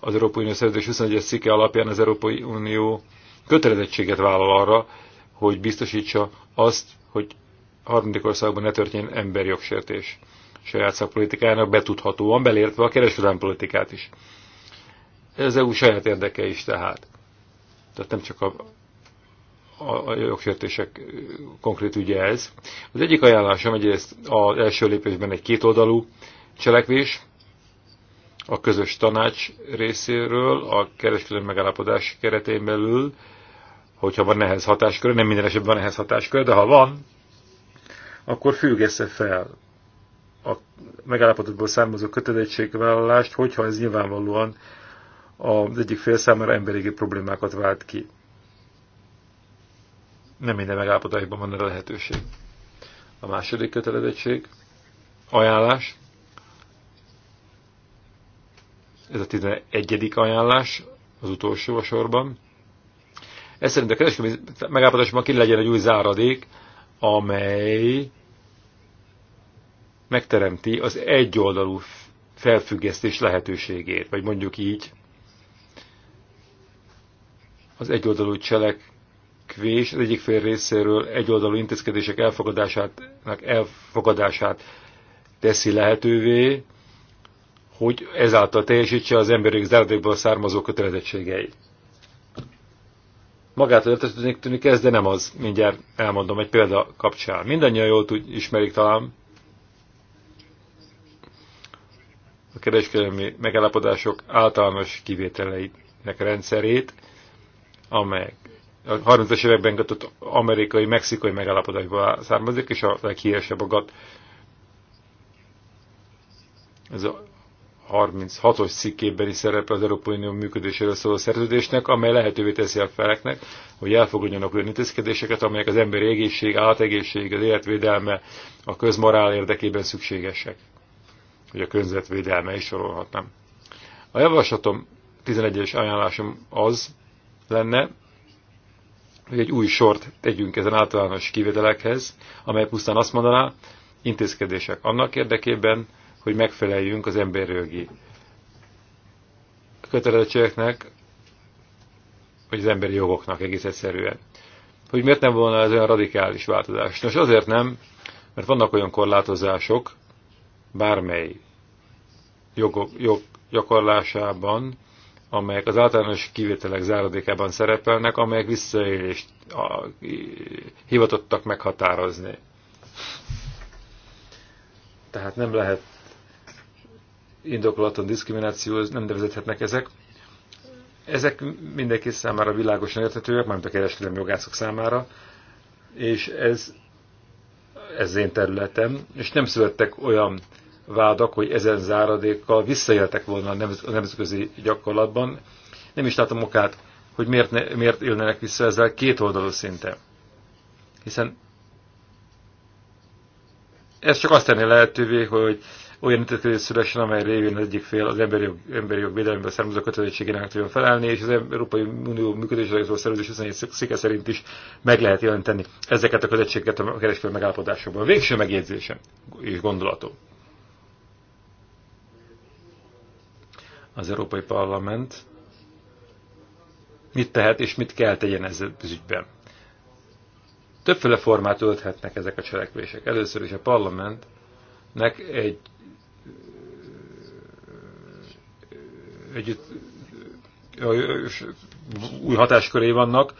az Európai Unió Szerződés 21 cikke alapján az Európai Unió kötelezettséget vállal arra, hogy biztosítsa azt, hogy harmadik országban ne történjen emberjogsértés saját szakpolitikájának betudhatóan, belértve a kereskedelmi politikát is. Ez az EU saját érdeke is tehát. Tehát nem csak a, a, a jogsértések konkrét ügye ez. Az egyik ajánlásom egyrészt az első lépésben egy kétoldalú cselekvés, a közös tanács részéről, a kereskedelmi megállapodás keretén belül, hogyha van nehez hatáskör, nem minden esetben van nehez hatáskör, de ha van, akkor függesse fel a megállapodatból származó kötelezettségvállalást, hogyha ez nyilvánvalóan az egyik fél számára emberi problémákat vált ki. Nem minden megállapodásban van erre lehetőség. A második kötelezettség, ajánlás, ez a 11. ajánlás, az utolsó a sorban. Ez szerint a kereskedelmi megállapodásban ki legyen egy új záradék, amely megteremti az egyoldalú felfüggesztés lehetőségét, vagy mondjuk így az egyoldalú cselekvés az egyik fél részéről egyoldalú intézkedések elfogadásának elfogadását teszi lehetővé, hogy ezáltal teljesítse az emberi zárdékból származó kötelezettségeit. Magát értetőnek tűnik ez, de nem az. Mindjárt elmondom egy példa kapcsán. Mindannyian jól tud, ismerik talán a kereskedelmi megállapodások általános kivételeinek rendszerét, amely a 30-as években kötött amerikai-mexikai megállapodásból származik, és a leghíresebb a GATT ez a 36-os cikkében is szerepel az Európai Unió működéséről szóló szerződésnek, amely lehetővé teszi a feleknek, hogy elfogadjanak olyan intézkedéseket, amelyek az emberi egészség, átegészség, az életvédelme, a közmorál érdekében szükségesek. Hogy a környezetvédelme is sorolhatnám. A javaslatom 11-es ajánlásom az lenne, hogy egy új sort tegyünk ezen általános kivételekhez, amely pusztán azt mondaná, intézkedések annak érdekében, hogy megfeleljünk az emberjogi kötelezettségeknek, vagy az emberi jogoknak egész egyszerűen. Hogy miért nem volna ez olyan radikális változás? Nos, azért nem, mert vannak olyan korlátozások, bármely jogok, jog gyakorlásában, amelyek az általános kivételek záradékában szerepelnek, amelyek visszaélést a, hivatottak meghatározni. Tehát nem lehet indokolatlan diszkrimináció, nem nevezethetnek ezek. Ezek mindenki számára világosan érthetőek, mármint a kereskedelmi jogászok számára, és ez, ez én területem, és nem születtek olyan vádak, hogy ezen záradékkal visszaéltek volna a nemzetközi gyakorlatban. Nem is látom okát, hogy miért, ne, miért élnének vissza ezzel két oldalú szinten. Hiszen ez csak azt tenni lehetővé, hogy olyan intézkedés szülessen, amely révén az egyik fél az emberi jog, emberi jog védelméből származó kötelezettségének tudjon felelni, és az Európai Unió működésre szóló szerződés 27 szike szerint is meg lehet jelenteni ezeket a kötelezettségeket a kereskedelmi megállapodásokban. Végső megjegyzésem és gondolatom. Az Európai Parlament mit tehet és mit kell tegyen ez az ügyben. Többféle formát ölthetnek ezek a cselekvések. Először is a parlamentnek egy együtt új hatásköré vannak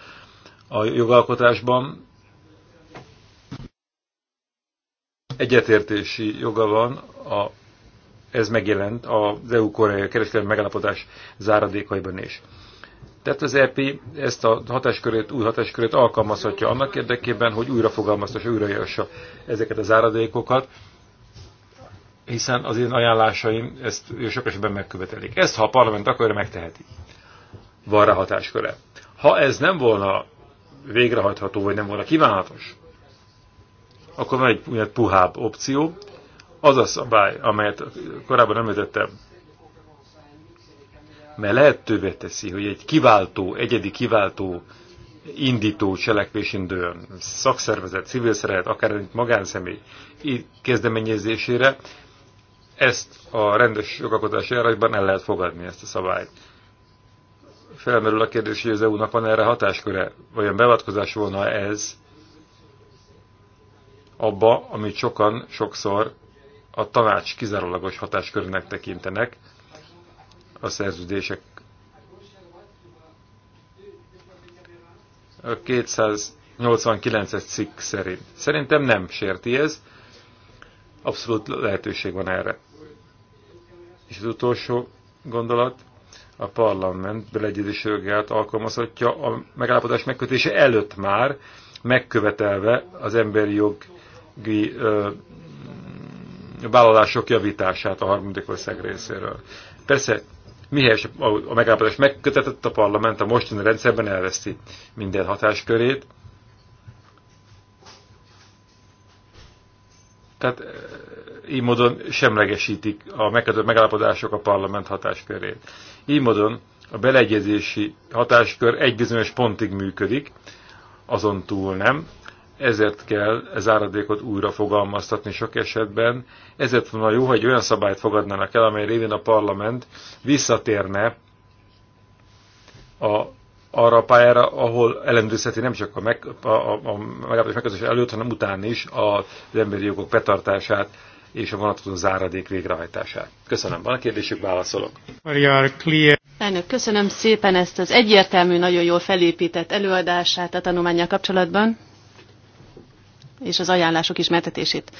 a jogalkotásban. Egyetértési joga van, a, ez megjelent az EU-koreai kereskedelmi megállapodás záradékaiban is. Tehát az EP ezt a hatáskörét, új hatáskörét alkalmazhatja annak érdekében, hogy újra újraírassa ezeket az áradékokat, hiszen az én ajánlásaim ezt sok esetben megkövetelik. Ezt, ha a parlament akarja, megteheti. Van rá hatásköre. Ha ez nem volna végrehajtható, vagy nem volna kívánatos, akkor van egy úgynevezett puhább opció. Az a szabály, amelyet korábban említettem, mert lehetővé teszi, hogy egy kiváltó, egyedi kiváltó indító cselekvés szakszervezet, civil szervezet, akár egy magánszemély kezdeményezésére ezt a rendes jogalkotási eljárásban el lehet fogadni, ezt a szabályt. Felmerül a kérdés, hogy az EU-nak van erre hatásköre, vajon beavatkozás volna ez abba, amit sokan sokszor a tanács kizárólagos hatáskörnek tekintenek a szerződések. A 289-es cikk szerint. Szerintem nem sérti ez, abszolút lehetőség van erre. És az utolsó gondolat, a parlament beleegyezésőgelt alkalmazhatja a megállapodás megkötése előtt már, megkövetelve az emberi jogi ö, vállalások javítását a harmadik ország részéről. Persze, mihez a megállapodás megkötetett a parlament a mostani rendszerben elveszti minden hatáskörét. Tehát így módon semlegesítik a megkötött megállapodások a parlament hatáskörét. Így módon a beleegyezési hatáskör egy bizonyos pontig működik, azon túl nem, ezért kell ez áradékot újra fogalmaztatni sok esetben. Ezért van jó, hogy olyan szabályt fogadnának el, amely révén a parlament visszatérne a, arra a pályára, ahol ellenőrizheti nem csak a, meg, a, a, a megállapodás megkötés előtt, hanem után is az emberi jogok betartását és a vonatkozó záradék végrehajtását. Köszönöm, van a kérdésük, válaszolok. Elnök, köszönöm szépen ezt az egyértelmű, nagyon jól felépített előadását a tanulmányjal kapcsolatban, és az ajánlások ismertetését.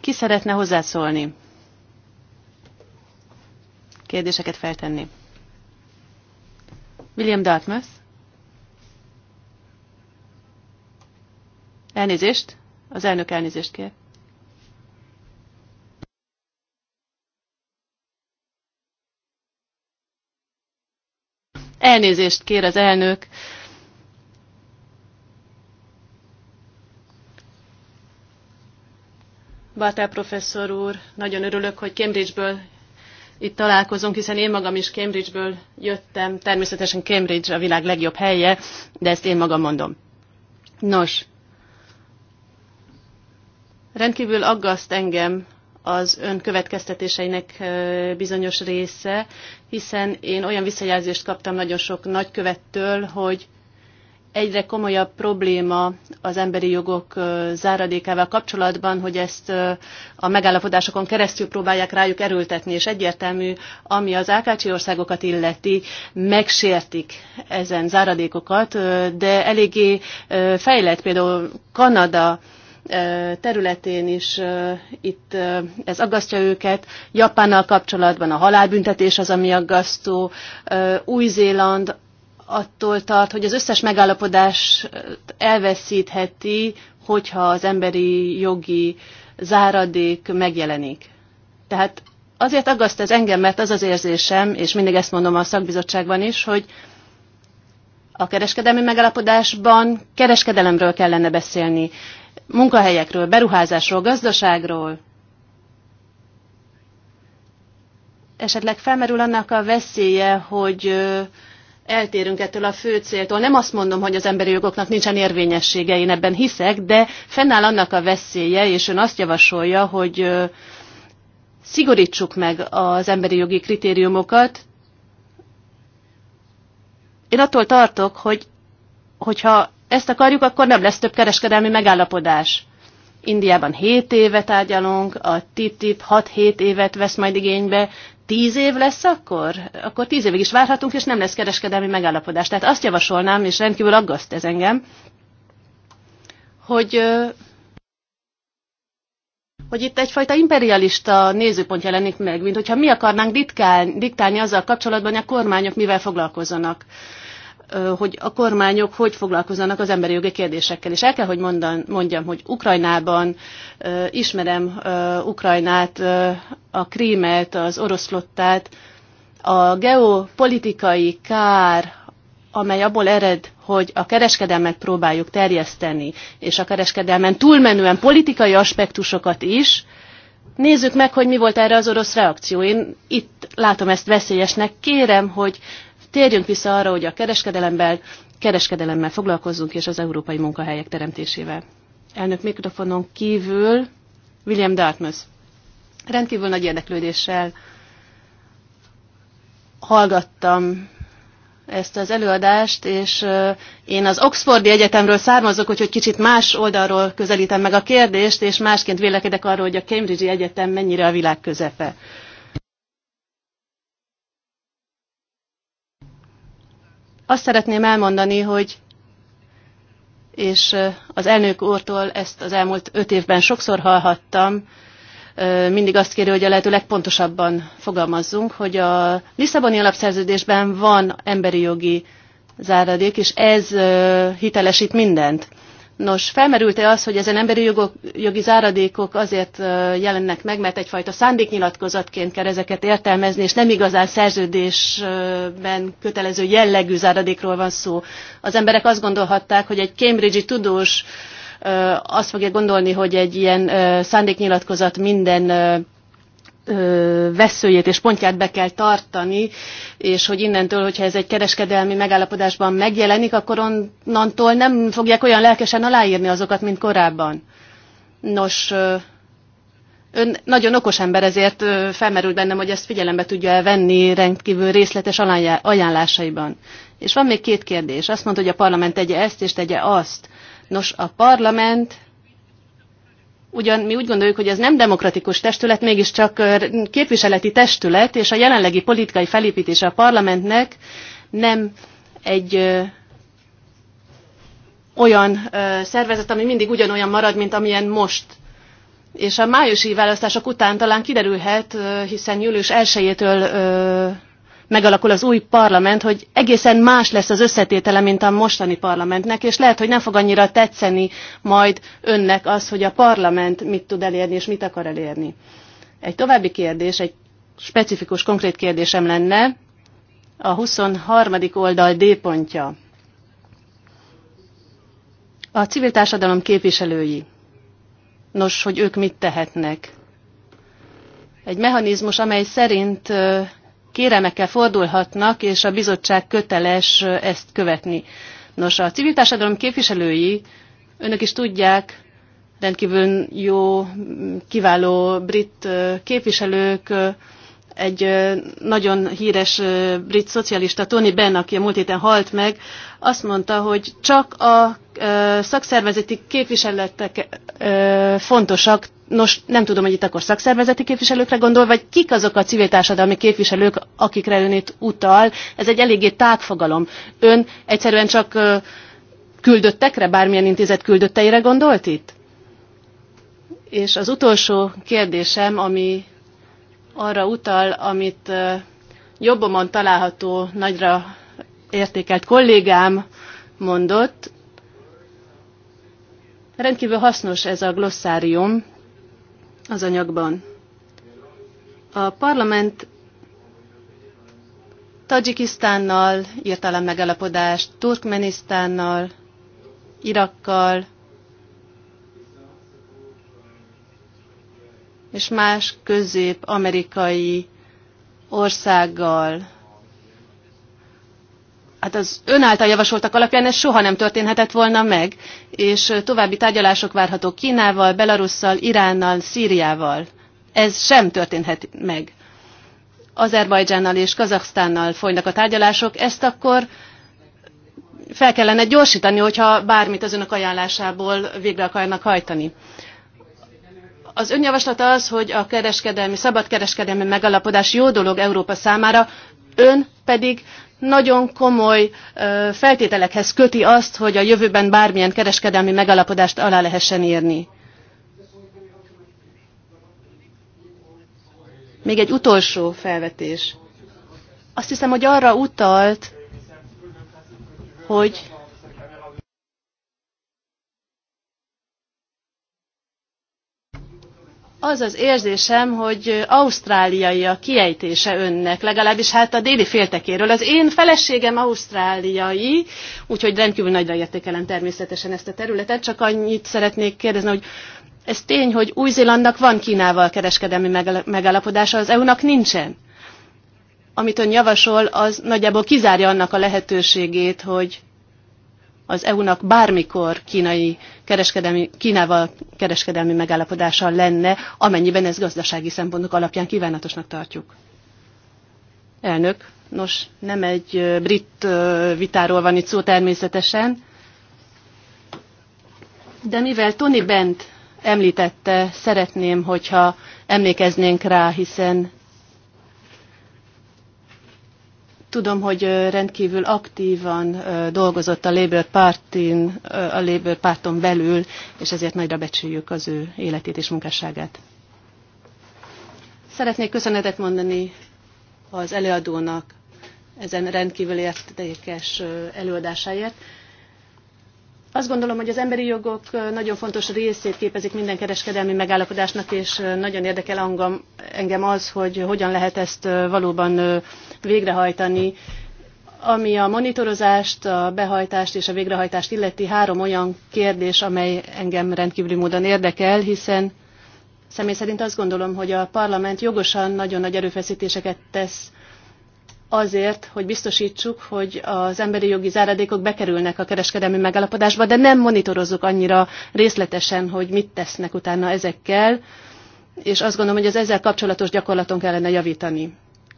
Ki szeretne hozzászólni? Kérdéseket feltenni. William Dartmouth? Elnézést? Az elnök elnézést kér. Elnézést kér az elnök. Bartel professzor úr, nagyon örülök, hogy Cambridgeből itt találkozunk, hiszen én magam is Cambridgeből jöttem. Természetesen Cambridge a világ legjobb helye, de ezt én magam mondom. Nos, rendkívül aggaszt engem az ön következtetéseinek bizonyos része, hiszen én olyan visszajelzést kaptam nagyon sok nagykövettől, hogy egyre komolyabb probléma az emberi jogok záradékával kapcsolatban, hogy ezt a megállapodásokon keresztül próbálják rájuk erőltetni, és egyértelmű, ami az Ákácsi országokat illeti, megsértik ezen záradékokat, de eléggé fejlett például Kanada, területén is itt ez aggasztja őket. Japánnal kapcsolatban a halálbüntetés az, ami aggasztó. Új-Zéland attól tart, hogy az összes megállapodás elveszítheti, hogyha az emberi jogi záradék megjelenik. Tehát azért aggaszt ez engem, mert az az érzésem, és mindig ezt mondom a szakbizottságban is, hogy a kereskedelmi megállapodásban kereskedelemről kellene beszélni munkahelyekről, beruházásról, gazdaságról. Esetleg felmerül annak a veszélye, hogy eltérünk ettől a fő céltól. Nem azt mondom, hogy az emberi jogoknak nincsen érvényessége, én ebben hiszek, de fennáll annak a veszélye, és ön azt javasolja, hogy szigorítsuk meg az emberi jogi kritériumokat. Én attól tartok, hogy hogyha ezt akarjuk, akkor nem lesz több kereskedelmi megállapodás. Indiában 7 évet tárgyalunk, a TTIP 6-7 évet vesz majd igénybe, 10 év lesz akkor? Akkor 10 évig is várhatunk, és nem lesz kereskedelmi megállapodás. Tehát azt javasolnám, és rendkívül aggaszt ez engem, hogy, hogy itt egyfajta imperialista nézőpont jelenik meg, mint hogyha mi akarnánk diktálni, diktálni azzal kapcsolatban, hogy a kormányok mivel foglalkozzanak hogy a kormányok hogy foglalkoznak az emberi jogi kérdésekkel. És el kell, hogy mondan, mondjam, hogy Ukrajnában ismerem Ukrajnát, a Krímet, az orosz flottát. A geopolitikai kár, amely abból ered, hogy a kereskedelmet próbáljuk terjeszteni, és a kereskedelmen túlmenően politikai aspektusokat is, Nézzük meg, hogy mi volt erre az orosz reakció. Én itt látom ezt veszélyesnek. Kérem, hogy térjünk vissza arra, hogy a kereskedelemmel, kereskedelemmel foglalkozzunk, és az európai munkahelyek teremtésével. Elnök mikrofonon kívül William Dartmouth. Rendkívül nagy érdeklődéssel hallgattam ezt az előadást, és én az Oxfordi Egyetemről származok, úgyhogy kicsit más oldalról közelítem meg a kérdést, és másként vélekedek arról, hogy a Cambridge Egyetem mennyire a világ közepe. Azt szeretném elmondani, hogy és az elnök úrtól ezt az elmúlt öt évben sokszor hallhattam, mindig azt kérő, hogy a lehető legpontosabban fogalmazzunk, hogy a Lisszaboni alapszerződésben van emberi jogi záradék, és ez hitelesít mindent. Nos, felmerült-e az, hogy ezen emberi jogok, jogi záradékok azért jelennek meg, mert egyfajta szándéknyilatkozatként kell ezeket értelmezni, és nem igazán szerződésben kötelező jellegű záradékról van szó. Az emberek azt gondolhatták, hogy egy Cambridge-i tudós azt fogja gondolni, hogy egy ilyen szándéknyilatkozat minden veszőjét és pontját be kell tartani, és hogy innentől, hogyha ez egy kereskedelmi megállapodásban megjelenik, akkor onnantól nem fogják olyan lelkesen aláírni azokat, mint korábban. Nos, ön nagyon okos ember, ezért felmerült bennem, hogy ezt figyelembe tudja elvenni rendkívül részletes ajánlásaiban. És van még két kérdés. Azt mondta, hogy a parlament tegye ezt és tegye azt. Nos, a parlament ugyan mi úgy gondoljuk, hogy ez nem demokratikus testület, mégiscsak képviseleti testület, és a jelenlegi politikai felépítése a parlamentnek nem egy olyan ö, szervezet, ami mindig ugyanolyan marad, mint amilyen most. És a májusi választások után talán kiderülhet, ö, hiszen július 1-től megalakul az új parlament, hogy egészen más lesz az összetétele, mint a mostani parlamentnek, és lehet, hogy nem fog annyira tetszeni majd önnek az, hogy a parlament mit tud elérni, és mit akar elérni. Egy további kérdés, egy specifikus, konkrét kérdésem lenne, a 23. oldal D pontja. A civil társadalom képviselői. Nos, hogy ők mit tehetnek? Egy mechanizmus, amely szerint kéremekkel fordulhatnak, és a bizottság köteles ezt követni. Nos, a civil társadalom képviselői, önök is tudják, rendkívül jó, kiváló brit képviselők, egy nagyon híres brit szocialista, Tony Benn, aki a múlt héten halt meg, azt mondta, hogy csak a szakszervezeti képviseletek fontosak Nos, nem tudom, hogy itt akkor szakszervezeti képviselőkre gondol, vagy kik azok a civil társadalmi képviselők, akikre ön itt utal. Ez egy eléggé tágfogalom. fogalom. Ön egyszerűen csak küldöttekre, bármilyen intézet küldötteire gondolt itt? És az utolsó kérdésem, ami arra utal, amit jobbomon található nagyra értékelt kollégám mondott. Rendkívül hasznos ez a glossárium, az anyagban. A parlament Tajikisztánnal írt alá megalapodást, Turkmenisztánnal, Irakkal és más közép-amerikai országgal hát az ön által javasoltak alapján ez soha nem történhetett volna meg, és további tárgyalások várhatók Kínával, Belarusszal, Iránnal, Szíriával. Ez sem történhet meg. Azerbajdzsánnal és Kazaksztánnal folynak a tárgyalások, ezt akkor fel kellene gyorsítani, hogyha bármit az önök ajánlásából végre akarnak hajtani. Az önjavaslata az, hogy a kereskedelmi, szabadkereskedelmi megalapodás jó dolog Európa számára, ön pedig nagyon komoly feltételekhez köti azt, hogy a jövőben bármilyen kereskedelmi megalapodást alá lehessen írni. Még egy utolsó felvetés. Azt hiszem, hogy arra utalt, hogy az az érzésem, hogy ausztráliai a kiejtése önnek, legalábbis hát a déli féltekéről. Az én feleségem ausztráliai, úgyhogy rendkívül nagyra értékelem természetesen ezt a területet, csak annyit szeretnék kérdezni, hogy ez tény, hogy Új-Zélandnak van Kínával kereskedelmi megállapodása, az EU-nak nincsen. Amit ön javasol, az nagyjából kizárja annak a lehetőségét, hogy az EU-nak bármikor kínai kereskedelmi, Kínával kereskedelmi megállapodása lenne, amennyiben ez gazdasági szempontok alapján kívánatosnak tartjuk. Elnök, nos, nem egy brit vitáról van itt szó természetesen, de mivel Tony Bent említette, szeretném, hogyha emlékeznénk rá, hiszen Tudom, hogy rendkívül aktívan dolgozott a Labour Partin, a Labour párton belül, és ezért nagyra becsüljük az ő életét és munkásságát. Szeretnék köszönetet mondani az előadónak ezen rendkívül értékes előadásáért. Azt gondolom, hogy az emberi jogok nagyon fontos részét képezik minden kereskedelmi megállapodásnak, és nagyon érdekel engem az, hogy hogyan lehet ezt valóban végrehajtani, ami a monitorozást, a behajtást és a végrehajtást illeti három olyan kérdés, amely engem rendkívüli módon érdekel, hiszen személy szerint azt gondolom, hogy a parlament jogosan nagyon nagy erőfeszítéseket tesz azért, hogy biztosítsuk, hogy az emberi jogi záradékok bekerülnek a kereskedelmi megállapodásba, de nem monitorozzuk annyira részletesen, hogy mit tesznek utána ezekkel, és azt gondolom, hogy az ezzel kapcsolatos gyakorlaton kellene javítani.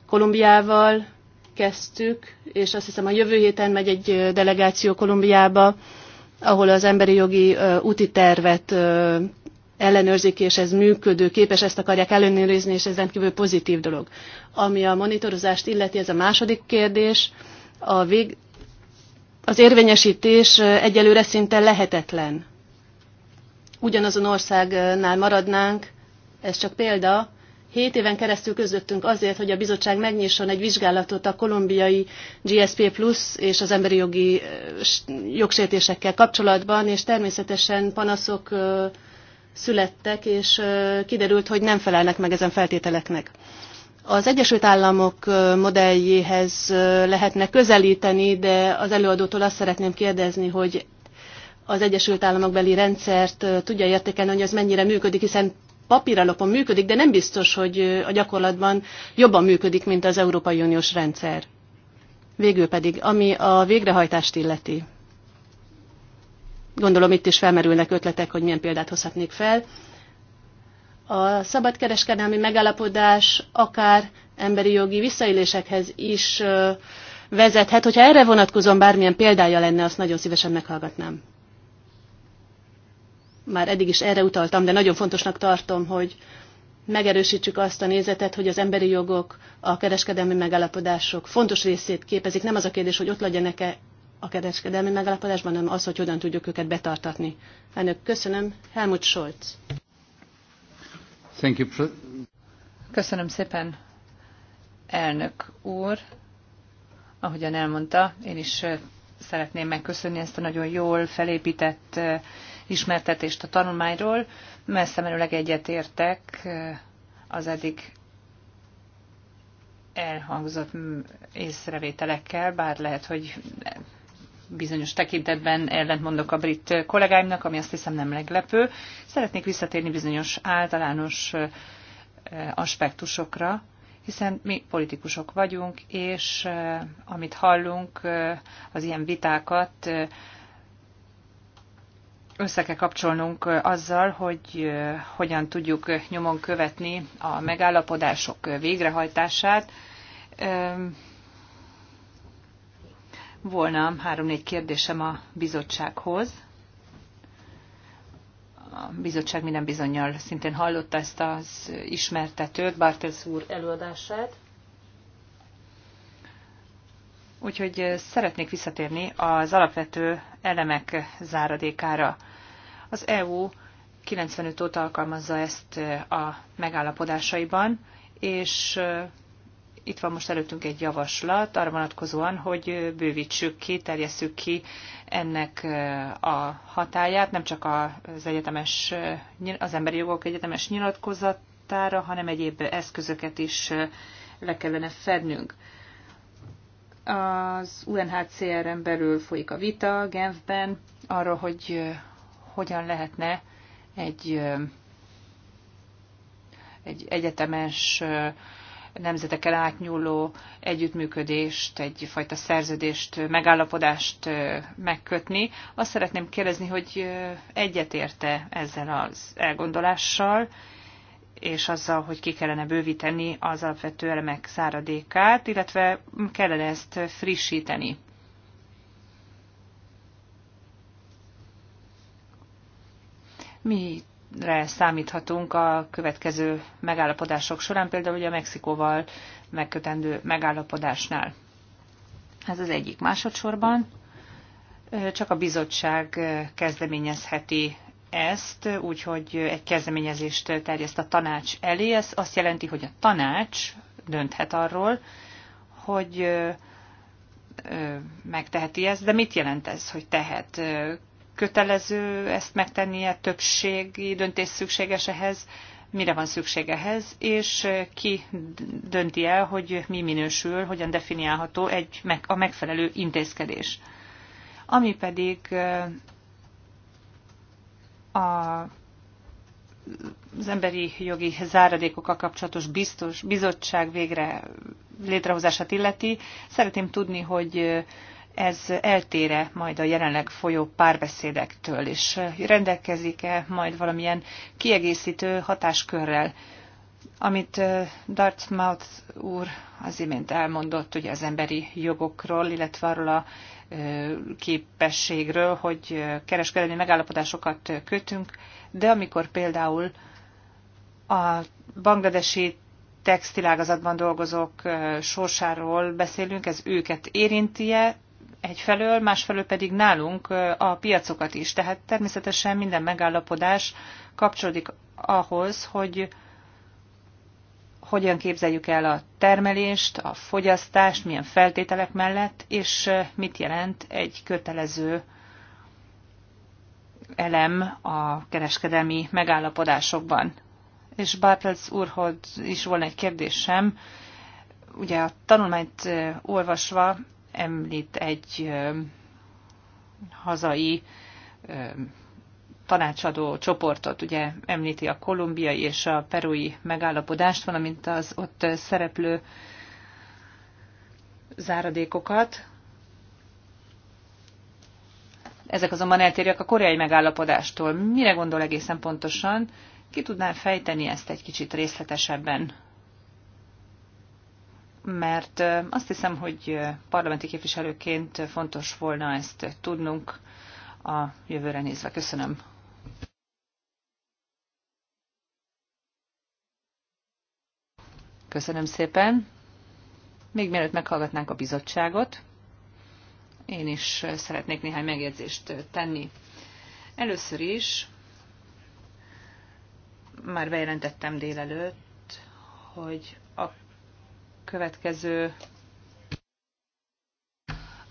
Kolumbiával kezdtük, és azt hiszem a jövő héten megy egy delegáció Kolumbiába, ahol az emberi jogi úti tervet ellenőrzik, és ez működő képes, ezt akarják ellenőrizni, és ez rendkívül pozitív dolog. Ami a monitorozást illeti, ez a második kérdés, a vég... az érvényesítés egyelőre szinte lehetetlen. Ugyanazon országnál maradnánk, ez csak példa, Hét éven keresztül közöttünk azért, hogy a bizottság megnyisson egy vizsgálatot a kolumbiai GSP Plus és az emberi jogi jogsértésekkel kapcsolatban, és természetesen panaszok születtek, és kiderült, hogy nem felelnek meg ezen feltételeknek. Az Egyesült Államok modelljéhez lehetne közelíteni, de az előadótól azt szeretném kérdezni, hogy az Egyesült Államok beli rendszert tudja értékelni, hogy az mennyire működik, hiszen papíralapon működik, de nem biztos, hogy a gyakorlatban jobban működik, mint az Európai Uniós rendszer. Végül pedig, ami a végrehajtást illeti. Gondolom itt is felmerülnek ötletek, hogy milyen példát hozhatnék fel. A szabadkereskedelmi megállapodás akár emberi jogi visszaélésekhez is vezethet. Hogyha erre vonatkozom bármilyen példája lenne, azt nagyon szívesen meghallgatnám már eddig is erre utaltam, de nagyon fontosnak tartom, hogy megerősítsük azt a nézetet, hogy az emberi jogok, a kereskedelmi megállapodások fontos részét képezik. Nem az a kérdés, hogy ott legyenek-e a kereskedelmi megállapodásban, hanem az, hogy hogyan tudjuk őket betartatni. Elnök, köszönöm. Helmut Scholz. Thank you. Köszönöm szépen, elnök úr. Ahogyan elmondta, én is szeretném megköszönni ezt a nagyon jól felépített ismertetést a tanulmányról. Messze menőleg egyetértek az eddig elhangzott észrevételekkel, bár lehet, hogy bizonyos tekintetben ellentmondok a brit kollégáimnak, ami azt hiszem nem leglepő. Szeretnék visszatérni bizonyos általános aspektusokra, hiszen mi politikusok vagyunk, és amit hallunk, az ilyen vitákat össze kell kapcsolnunk azzal, hogy hogyan tudjuk nyomon követni a megállapodások végrehajtását. Volna három-négy kérdésem a bizottsághoz. A bizottság minden bizonyal szintén hallotta ezt az ismertetőt, Bartels úr előadását. Úgyhogy szeretnék visszatérni az alapvető elemek záradékára. Az EU 95 óta alkalmazza ezt a megállapodásaiban, és itt van most előttünk egy javaslat arra vonatkozóan, hogy bővítsük ki, terjesszük ki ennek a hatáját, nem csak az egyetemes, az emberi jogok egyetemes nyilatkozatára, hanem egyéb eszközöket is le kellene fednünk. Az UNHCR-en belül folyik a vita Genfben arról, hogy hogyan lehetne egy, egy egyetemes nemzetekkel átnyúló együttműködést, egyfajta szerződést, megállapodást megkötni. Azt szeretném kérdezni, hogy egyetérte ezzel az elgondolással, és azzal, hogy ki kellene bővíteni az alapvető elemek száradékát, illetve kellene ezt frissíteni. mire számíthatunk a következő megállapodások során, például ugye a Mexikóval megkötendő megállapodásnál. Ez az egyik. Másodszorban csak a bizottság kezdeményezheti ezt, úgyhogy egy kezdeményezést terjeszt a tanács elé. Ez azt jelenti, hogy a tanács dönthet arról, hogy megteheti ezt, de mit jelent ez, hogy tehet? kötelező ezt megtennie, többségi döntés szükséges ehhez, mire van szükség ehhez, és ki dönti el, hogy mi minősül, hogyan definiálható egy, a megfelelő intézkedés. Ami pedig a, az emberi jogi záradékokkal kapcsolatos biztos, bizottság végre létrehozását illeti, szeretném tudni, hogy ez eltére majd a jelenleg folyó párbeszédektől, és rendelkezik-e majd valamilyen kiegészítő hatáskörrel, amit Dartmouth úr az imént elmondott ugye az emberi jogokról, illetve arról a képességről, hogy kereskedelmi megállapodásokat kötünk, de amikor például a bangladesi textilágazatban dolgozók sorsáról beszélünk, ez őket érinti-e, egyfelől, másfelől pedig nálunk a piacokat is. Tehát természetesen minden megállapodás kapcsolódik ahhoz, hogy hogyan képzeljük el a termelést, a fogyasztást, milyen feltételek mellett, és mit jelent egy kötelező elem a kereskedelmi megállapodásokban. És Bartels úrhoz is volna egy kérdésem. Ugye a tanulmányt olvasva említ egy hazai tanácsadó csoportot, ugye említi a kolumbiai és a perui megállapodást, valamint az ott szereplő záradékokat. Ezek azonban eltérjek a koreai megállapodástól. Mire gondol egészen pontosan? Ki tudná fejteni ezt egy kicsit részletesebben? mert azt hiszem, hogy parlamenti képviselőként fontos volna ezt tudnunk a jövőre nézve. Köszönöm. Köszönöm szépen. Még mielőtt meghallgatnánk a bizottságot, én is szeretnék néhány megjegyzést tenni. Először is már bejelentettem délelőtt, hogy következő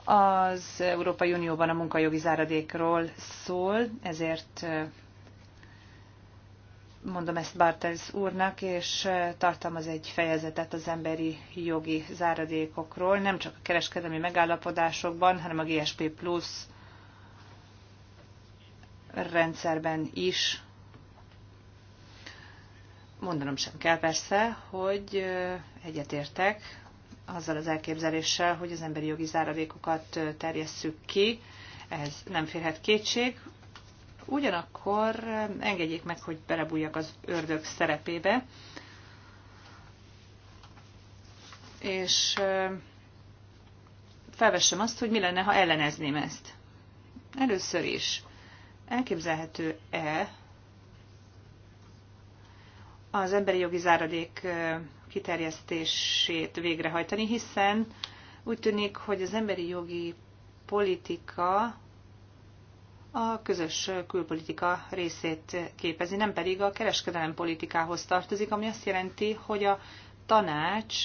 az Európai Unióban a munkajogi záradékról szól, ezért mondom ezt Bartels úrnak, és tartalmaz egy fejezetet az emberi jogi záradékokról, nem csak a kereskedelmi megállapodásokban, hanem a GSP Plus rendszerben is mondanom sem kell persze, hogy egyetértek azzal az elképzeléssel, hogy az emberi jogi záradékokat terjesszük ki, ez nem férhet kétség. Ugyanakkor engedjék meg, hogy belebújjak az ördög szerepébe, és felvessem azt, hogy mi lenne, ha ellenezném ezt. Először is, elképzelhető-e, az emberi jogi záradék kiterjesztését végrehajtani, hiszen úgy tűnik, hogy az emberi jogi politika a közös külpolitika részét képezi, nem pedig a kereskedelem politikához tartozik, ami azt jelenti, hogy a tanács,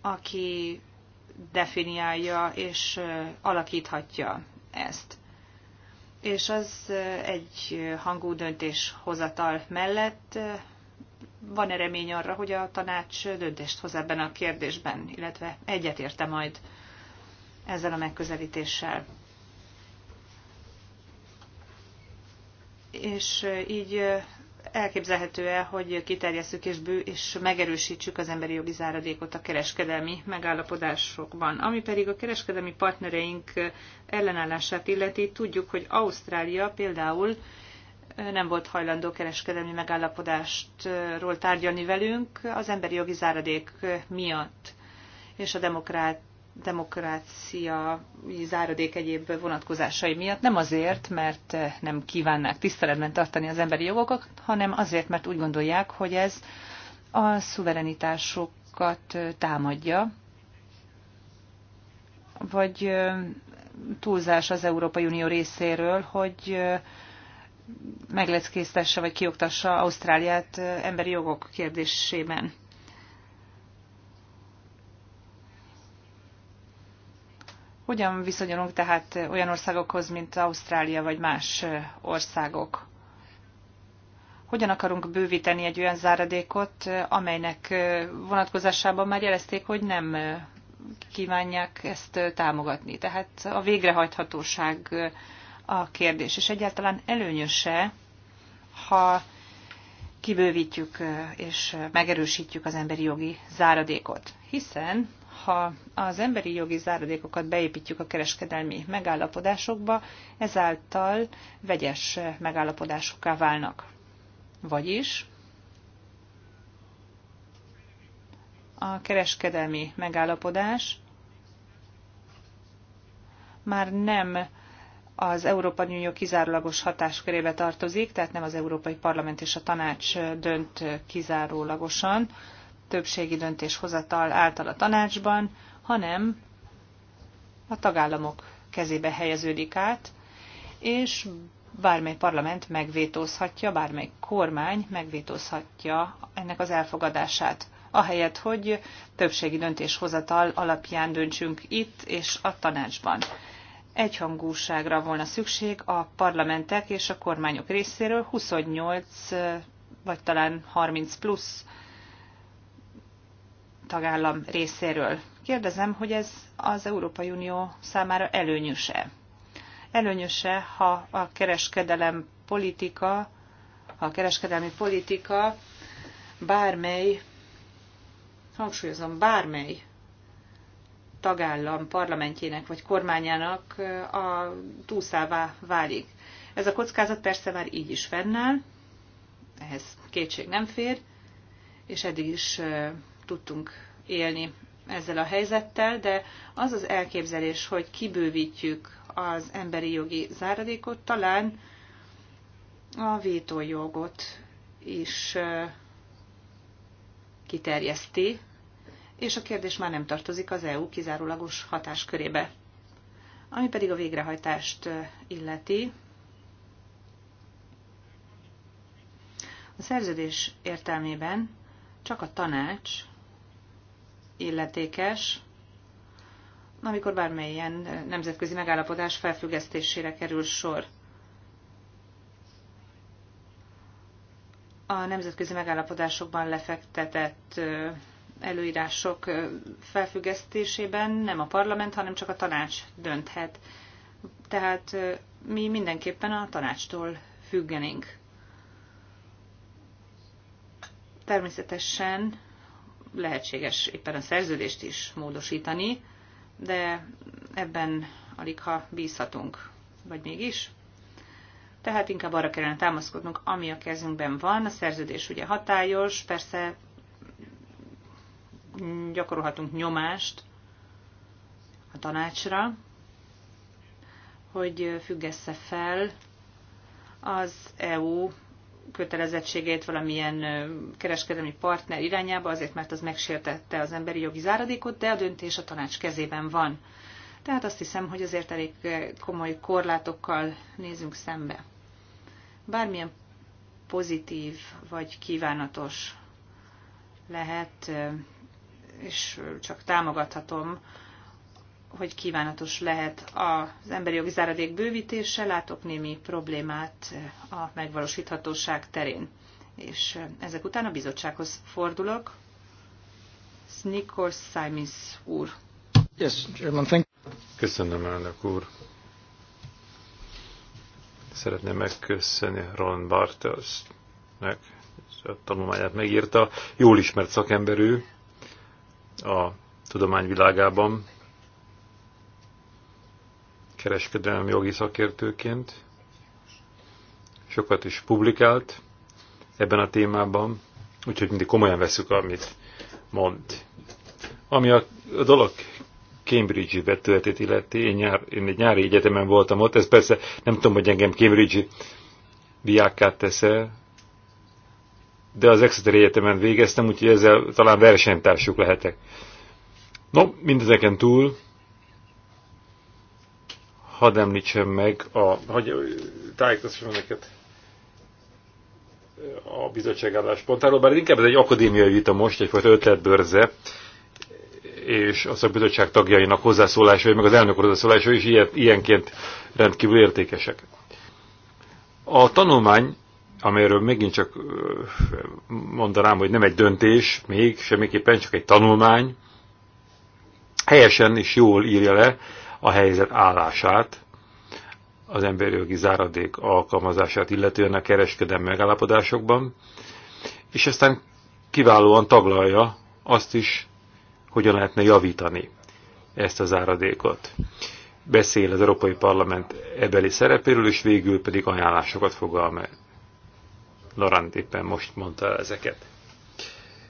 aki definiálja és alakíthatja ezt és az egy hangú döntéshozatal mellett van-e remény arra, hogy a tanács döntést hoz ebben a kérdésben, illetve egyetérte majd ezzel a megközelítéssel. És így elképzelhető-e, hogy kiterjesszük és, bő, és megerősítsük az emberi jogi záradékot a kereskedelmi megállapodásokban. Ami pedig a kereskedelmi partnereink ellenállását illeti, tudjuk, hogy Ausztrália például nem volt hajlandó kereskedelmi megállapodástról tárgyalni velünk az emberi jogi záradék miatt és a demokrát, demokrácia záradék egyéb vonatkozásai miatt, nem azért, mert nem kívánnák tiszteletben tartani az emberi jogokat, hanem azért, mert úgy gondolják, hogy ez a szuverenitásokat támadja, vagy túlzás az Európai Unió részéről, hogy megleckésztesse vagy kioktassa Ausztráliát emberi jogok kérdésében. Hogyan viszonyulunk tehát olyan országokhoz, mint Ausztrália vagy más országok? Hogyan akarunk bővíteni egy olyan záradékot, amelynek vonatkozásában már jelezték, hogy nem kívánják ezt támogatni? Tehát a végrehajthatóság a kérdés, és egyáltalán előnyöse, ha kibővítjük és megerősítjük az emberi jogi záradékot, hiszen ha az emberi jogi záradékokat beépítjük a kereskedelmi megállapodásokba, ezáltal vegyes megállapodásokká válnak. Vagyis a kereskedelmi megállapodás már nem az Európa Unió kizárólagos hatáskörébe tartozik, tehát nem az Európai Parlament és a Tanács dönt kizárólagosan, többségi döntéshozatal által a tanácsban, hanem a tagállamok kezébe helyeződik át, és bármely parlament megvétózhatja, bármely kormány megvétózhatja ennek az elfogadását. Ahelyett, hogy többségi döntéshozatal alapján döntsünk itt és a tanácsban. Egyhangúságra volna szükség a parlamentek és a kormányok részéről 28 vagy talán 30 plusz tagállam részéről. Kérdezem, hogy ez az Európai Unió számára előnyöse? Előnyöse, ha a kereskedelem politika, ha a kereskedelmi politika bármely, hangsúlyozom, bármely tagállam parlamentjének vagy kormányának a túlszává válik. Ez a kockázat persze már így is fennáll, ehhez kétség nem fér, és eddig is tudtunk élni ezzel a helyzettel, de az az elképzelés, hogy kibővítjük az emberi jogi záradékot, talán a vétójogot is kiterjeszti, és a kérdés már nem tartozik az EU kizárólagos hatáskörébe. Ami pedig a végrehajtást illeti, a szerződés értelmében csak a tanács illetékes, amikor bármilyen nemzetközi megállapodás felfüggesztésére kerül sor. A nemzetközi megállapodásokban lefektetett előírások felfüggesztésében nem a parlament, hanem csak a tanács dönthet. Tehát mi mindenképpen a tanácstól függenénk. Természetesen lehetséges éppen a szerződést is módosítani, de ebben alig ha bízhatunk, vagy mégis. Tehát inkább arra kellene támaszkodnunk, ami a kezünkben van. A szerződés ugye hatályos, persze gyakorolhatunk nyomást a tanácsra, hogy függesse fel az EU kötelezettségét valamilyen kereskedelmi partner irányába, azért mert az megsértette az emberi jogi záradékot, de a döntés a tanács kezében van. Tehát azt hiszem, hogy azért elég komoly korlátokkal nézünk szembe. Bármilyen pozitív vagy kívánatos lehet, és csak támogathatom hogy kívánatos lehet az emberi jogi záradék bővítése, látok némi problémát a megvalósíthatóság terén. És ezek után a bizottsághoz fordulok. Snikor Simis úr. Yes, German, thank Köszönöm, elnök úr. Szeretném megköszönni Ron Bartelsnek, a tanulmányát megírta. Jól ismert szakemberű a tudomány világában kereskedelmi jogi szakértőként. Sokat is publikált ebben a témában, úgyhogy mindig komolyan veszük, amit mond. Ami a, a dolog Cambridge-i vetületét illeti, én, nyár, én egy nyári egyetemen voltam ott, ez persze nem tudom, hogy engem Cambridge-i diákát tesz-e, de az Exeter Egyetemen végeztem, úgyhogy ezzel talán versenytársuk lehetek. No, mindezeken túl hadd említsem meg, a, hogy tájékoztassam neked a bizottság álláspontáról, bár inkább ez egy akadémiai vita most, egyfajta ötletbörze, és az a bizottság tagjainak hozzászólásai, meg az elnök hozzászólásai is ilyen, ilyenként rendkívül értékesek. A tanulmány, amelyről megint csak mondanám, hogy nem egy döntés, még semmiképpen csak egy tanulmány, helyesen és jól írja le a helyzet állását, az emberi jogi záradék alkalmazását illetően a kereskedelmi megállapodásokban, és aztán kiválóan taglalja azt is, hogyan lehetne javítani ezt a záradékot. Beszél az Európai Parlament ebeli szerepéről, és végül pedig ajánlásokat fogalmaz. meg. éppen most mondta ezeket.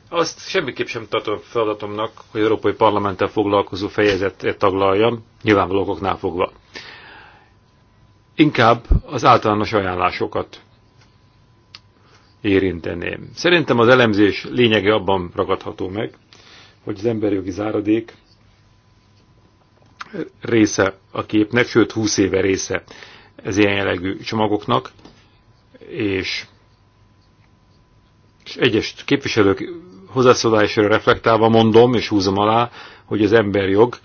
Azt semmiképp sem tartom feladatomnak, hogy Európai Parlamenttel foglalkozó fejezetet taglaljam, nyilvánvaló okoknál fogva. Inkább az általános ajánlásokat érinteném. Szerintem az elemzés lényege abban ragadható meg, hogy az emberjogi záradék része a képnek, sőt 20 éve része ez ilyen jellegű csomagoknak, és, és egyes képviselők hozzászólásra reflektálva mondom, és húzom alá, hogy az emberjog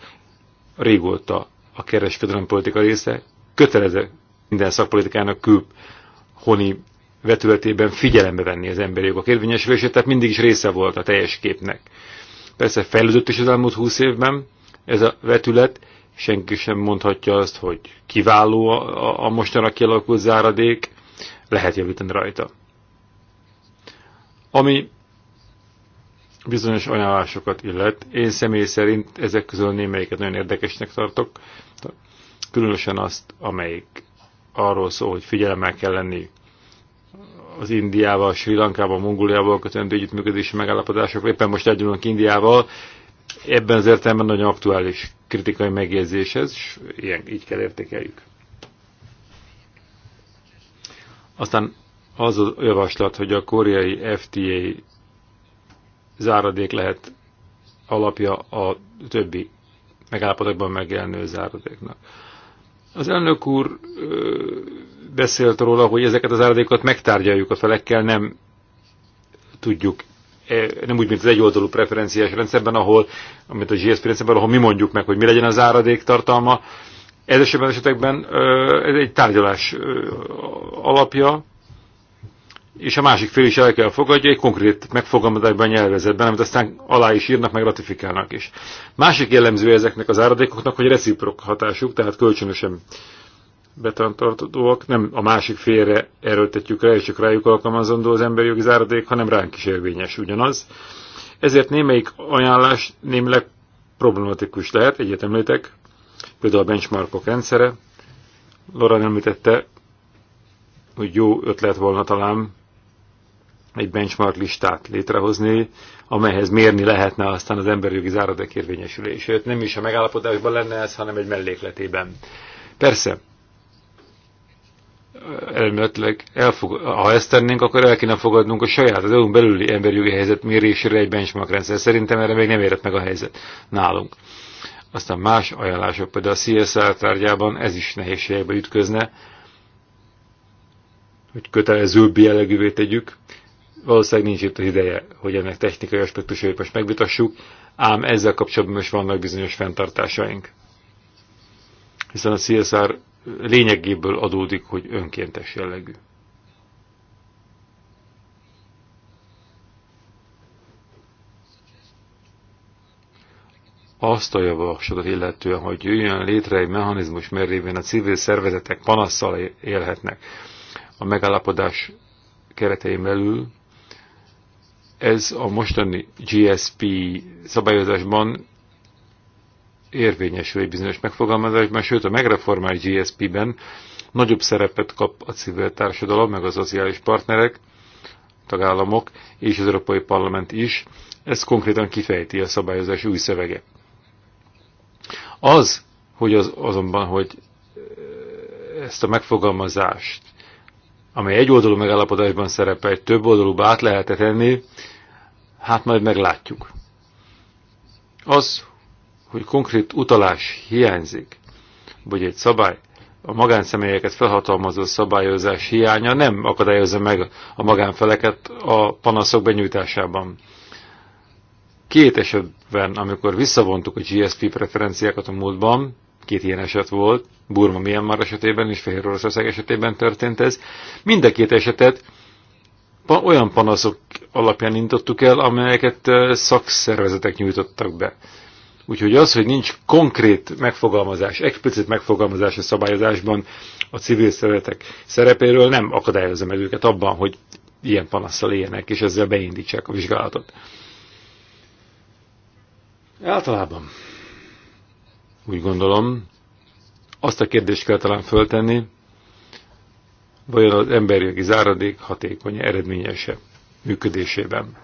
régóta a kereskedelem politika része, kötelező minden szakpolitikának honi vetületében figyelembe venni az emberi jogok érvényesülését, tehát mindig is része volt a teljes képnek. Persze fejlődött is az elmúlt húsz évben ez a vetület, senki sem mondhatja azt, hogy kiváló a, a, a mostanra kialakult záradék, lehet javítani rajta. Ami bizonyos ajánlásokat illet. Én személy szerint ezek közül némelyiket nagyon érdekesnek tartok, különösen azt, amelyik arról szól, hogy figyelemmel kell lenni az Indiával, Sri Lankával, Mongóliával kötendő együttműködési megállapodások, Éppen most tárgyalunk Indiával, ebben az értelemben nagyon aktuális kritikai megjegyzéshez, és ilyen, így kell értékeljük. Aztán az a javaslat, hogy a koreai FTA záradék lehet alapja a többi megállapodokban megjelenő záradéknak. Az elnök úr ö, beszélt róla, hogy ezeket az áradékokat megtárgyaljuk a felekkel, nem tudjuk, e, nem úgy, mint az egyoldalú preferenciás rendszerben, ahol, amit a GSP rendszerben, ahol mi mondjuk meg, hogy mi legyen az áradék tartalma. Ez esetben esetekben ö, ez egy tárgyalás ö, alapja, és a másik fél is el kell fogadja egy konkrét megfogalmazásban nyelvezetben, amit aztán alá is írnak, meg ratifikálnak is. Másik jellemző ezeknek az áradékoknak, hogy reciprok hatásuk, tehát kölcsönösen betartóak, nem a másik félre erőltetjük rá, és csak rájuk alkalmazandó az emberi jogi záradék, hanem ránk is érvényes ugyanaz. Ezért némelyik ajánlás némileg problematikus lehet, egyet említek, például a benchmarkok rendszere. Laura említette, hogy jó ötlet volna talán egy benchmark listát létrehozni, amelyhez mérni lehetne aztán az emberi jogi záradék érvényesülését. Nem is a megállapodásban lenne ez, hanem egy mellékletében. Persze, elméletileg, elfog, ha ezt tennénk, akkor el kéne fogadnunk a saját, az EU-n belüli emberi jogi helyzet mérésére egy benchmark rendszer. Szerintem erre még nem érett meg a helyzet nálunk. Aztán más ajánlások, például a CSR tárgyában ez is nehézségekbe ütközne, hogy kötelezőbb jellegűvé tegyük, valószínűleg nincs itt az ideje, hogy ennek technikai aspektusait most megvitassuk, ám ezzel kapcsolatban is vannak bizonyos fenntartásaink. Hiszen a CSR lényegéből adódik, hogy önkéntes jellegű. azt a javaslatot illetően, hogy jöjjön létre egy mechanizmus, mert révén a civil szervezetek panasszal élhetnek. A megállapodás keretein belül ez a mostani GSP szabályozásban érvényesül egy bizonyos megfogalmazásban, sőt a megreformált GSP-ben nagyobb szerepet kap a civil társadalom, meg a szociális partnerek, tagállamok és az Európai Parlament is. Ez konkrétan kifejti a szabályozás új szövege. Az, hogy az, azonban, hogy eh, ezt a megfogalmazást, amely egy oldalú megállapodásban szerepel, több oldalúba át lehet tenni, hát majd meglátjuk. Az, hogy konkrét utalás hiányzik, vagy egy szabály, a magánszemélyeket felhatalmazó szabályozás hiánya nem akadályozza meg a magánfeleket a panaszok benyújtásában. Két esetben, amikor visszavontuk a GSP preferenciákat a múltban, két ilyen eset volt, Burma Myanmar esetében és Fehér Oroszország esetében történt ez, mind a két esetet olyan panaszok alapján indítottuk el, amelyeket szakszervezetek nyújtottak be. Úgyhogy az, hogy nincs konkrét megfogalmazás, explicit megfogalmazás a szabályozásban a civil szervezetek szerepéről, nem akadályozza meg őket abban, hogy ilyen panaszsal éljenek, és ezzel beindítsák a vizsgálatot. Általában úgy gondolom, azt a kérdést kell talán föltenni, vajon az emberjogi záradék hatékony, eredményese működésében.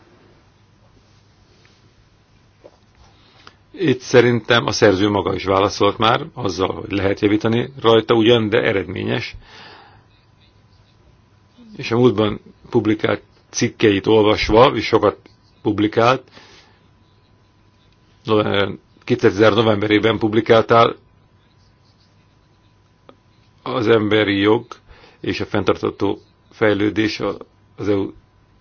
Itt szerintem a szerző maga is válaszolt már, azzal, hogy lehet javítani rajta ugyan, de eredményes. És a múltban publikált cikkeit olvasva, és sokat publikált, 2000 novemberében publikáltál az emberi jog és a fenntartató fejlődés az EU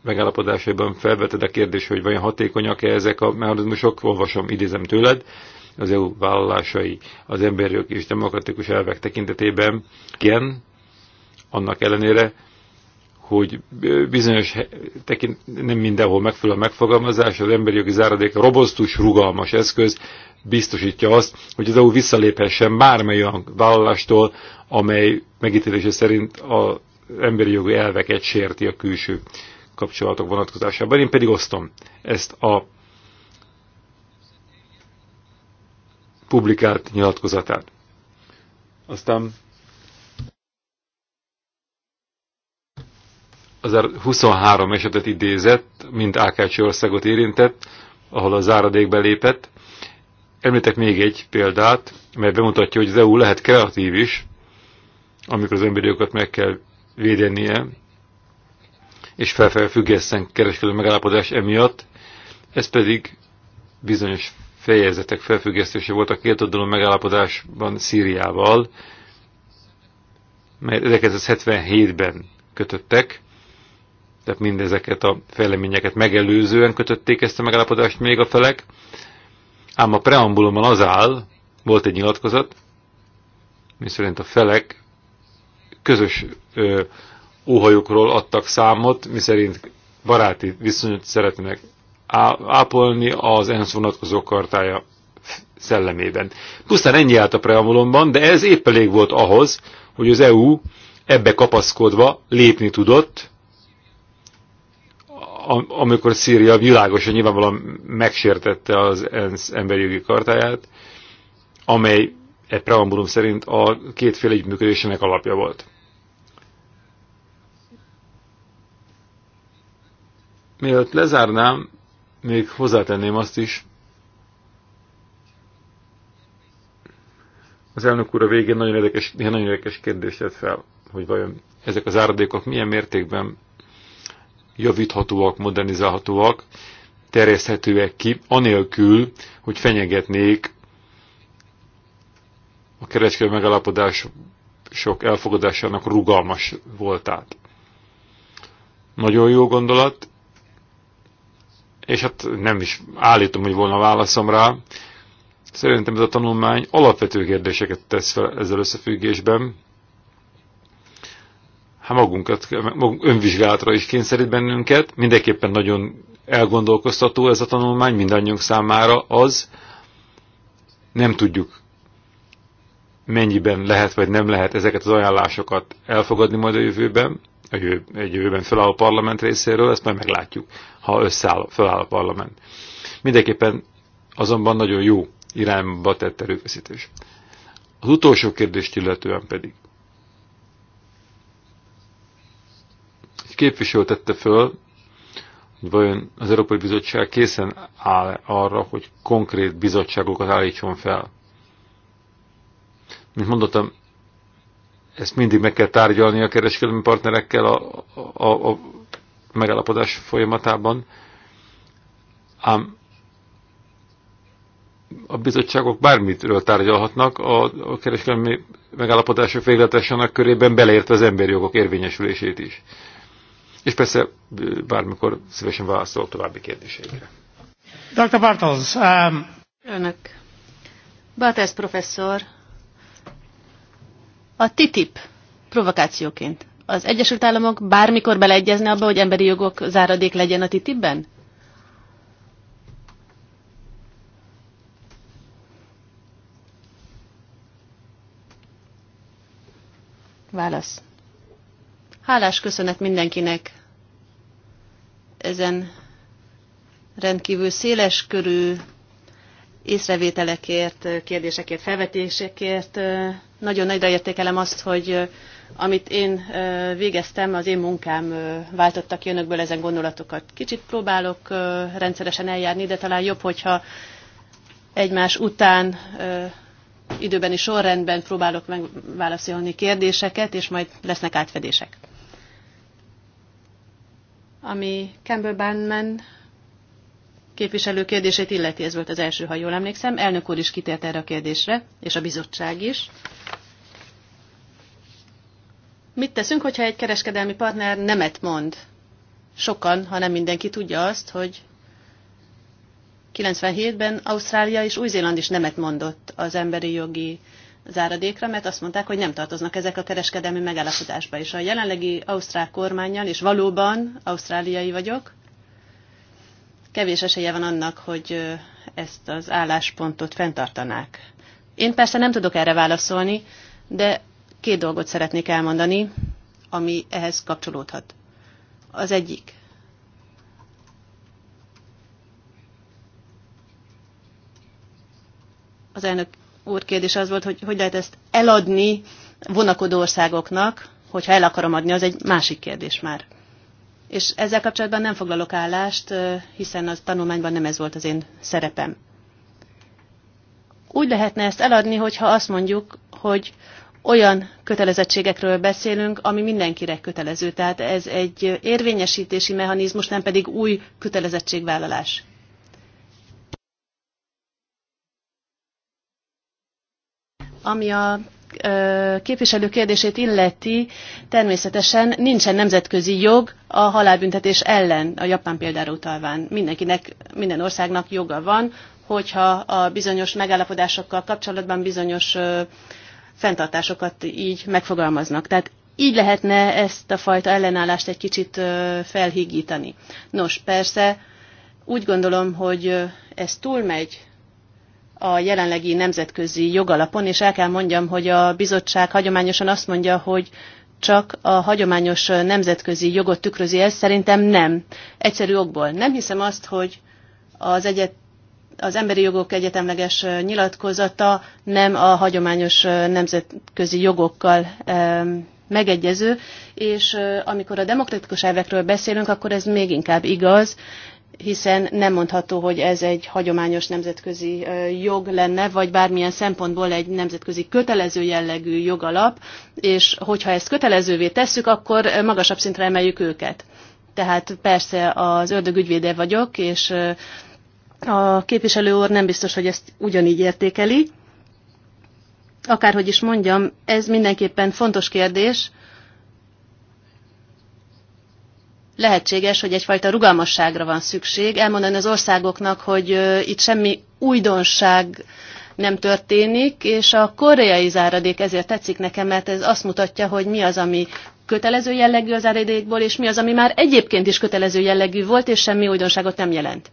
megállapodásaiban felveted a kérdés, hogy vajon hatékonyak-e ezek a mechanizmusok, olvasom, idézem tőled, az EU vállalásai az emberjog és demokratikus elvek tekintetében igen, annak ellenére, hogy bizonyos tekint, nem mindenhol megfelelő a megfogalmazás, az emberi jogi záradék robosztus, rugalmas eszköz biztosítja azt, hogy az EU visszaléphessen bármely olyan vállalástól, amely megítélése szerint az emberi jogi elveket sérti a külső kapcsolatok vonatkozásában. Én pedig osztom ezt a publikált nyilatkozatát. Aztán az 23 er esetet idézett, mint Ákácsi országot érintett, ahol a záradék belépett. Említek még egy példát, mert bemutatja, hogy az EU lehet kreatív is, amikor az emberi meg kell védenie, és felfelfüggesszen kereskedő megállapodás emiatt, ez pedig bizonyos fejezetek felfüggesztése volt a két oldalon megállapodásban Szíriával, mert 1977-ben kötöttek, tehát mindezeket a fejleményeket megelőzően kötötték ezt a megállapodást még a felek, ám a preambulumon az áll, volt egy nyilatkozat, miszerint a felek közös ö, óhajukról adtak számot, miszerint baráti viszonyt szeretnének ápolni az ENSZ vonatkozó kartája szellemében. Pusztán ennyi állt a preambulumban, de ez épp elég volt ahhoz, hogy az EU ebbe kapaszkodva lépni tudott, amikor Szíria világosan nyilvánvalóan megsértette az ENSZ emberi jogi kartáját, amely egy preambulum szerint a kétféle együttműködésének alapja volt. Mielőtt lezárnám, még hozzátenném azt is, az elnök úr a végén nagyon érdekes, nagyon érdekes kérdést tett fel, hogy vajon ezek az áradékok milyen mértékben javíthatóak, modernizálhatóak, terjeszthetőek ki, anélkül, hogy fenyegetnék a kereskedő megállapodások elfogadásának rugalmas voltát. Nagyon jó gondolat, és hát nem is állítom, hogy volna válaszom rá. Szerintem ez a tanulmány alapvető kérdéseket tesz fel ezzel összefüggésben, hát magunkat, magunk önvizsgálatra is kényszerít bennünket. Mindenképpen nagyon elgondolkoztató ez a tanulmány mindannyiunk számára az, nem tudjuk mennyiben lehet vagy nem lehet ezeket az ajánlásokat elfogadni majd a jövőben, a jövő, egy jövőben feláll a parlament részéről, ezt majd meglátjuk, ha összeáll, feláll a parlament. Mindenképpen azonban nagyon jó irányba tett erőfeszítés. Az utolsó kérdést illetően pedig képviselő tette föl, hogy vajon az Európai Bizottság készen áll arra, hogy konkrét bizottságokat állítson fel. Mint mondottam, ezt mindig meg kell tárgyalni a kereskedelmi partnerekkel a, a, a megállapodás folyamatában, ám a bizottságok bármitről tárgyalhatnak, a, a kereskedelmi megállapodások végletesenek körében beleértve az emberi jogok érvényesülését is. És persze bármikor szívesen válaszolok további kérdéseikre. Dr. Bartels, um... Önök. Bartels professzor, a TTIP provokációként az Egyesült Államok bármikor beleegyezne abba, hogy emberi jogok záradék legyen a TTIP-ben? Válasz. Hálás köszönet mindenkinek ezen rendkívül széles körű észrevételekért, kérdésekért, felvetésekért. Nagyon nagyra értékelem azt, hogy amit én végeztem, az én munkám váltotta ki önökből ezen gondolatokat. Kicsit próbálok rendszeresen eljárni, de talán jobb, hogyha egymás után időbeni sorrendben próbálok megválaszolni kérdéseket, és majd lesznek átfedések ami Campbell Bannman képviselő kérdését illeti, ez volt az első, ha jól emlékszem. Elnök úr is kitért erre a kérdésre, és a bizottság is. Mit teszünk, hogyha egy kereskedelmi partner nemet mond? Sokan, ha nem mindenki tudja azt, hogy 97-ben Ausztrália és Új-Zéland is nemet mondott az emberi jogi záradékra, mert azt mondták, hogy nem tartoznak ezek a kereskedelmi megállapodásba. És a jelenlegi ausztrál kormányjal, és valóban ausztráliai vagyok, kevés esélye van annak, hogy ezt az álláspontot fenntartanák. Én persze nem tudok erre válaszolni, de két dolgot szeretnék elmondani, ami ehhez kapcsolódhat. Az egyik. Az elnök úr kérdés az volt, hogy hogy lehet ezt eladni vonakodó országoknak, hogyha el akarom adni, az egy másik kérdés már. És ezzel kapcsolatban nem foglalok állást, hiszen a tanulmányban nem ez volt az én szerepem. Úgy lehetne ezt eladni, hogyha azt mondjuk, hogy olyan kötelezettségekről beszélünk, ami mindenkire kötelező. Tehát ez egy érvényesítési mechanizmus, nem pedig új kötelezettségvállalás. Ami a képviselő kérdését illeti, természetesen nincsen nemzetközi jog a halálbüntetés ellen, a japán példára utalván. Mindenkinek, minden országnak joga van, hogyha a bizonyos megállapodásokkal kapcsolatban bizonyos fenntartásokat így megfogalmaznak. Tehát így lehetne ezt a fajta ellenállást egy kicsit felhígítani. Nos, persze úgy gondolom, hogy ez túlmegy a jelenlegi nemzetközi jogalapon, és el kell mondjam, hogy a bizottság hagyományosan azt mondja, hogy csak a hagyományos nemzetközi jogot tükrözi ez, szerintem nem. Egyszerű okból. Nem hiszem azt, hogy az, egyet, az emberi jogok egyetemleges nyilatkozata nem a hagyományos nemzetközi jogokkal megegyező, és amikor a demokratikus elvekről beszélünk, akkor ez még inkább igaz, hiszen nem mondható, hogy ez egy hagyományos nemzetközi jog lenne, vagy bármilyen szempontból egy nemzetközi kötelező jellegű jogalap, és hogyha ezt kötelezővé tesszük, akkor magasabb szintre emeljük őket. Tehát persze az ördög ügyvéde vagyok, és a képviselő úr nem biztos, hogy ezt ugyanígy értékeli. Akárhogy is mondjam, ez mindenképpen fontos kérdés, lehetséges, hogy egyfajta rugalmasságra van szükség, elmondani az országoknak, hogy itt semmi újdonság nem történik, és a koreai záradék ezért tetszik nekem, mert ez azt mutatja, hogy mi az, ami kötelező jellegű az záradékból, és mi az, ami már egyébként is kötelező jellegű volt, és semmi újdonságot nem jelent.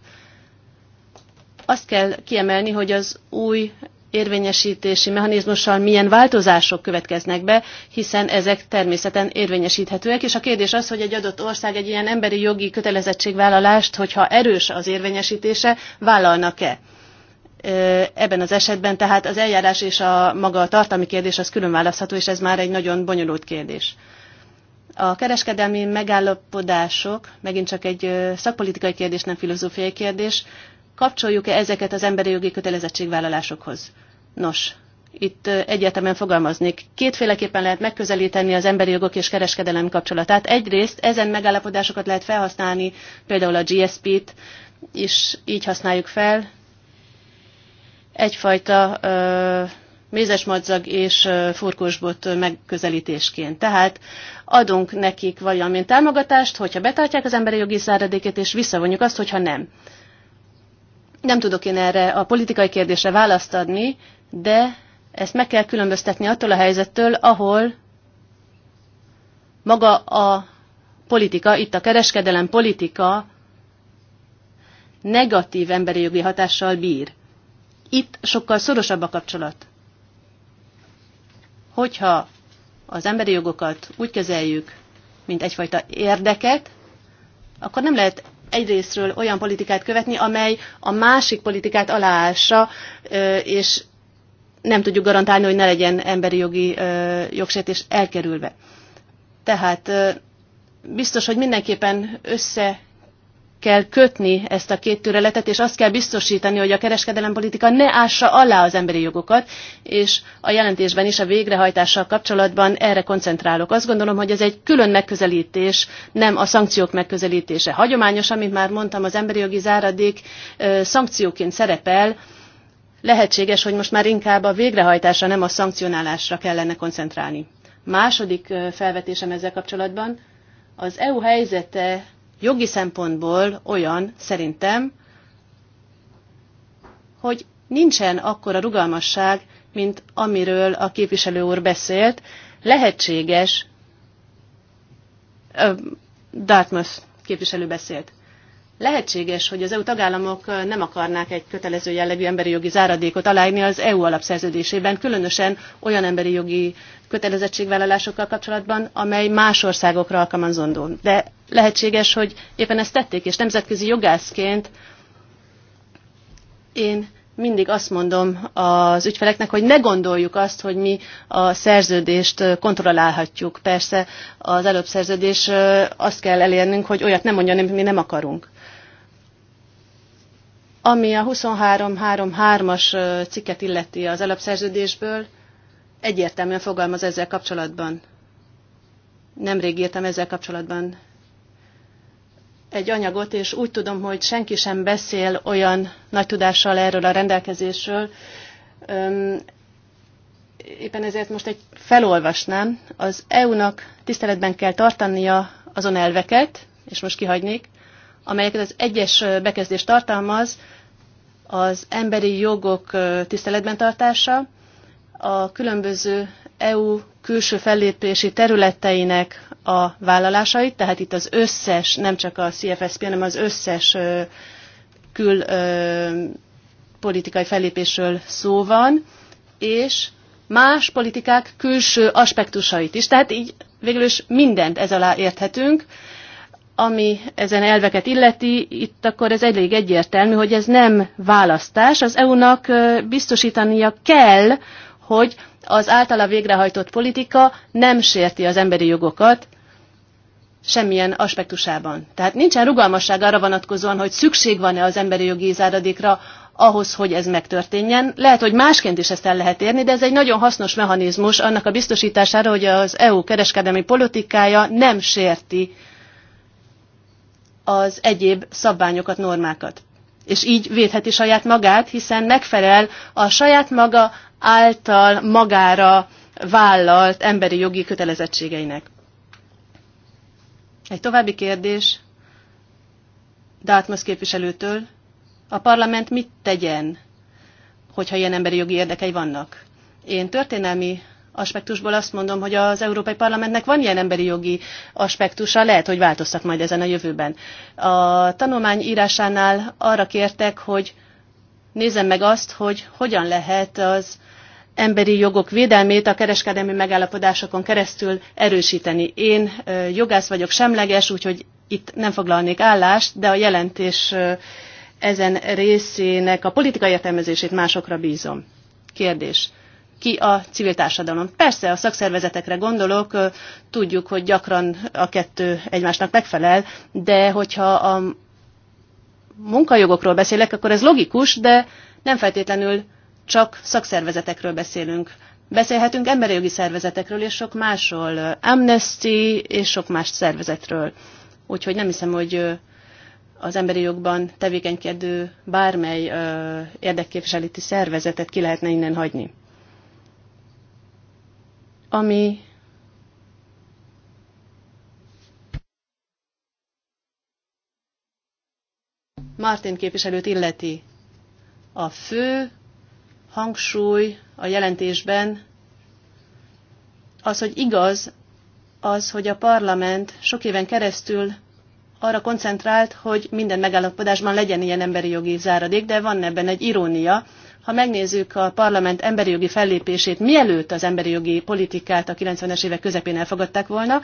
Azt kell kiemelni, hogy az új érvényesítési mechanizmussal milyen változások következnek be, hiszen ezek természeten érvényesíthetőek, és a kérdés az, hogy egy adott ország egy ilyen emberi jogi kötelezettségvállalást, hogyha erős az érvényesítése, vállalnak-e? Ebben az esetben tehát az eljárás és a maga a tartalmi kérdés az külön választható, és ez már egy nagyon bonyolult kérdés. A kereskedelmi megállapodások, megint csak egy szakpolitikai kérdés, nem filozófiai kérdés, kapcsoljuk-e ezeket az emberi jogi kötelezettségvállalásokhoz? Nos, itt egyetemen fogalmaznék. Kétféleképpen lehet megközelíteni az emberi jogok és kereskedelem kapcsolatát. Egyrészt ezen megállapodásokat lehet felhasználni, például a GSP-t és így használjuk fel. Egyfajta ö, mézesmadzag és furkósbot megközelítésként. Tehát adunk nekik valamilyen támogatást, hogyha betartják az emberi jogi záradékét, és visszavonjuk azt, hogyha nem. Nem tudok én erre a politikai kérdésre választ adni, de ezt meg kell különböztetni attól a helyzettől, ahol maga a politika, itt a kereskedelem politika negatív emberi jogi hatással bír. Itt sokkal szorosabb a kapcsolat. Hogyha az emberi jogokat úgy kezeljük, mint egyfajta érdeket, akkor nem lehet egyrésztről olyan politikát követni, amely a másik politikát aláássa, és nem tudjuk garantálni, hogy ne legyen emberi jogi jogsértés elkerülve. Tehát biztos, hogy mindenképpen össze kell kötni ezt a két türeletet, és azt kell biztosítani, hogy a kereskedelempolitika ne ássa alá az emberi jogokat, és a jelentésben is a végrehajtással kapcsolatban erre koncentrálok. Azt gondolom, hogy ez egy külön megközelítés, nem a szankciók megközelítése. Hagyományos, amit már mondtam, az emberi jogi záradék szankcióként szerepel, lehetséges, hogy most már inkább a végrehajtásra, nem a szankcionálásra kellene koncentrálni. Második felvetésem ezzel kapcsolatban, az EU helyzete jogi szempontból olyan szerintem, hogy nincsen akkora rugalmasság, mint amiről a képviselő úr beszélt. Lehetséges, Dartmouth képviselő beszélt. Lehetséges, hogy az EU tagállamok nem akarnák egy kötelező jellegű emberi jogi záradékot aláírni az EU alapszerződésében, különösen olyan emberi jogi kötelezettségvállalásokkal kapcsolatban, amely más országokra alkalmazandó. De lehetséges, hogy éppen ezt tették, és nemzetközi jogászként én mindig azt mondom az ügyfeleknek, hogy ne gondoljuk azt, hogy mi a szerződést kontrollálhatjuk. Persze az előbb szerződés azt kell elérnünk, hogy olyat nem mondjon, amit mi nem akarunk. Ami a 23.3.3-as cikket illeti az alapszerződésből, egyértelműen fogalmaz ezzel kapcsolatban. Nemrég írtam ezzel kapcsolatban egy anyagot, és úgy tudom, hogy senki sem beszél olyan nagy tudással erről a rendelkezésről. Éppen ezért most egy felolvasnám. Az EU-nak tiszteletben kell tartania azon elveket, és most kihagynék, amelyeket az egyes bekezdés tartalmaz, az emberi jogok tiszteletben tartása, a különböző EU külső fellépési területeinek a vállalásait, tehát itt az összes, nem csak a CFSP, hanem az összes kül politikai fellépésről szó van, és más politikák külső aspektusait is. Tehát így végül is mindent ez alá érthetünk, ami ezen elveket illeti, itt akkor ez elég egyértelmű, hogy ez nem választás. Az EU-nak biztosítania kell, hogy az általa végrehajtott politika nem sérti az emberi jogokat semmilyen aspektusában. Tehát nincsen rugalmasság arra vonatkozóan, hogy szükség van-e az emberi jogi záradékra ahhoz, hogy ez megtörténjen. Lehet, hogy másként is ezt el lehet érni, de ez egy nagyon hasznos mechanizmus annak a biztosítására, hogy az EU kereskedelmi politikája nem sérti az egyéb szabványokat, normákat és így védheti saját magát, hiszen megfelel a saját maga által magára vállalt emberi jogi kötelezettségeinek. Egy további kérdés Dartmouth képviselőtől. A parlament mit tegyen, hogyha ilyen emberi jogi érdekei vannak? Én történelmi aspektusból azt mondom, hogy az Európai Parlamentnek van ilyen emberi jogi aspektusa, lehet, hogy változtak majd ezen a jövőben. A tanulmány írásánál arra kértek, hogy nézem meg azt, hogy hogyan lehet az emberi jogok védelmét a kereskedelmi megállapodásokon keresztül erősíteni. Én jogász vagyok semleges, úgyhogy itt nem foglalnék állást, de a jelentés ezen részének a politikai értelmezését másokra bízom. Kérdés ki a civil társadalom. Persze a szakszervezetekre gondolok, tudjuk, hogy gyakran a kettő egymásnak megfelel, de hogyha a munkajogokról beszélek, akkor ez logikus, de nem feltétlenül csak szakszervezetekről beszélünk. Beszélhetünk emberi jogi szervezetekről és sok másról, Amnesty és sok más szervezetről. Úgyhogy nem hiszem, hogy az emberi jogban tevékenykedő bármely érdekképviseleti szervezetet ki lehetne innen hagyni ami Martin képviselőt illeti. A fő hangsúly a jelentésben az, hogy igaz, az, hogy a parlament sok éven keresztül arra koncentrált, hogy minden megállapodásban legyen ilyen emberi jogi záradék, de van ebben egy irónia, ha megnézzük a parlament emberi jogi fellépését, mielőtt az emberi jogi politikát a 90-es évek közepén elfogadták volna,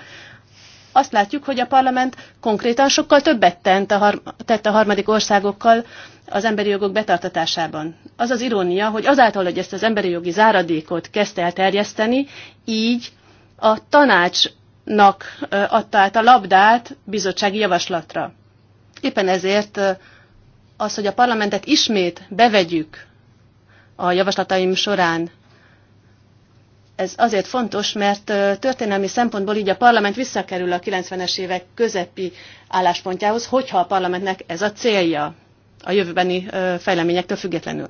azt látjuk, hogy a parlament konkrétan sokkal többet tent a tett a harmadik országokkal az emberi jogok betartatásában. Az az irónia, hogy azáltal, hogy ezt az emberi jogi záradékot kezdte el terjeszteni, így a tanácsnak adta át a labdát bizottsági javaslatra. Éppen ezért az, hogy a parlamentet ismét bevegyük a javaslataim során. Ez azért fontos, mert történelmi szempontból így a parlament visszakerül a 90-es évek közepi álláspontjához, hogyha a parlamentnek ez a célja a jövőbeni fejleményektől függetlenül.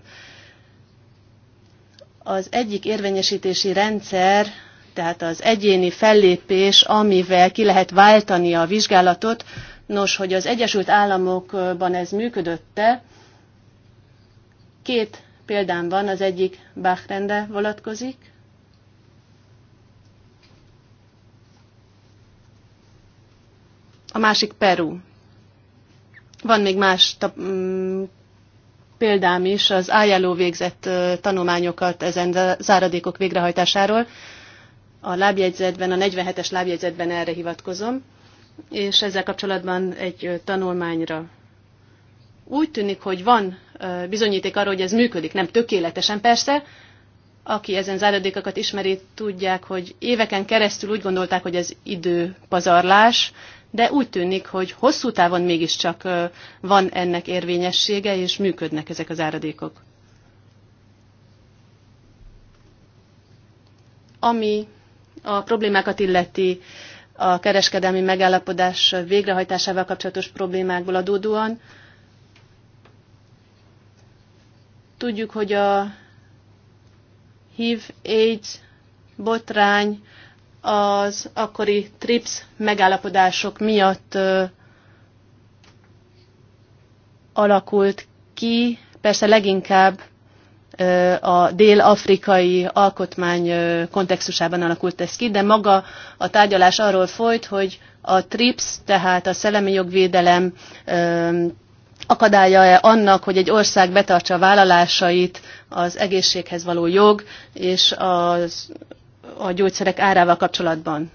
Az egyik érvényesítési rendszer, tehát az egyéni fellépés, amivel ki lehet váltani a vizsgálatot, nos, hogy az Egyesült Államokban ez működötte, két van az egyik Bachrendre vonatkozik, a másik Peru. Van még más mm, példám is az ájáló végzett tanulmányokat ezen záradékok végrehajtásáról. A lábjegyzetben, a 47-es lábjegyzetben erre hivatkozom, és ezzel kapcsolatban egy tanulmányra. Úgy tűnik, hogy van bizonyíték arra, hogy ez működik. Nem tökéletesen persze, aki ezen záradékokat ismeri, tudják, hogy éveken keresztül úgy gondolták, hogy ez időpazarlás, de úgy tűnik, hogy hosszú távon mégiscsak van ennek érvényessége, és működnek ezek az áradékok. Ami a problémákat illeti a kereskedelmi megállapodás végrehajtásával kapcsolatos problémákból adódóan, Tudjuk, hogy a HIV, AIDS, botrány az akkori TRIPS megállapodások miatt ö, alakult ki, persze leginkább ö, a dél-afrikai alkotmány ö, kontextusában alakult ez ki, de maga a tárgyalás arról folyt, hogy a TRIPS, tehát a szellemi jogvédelem ö, akadálya-e annak, hogy egy ország betartsa a vállalásait, az egészséghez való jog és az, a gyógyszerek árával kapcsolatban?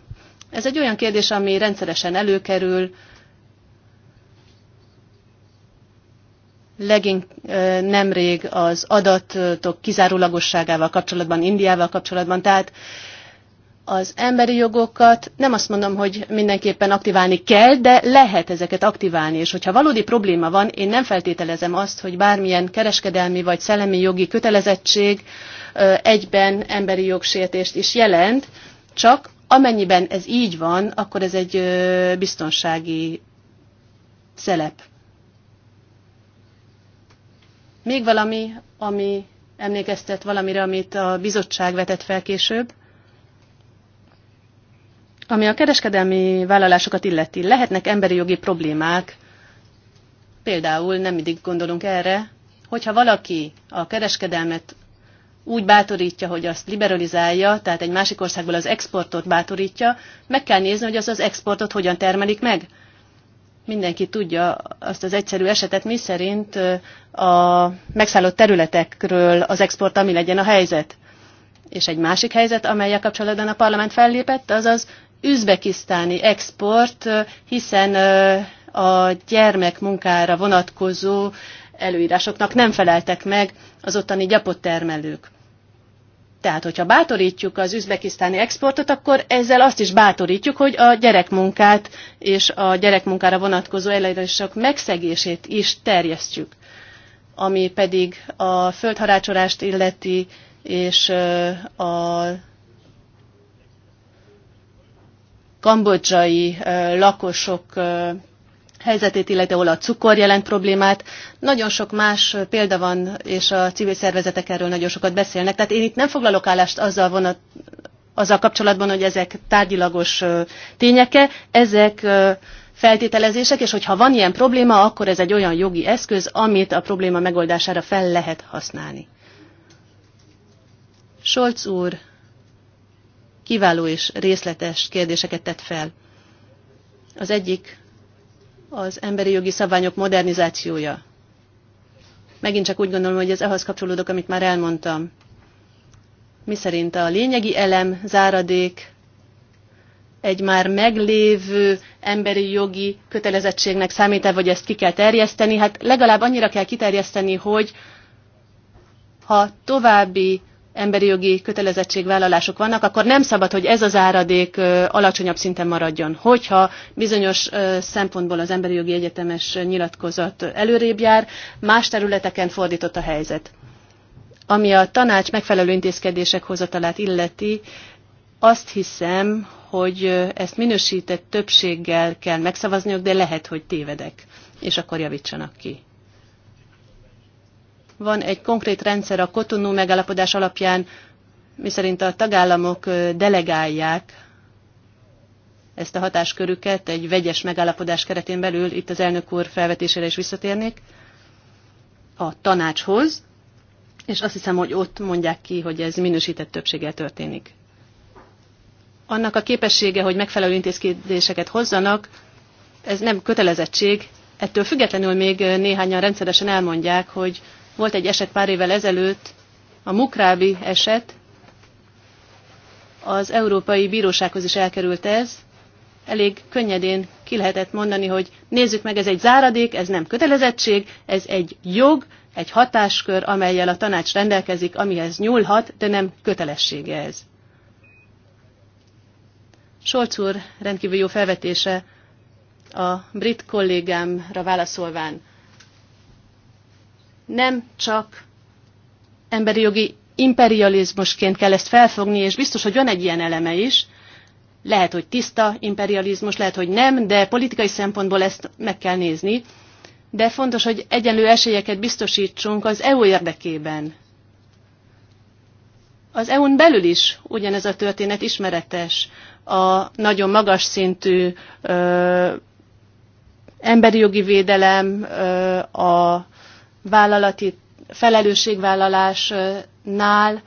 Ez egy olyan kérdés, ami rendszeresen előkerül, legink nemrég az adatok kizárólagosságával kapcsolatban, Indiával kapcsolatban, tehát az emberi jogokat, nem azt mondom, hogy mindenképpen aktiválni kell, de lehet ezeket aktiválni, és hogyha valódi probléma van, én nem feltételezem azt, hogy bármilyen kereskedelmi vagy szellemi jogi kötelezettség egyben emberi jogsértést is jelent, csak amennyiben ez így van, akkor ez egy biztonsági szelep. Még valami, ami emlékeztet valamire, amit a bizottság vetett fel később? Ami a kereskedelmi vállalásokat illeti, lehetnek emberi jogi problémák, például nem mindig gondolunk erre, hogyha valaki a kereskedelmet úgy bátorítja, hogy azt liberalizálja, tehát egy másik országból az exportot bátorítja, meg kell nézni, hogy az az exportot hogyan termelik meg. Mindenki tudja azt az egyszerű esetet, mi szerint a megszállott területekről az export, ami legyen a helyzet. És egy másik helyzet, amelyek kapcsolatban a parlament fellépett, azaz üzbekisztáni export, hiszen a gyermekmunkára vonatkozó előírásoknak nem feleltek meg az ottani termelők. Tehát, hogyha bátorítjuk az üzbekisztáni exportot, akkor ezzel azt is bátorítjuk, hogy a gyerekmunkát és a gyerekmunkára vonatkozó előírások megszegését is terjesztjük. Ami pedig a földharácsolást illeti, és a kambodzsai lakosok helyzetét, illetve a cukor jelent problémát. Nagyon sok más példa van, és a civil szervezetek erről nagyon sokat beszélnek. Tehát én itt nem foglalok állást azzal, vonat, azzal kapcsolatban, hogy ezek tárgyilagos tényeke, ezek feltételezések, és hogyha van ilyen probléma, akkor ez egy olyan jogi eszköz, amit a probléma megoldására fel lehet használni. Scholz úr kiváló és részletes kérdéseket tett fel. Az egyik az emberi jogi szabványok modernizációja. Megint csak úgy gondolom, hogy ez ahhoz kapcsolódok, amit már elmondtam. Mi szerint a lényegi elem, záradék, egy már meglévő emberi jogi kötelezettségnek számít-e, vagy ezt ki kell terjeszteni? Hát legalább annyira kell kiterjeszteni, hogy ha további emberi jogi kötelezettségvállalások vannak, akkor nem szabad, hogy ez az áradék alacsonyabb szinten maradjon. Hogyha bizonyos szempontból az emberi jogi egyetemes nyilatkozat előrébb jár, más területeken fordított a helyzet. Ami a tanács megfelelő intézkedések hozatalát illeti, azt hiszem, hogy ezt minősített többséggel kell megszavazniuk, de lehet, hogy tévedek, és akkor javítsanak ki. Van egy konkrét rendszer a Kotonú megállapodás alapján, miszerint a tagállamok delegálják ezt a hatáskörüket egy vegyes megállapodás keretén belül, itt az elnök úr felvetésére is visszatérnék, a tanácshoz, és azt hiszem, hogy ott mondják ki, hogy ez minősített többséggel történik. Annak a képessége, hogy megfelelő intézkedéseket hozzanak, ez nem kötelezettség, ettől függetlenül még néhányan rendszeresen elmondják, hogy volt egy eset pár évvel ezelőtt, a Mukrábi eset, az Európai Bírósághoz is elkerült ez, elég könnyedén ki lehetett mondani, hogy nézzük meg, ez egy záradék, ez nem kötelezettség, ez egy jog, egy hatáskör, amelyel a tanács rendelkezik, amihez nyúlhat, de nem kötelessége ez. Solc úr rendkívül jó felvetése a brit kollégámra válaszolván nem csak emberi jogi imperializmusként kell ezt felfogni, és biztos, hogy van egy ilyen eleme is, lehet, hogy tiszta imperializmus, lehet, hogy nem, de politikai szempontból ezt meg kell nézni. De fontos, hogy egyenlő esélyeket biztosítsunk az EU érdekében. Az EU-n belül is ugyanez a történet ismeretes. A nagyon magas szintű ö, emberi jogi védelem, ö, a vállalati felelősségvállalásnál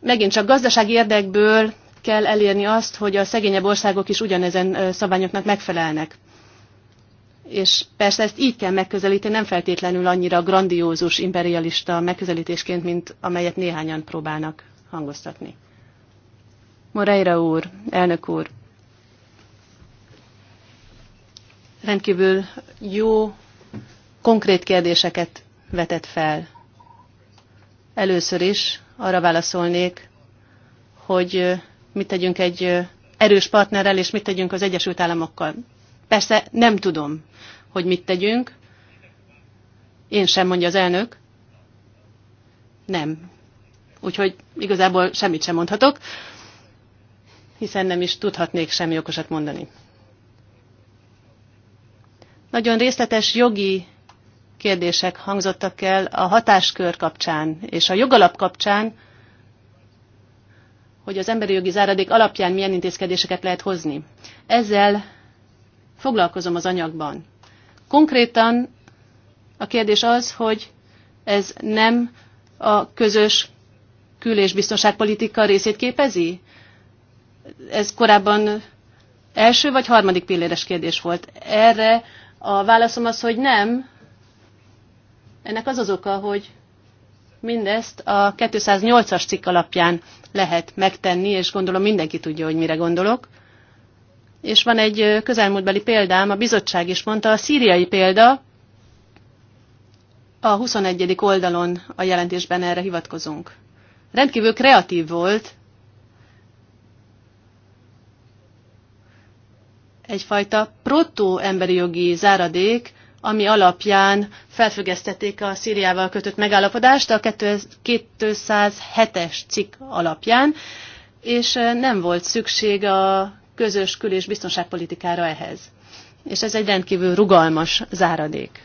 megint csak gazdasági érdekből kell elérni azt, hogy a szegényebb országok is ugyanezen szabályoknak megfelelnek. És persze ezt így kell megközelíteni, nem feltétlenül annyira grandiózus imperialista megközelítésként, mint amelyet néhányan próbálnak hangoztatni. Moreira úr, elnök úr, rendkívül jó, konkrét kérdéseket vetett fel. Először is arra válaszolnék, hogy mit tegyünk egy erős partnerrel, és mit tegyünk az Egyesült Államokkal. Persze nem tudom, hogy mit tegyünk. Én sem, mondja az elnök. Nem. Úgyhogy igazából semmit sem mondhatok, hiszen nem is tudhatnék semmi okosat mondani. Nagyon részletes jogi kérdések hangzottak el a hatáskör kapcsán és a jogalap kapcsán, hogy az emberi jogi záradék alapján milyen intézkedéseket lehet hozni. Ezzel foglalkozom az anyagban. Konkrétan a kérdés az, hogy ez nem a közös kül- és biztonságpolitika részét képezi? Ez korábban első vagy harmadik pilléres kérdés volt. Erre a válaszom az, hogy nem, ennek az az oka, hogy mindezt a 208-as cikk alapján lehet megtenni, és gondolom mindenki tudja, hogy mire gondolok. És van egy közelmúltbeli példám, a bizottság is mondta, a szíriai példa, a 21. oldalon a jelentésben erre hivatkozunk. Rendkívül kreatív volt, egyfajta proto-emberi jogi záradék, ami alapján felfüggesztették a Szíriával kötött megállapodást a 207-es cikk alapján, és nem volt szükség a közös kül- és biztonságpolitikára ehhez. És ez egy rendkívül rugalmas záradék.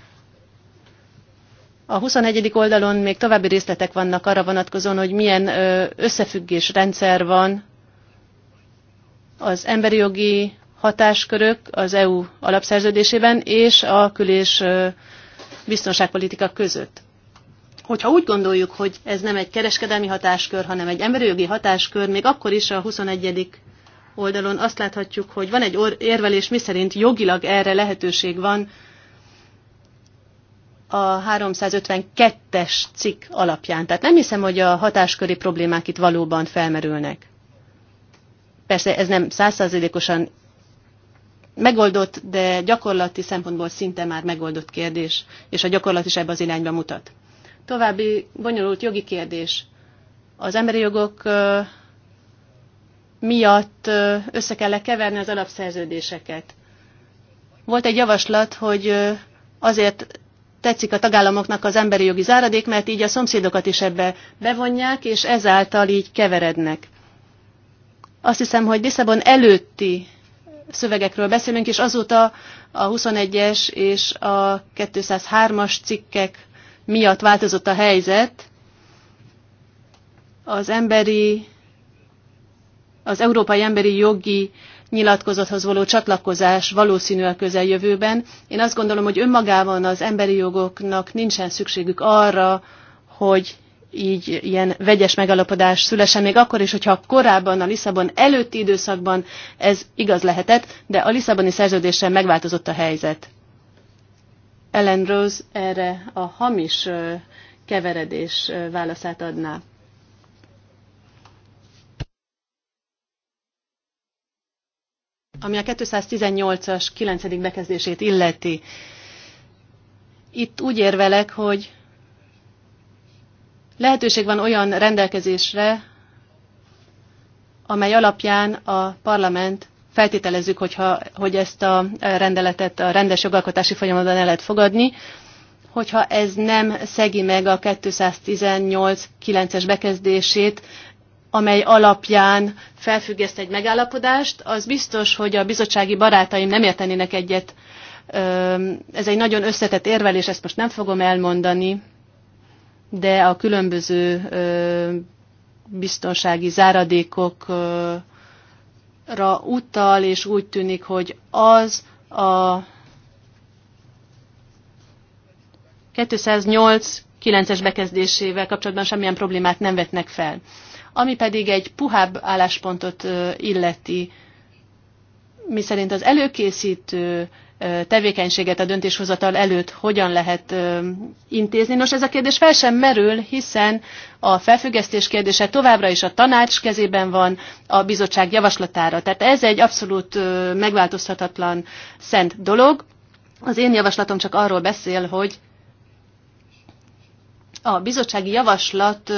A 21. oldalon még további részletek vannak arra vonatkozóan, hogy milyen összefüggés rendszer van az emberi jogi hatáskörök az EU alapszerződésében és a kül- és biztonságpolitika között. Hogyha úgy gondoljuk, hogy ez nem egy kereskedelmi hatáskör, hanem egy emberjogi hatáskör, még akkor is a 21. oldalon azt láthatjuk, hogy van egy érvelés, miszerint jogilag erre lehetőség van a 352-es cikk alapján. Tehát nem hiszem, hogy a hatásköri problémák itt valóban felmerülnek. Persze ez nem százszázalékosan megoldott, de gyakorlati szempontból szinte már megoldott kérdés, és a gyakorlat is ebbe az irányba mutat. További bonyolult jogi kérdés. Az emberi jogok miatt össze kell keverni az alapszerződéseket. Volt egy javaslat, hogy azért tetszik a tagállamoknak az emberi jogi záradék, mert így a szomszédokat is ebbe bevonják, és ezáltal így keverednek. Azt hiszem, hogy Lisszabon előtti szövegekről beszélünk, és azóta a 21-es és a 203-as cikkek miatt változott a helyzet. Az emberi, az Európai Emberi Jogi nyilatkozathoz való csatlakozás valószínű a közeljövőben. Én azt gondolom, hogy önmagában az emberi jogoknak nincsen szükségük arra, hogy így ilyen vegyes megalapodás szülesen, még akkor is, hogyha korábban a Lisszabon előtti időszakban ez igaz lehetett, de a Lisszaboni szerződéssel megváltozott a helyzet. Ellen Rose erre a hamis keveredés válaszát adná. Ami a 218-as 9. bekezdését illeti, itt úgy érvelek, hogy lehetőség van olyan rendelkezésre, amely alapján a parlament feltételezzük, hogyha, hogy ezt a rendeletet a rendes jogalkotási folyamatban el lehet fogadni, hogyha ez nem szegi meg a 218.9-es bekezdését, amely alapján felfüggeszt egy megállapodást, az biztos, hogy a bizottsági barátaim nem értenének egyet. Ez egy nagyon összetett érvelés, ezt most nem fogom elmondani, de a különböző biztonsági záradékokra utal, és úgy tűnik, hogy az a 208 9-es bekezdésével kapcsolatban semmilyen problémát nem vetnek fel. Ami pedig egy puhább álláspontot illeti, miszerint az előkészítő tevékenységet a döntéshozatal előtt hogyan lehet intézni. Nos, ez a kérdés fel sem merül, hiszen a felfüggesztés kérdése továbbra is a tanács kezében van a bizottság javaslatára. Tehát ez egy abszolút megváltoztathatlan szent dolog. Az én javaslatom csak arról beszél, hogy a bizottsági javaslat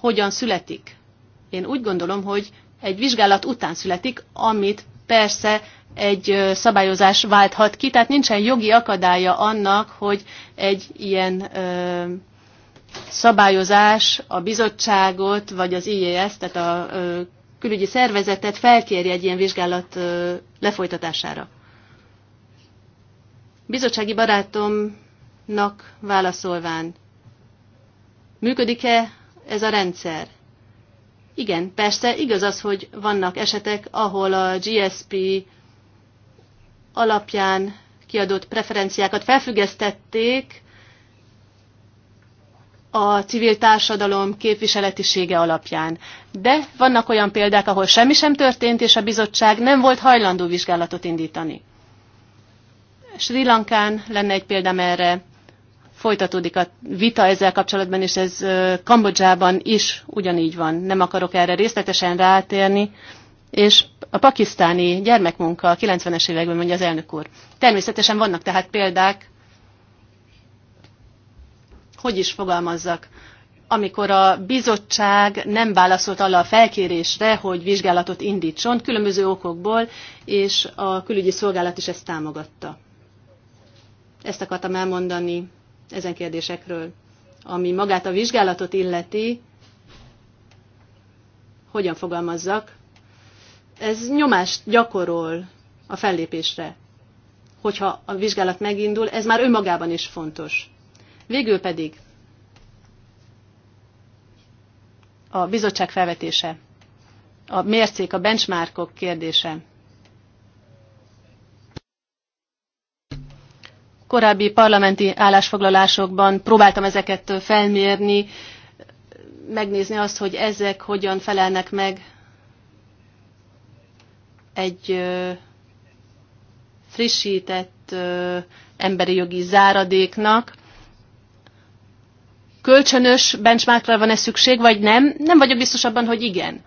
hogyan születik. Én úgy gondolom, hogy egy vizsgálat után születik, amit persze egy szabályozás válthat ki, tehát nincsen jogi akadálya annak, hogy egy ilyen ö, szabályozás a bizottságot, vagy az IES, tehát a ö, külügyi szervezetet felkéri egy ilyen vizsgálat ö, lefolytatására. Bizottsági barátomnak válaszolván, működik-e ez a rendszer? Igen, persze, igaz az, hogy vannak esetek, ahol a GSP alapján kiadott preferenciákat felfüggesztették a civil társadalom képviseletisége alapján. De vannak olyan példák, ahol semmi sem történt, és a bizottság nem volt hajlandó vizsgálatot indítani. Sri Lankán lenne egy példám erre, folytatódik a vita ezzel kapcsolatban, és ez Kambodzsában is ugyanígy van. Nem akarok erre részletesen rátérni, és a pakisztáni gyermekmunka 90-es években mondja az elnök úr. Természetesen vannak tehát példák, hogy is fogalmazzak, amikor a bizottság nem válaszolt alá a felkérésre, hogy vizsgálatot indítson különböző okokból, és a külügyi szolgálat is ezt támogatta. Ezt akartam elmondani ezen kérdésekről. Ami magát a vizsgálatot illeti, hogyan fogalmazzak, ez nyomást gyakorol a fellépésre. Hogyha a vizsgálat megindul, ez már önmagában is fontos. Végül pedig a bizottság felvetése, a mércék, a benchmarkok kérdése. Korábbi parlamenti állásfoglalásokban próbáltam ezeket felmérni, megnézni azt, hogy ezek hogyan felelnek meg egy frissített emberi jogi záradéknak, kölcsönös benchmarkra van-e szükség, vagy nem, nem vagyok biztos abban, hogy igen.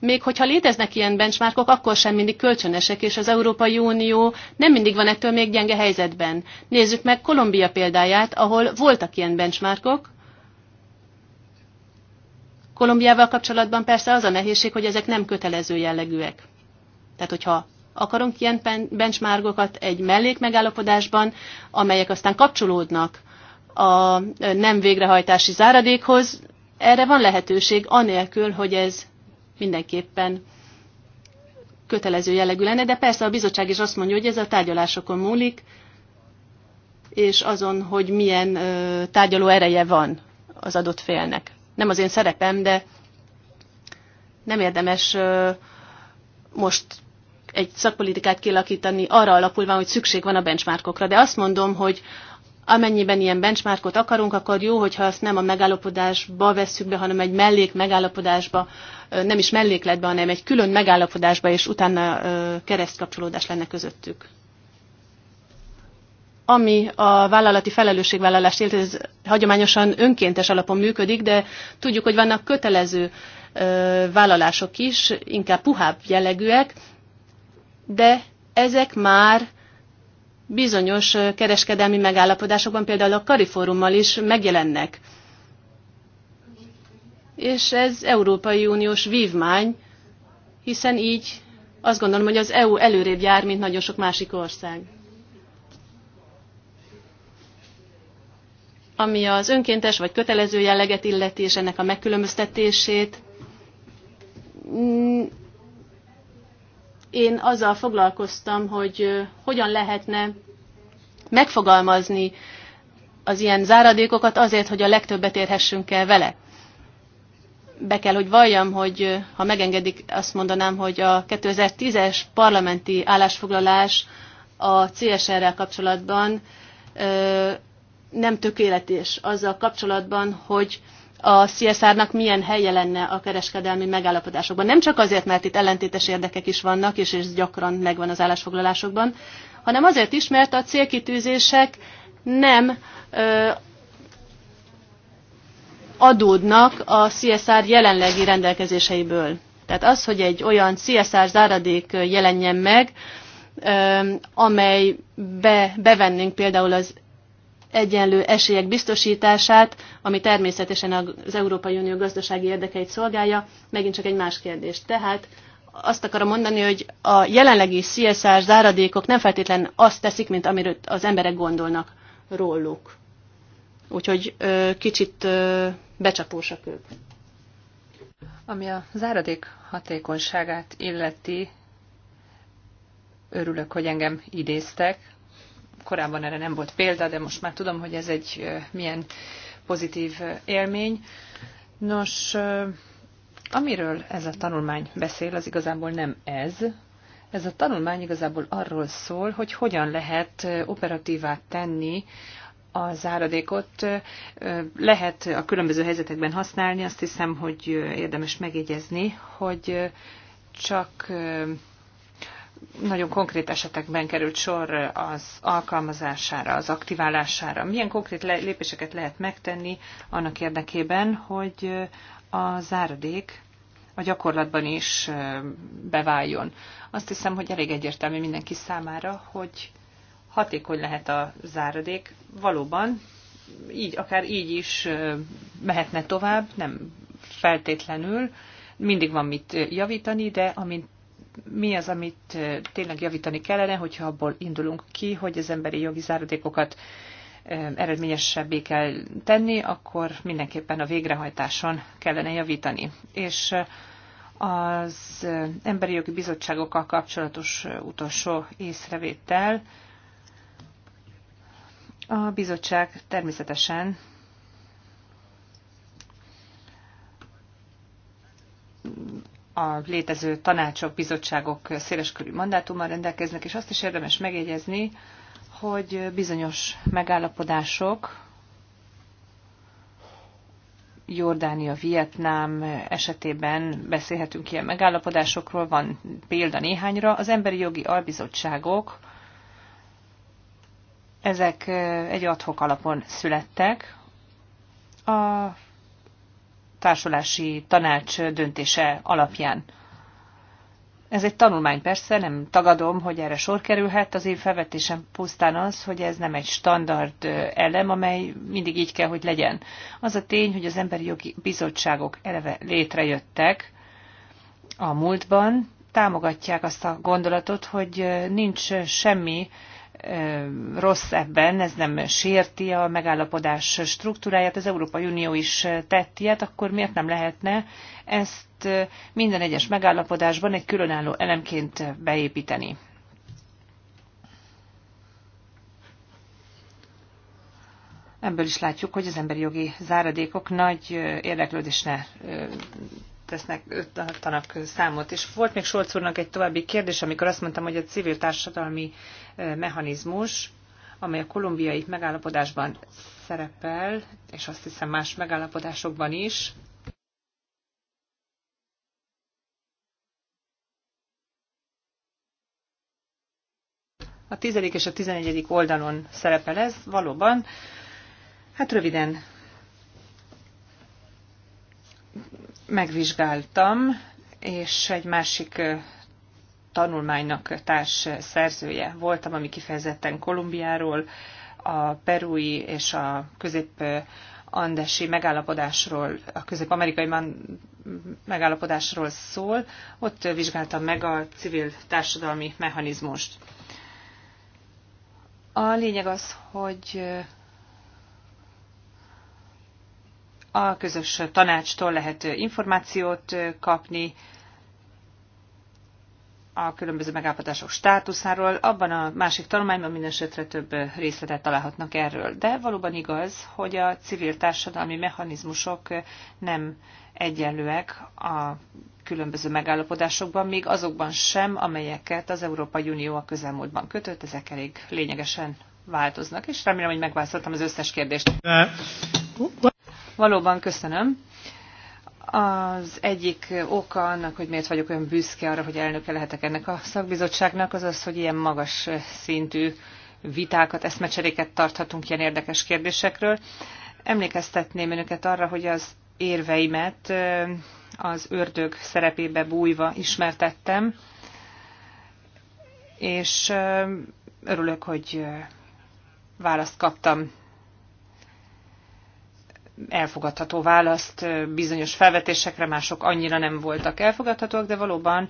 Még hogyha léteznek ilyen benchmarkok, akkor sem mindig kölcsönösek, és az Európai Unió nem mindig van ettől még gyenge helyzetben. Nézzük meg Kolumbia példáját, ahol voltak ilyen benchmarkok, Kolumbiával kapcsolatban persze az a nehézség, hogy ezek nem kötelező jellegűek. Tehát, hogyha akarunk ilyen benchmarkokat egy mellékmegállapodásban, amelyek aztán kapcsolódnak a nem végrehajtási záradékhoz, erre van lehetőség, anélkül, hogy ez mindenképpen kötelező jellegű lenne, de persze a bizottság is azt mondja, hogy ez a tárgyalásokon múlik, és azon, hogy milyen tárgyaló ereje van az adott félnek nem az én szerepem, de nem érdemes most egy szakpolitikát kialakítani arra alapulva, hogy szükség van a benchmarkokra. De azt mondom, hogy amennyiben ilyen benchmarkot akarunk, akkor jó, hogyha azt nem a megállapodásba vesszük be, hanem egy mellék megállapodásba, nem is mellékletbe, hanem egy külön megállapodásba, és utána keresztkapcsolódás lenne közöttük ami a vállalati felelősségvállalást illeti, ez hagyományosan önkéntes alapon működik, de tudjuk, hogy vannak kötelező vállalások is, inkább puhább jellegűek, de ezek már bizonyos kereskedelmi megállapodásokban, például a Kariforummal is megjelennek. És ez Európai Uniós vívmány, hiszen így azt gondolom, hogy az EU előrébb jár, mint nagyon sok másik ország. ami az önkéntes vagy kötelező jelleget illeti, és ennek a megkülönböztetését. Mm. Én azzal foglalkoztam, hogy hogyan lehetne megfogalmazni az ilyen záradékokat azért, hogy a legtöbbet érhessünk el vele. Be kell, hogy valljam, hogy ha megengedik, azt mondanám, hogy a 2010-es parlamenti állásfoglalás a CSR-rel kapcsolatban nem tökéletes azzal kapcsolatban, hogy a CSR-nak milyen helye lenne a kereskedelmi megállapodásokban. Nem csak azért, mert itt ellentétes érdekek is vannak, és ez gyakran megvan az állásfoglalásokban, hanem azért is, mert a célkitűzések nem ö, adódnak a CSR jelenlegi rendelkezéseiből. Tehát az, hogy egy olyan CSR záradék jelenjen meg, amely be, bevennénk például az egyenlő esélyek biztosítását, ami természetesen az Európai Unió gazdasági érdekeit szolgálja, megint csak egy más kérdés. Tehát azt akarom mondani, hogy a jelenlegi CSR záradékok nem feltétlen azt teszik, mint amiről az emberek gondolnak róluk. Úgyhogy ö, kicsit ö, becsapósak ők. Ami a záradék hatékonyságát illeti, örülök, hogy engem idéztek, korábban erre nem volt példa, de most már tudom, hogy ez egy milyen pozitív élmény. Nos, amiről ez a tanulmány beszél, az igazából nem ez. Ez a tanulmány igazából arról szól, hogy hogyan lehet operatívá tenni a záradékot. lehet a különböző helyzetekben használni. Azt hiszem, hogy érdemes megjegyezni, hogy csak nagyon konkrét esetekben került sor az alkalmazására, az aktiválására. Milyen konkrét lépéseket lehet megtenni annak érdekében, hogy a záradék a gyakorlatban is beváljon. Azt hiszem, hogy elég egyértelmű mindenki számára, hogy hatékony lehet a záradék. Valóban, így, akár így is mehetne tovább, nem feltétlenül, mindig van mit javítani, de amint mi az, amit tényleg javítani kellene, hogyha abból indulunk ki, hogy az emberi jogi záradékokat eredményesebbé kell tenni, akkor mindenképpen a végrehajtáson kellene javítani. És az emberi jogi bizottságokkal kapcsolatos utolsó észrevétel. A bizottság természetesen a létező tanácsok, bizottságok széleskörű mandátummal rendelkeznek, és azt is érdemes megjegyezni, hogy bizonyos megállapodások, Jordánia, Vietnám esetében beszélhetünk ilyen megállapodásokról, van példa néhányra. Az emberi jogi albizottságok, ezek eh, egy adhok alapon születtek. A társulási tanács döntése alapján. Ez egy tanulmány persze, nem tagadom, hogy erre sor kerülhet. Az én felvetésem pusztán az, hogy ez nem egy standard elem, amely mindig így kell, hogy legyen. Az a tény, hogy az emberi jogi bizottságok eleve létrejöttek a múltban, támogatják azt a gondolatot, hogy nincs semmi Eh, rossz ebben, ez nem sérti a megállapodás struktúráját, az Európai Unió is tett ilyet, akkor miért nem lehetne ezt eh, minden egyes megállapodásban egy különálló elemként beépíteni? Ebből is látjuk, hogy az emberi jogi záradékok nagy eh, érdeklődésre tesznek, tartanak számot. És volt még Solc úrnak egy további kérdés, amikor azt mondtam, hogy a civil társadalmi mechanizmus, amely a kolumbiai megállapodásban szerepel, és azt hiszem más megállapodásokban is, A tizedik és a tizenegyedik oldalon szerepel ez, valóban. Hát röviden megvizsgáltam, és egy másik tanulmánynak társ szerzője voltam, ami kifejezetten Kolumbiáról, a perui és a közép andesi megállapodásról, a közép-amerikai megállapodásról szól. Ott vizsgáltam meg a civil társadalmi mechanizmust. A lényeg az, hogy A közös tanácstól lehet információt kapni a különböző megállapodások státuszáról. Abban a másik tanulmányban minden esetre több részletet találhatnak erről. De valóban igaz, hogy a civil társadalmi mechanizmusok nem egyenlőek a különböző megállapodásokban, még azokban sem, amelyeket az Európai Unió a közelmúltban kötött, ezek elég lényegesen változnak, és remélem, hogy megválaszoltam az összes kérdést. Uh, Valóban köszönöm. Az egyik oka annak, hogy miért vagyok olyan büszke arra, hogy elnöke lehetek ennek a szakbizottságnak, az az, hogy ilyen magas szintű vitákat, eszmecseréket tarthatunk ilyen érdekes kérdésekről. Emlékeztetném önöket arra, hogy az érveimet az ördög szerepébe bújva ismertettem, és örülök, hogy választ kaptam elfogadható választ bizonyos felvetésekre, mások annyira nem voltak elfogadhatóak, de valóban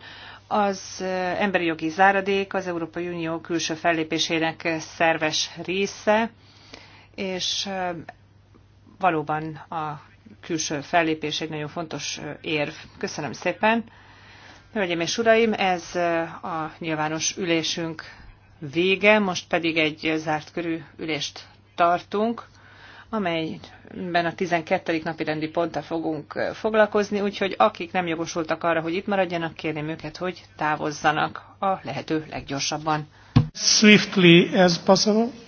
az emberi jogi záradék az Európai Unió külső fellépésének szerves része, és valóban a külső fellépés egy nagyon fontos érv. Köszönöm szépen. Hölgyeim és Uraim, ez a nyilvános ülésünk vége, most pedig egy zárt körű ülést tartunk amelyben a 12. napi rendi ponttal fogunk foglalkozni, úgyhogy akik nem jogosultak arra, hogy itt maradjanak, kérném őket, hogy távozzanak a lehető leggyorsabban. Swiftly as possible.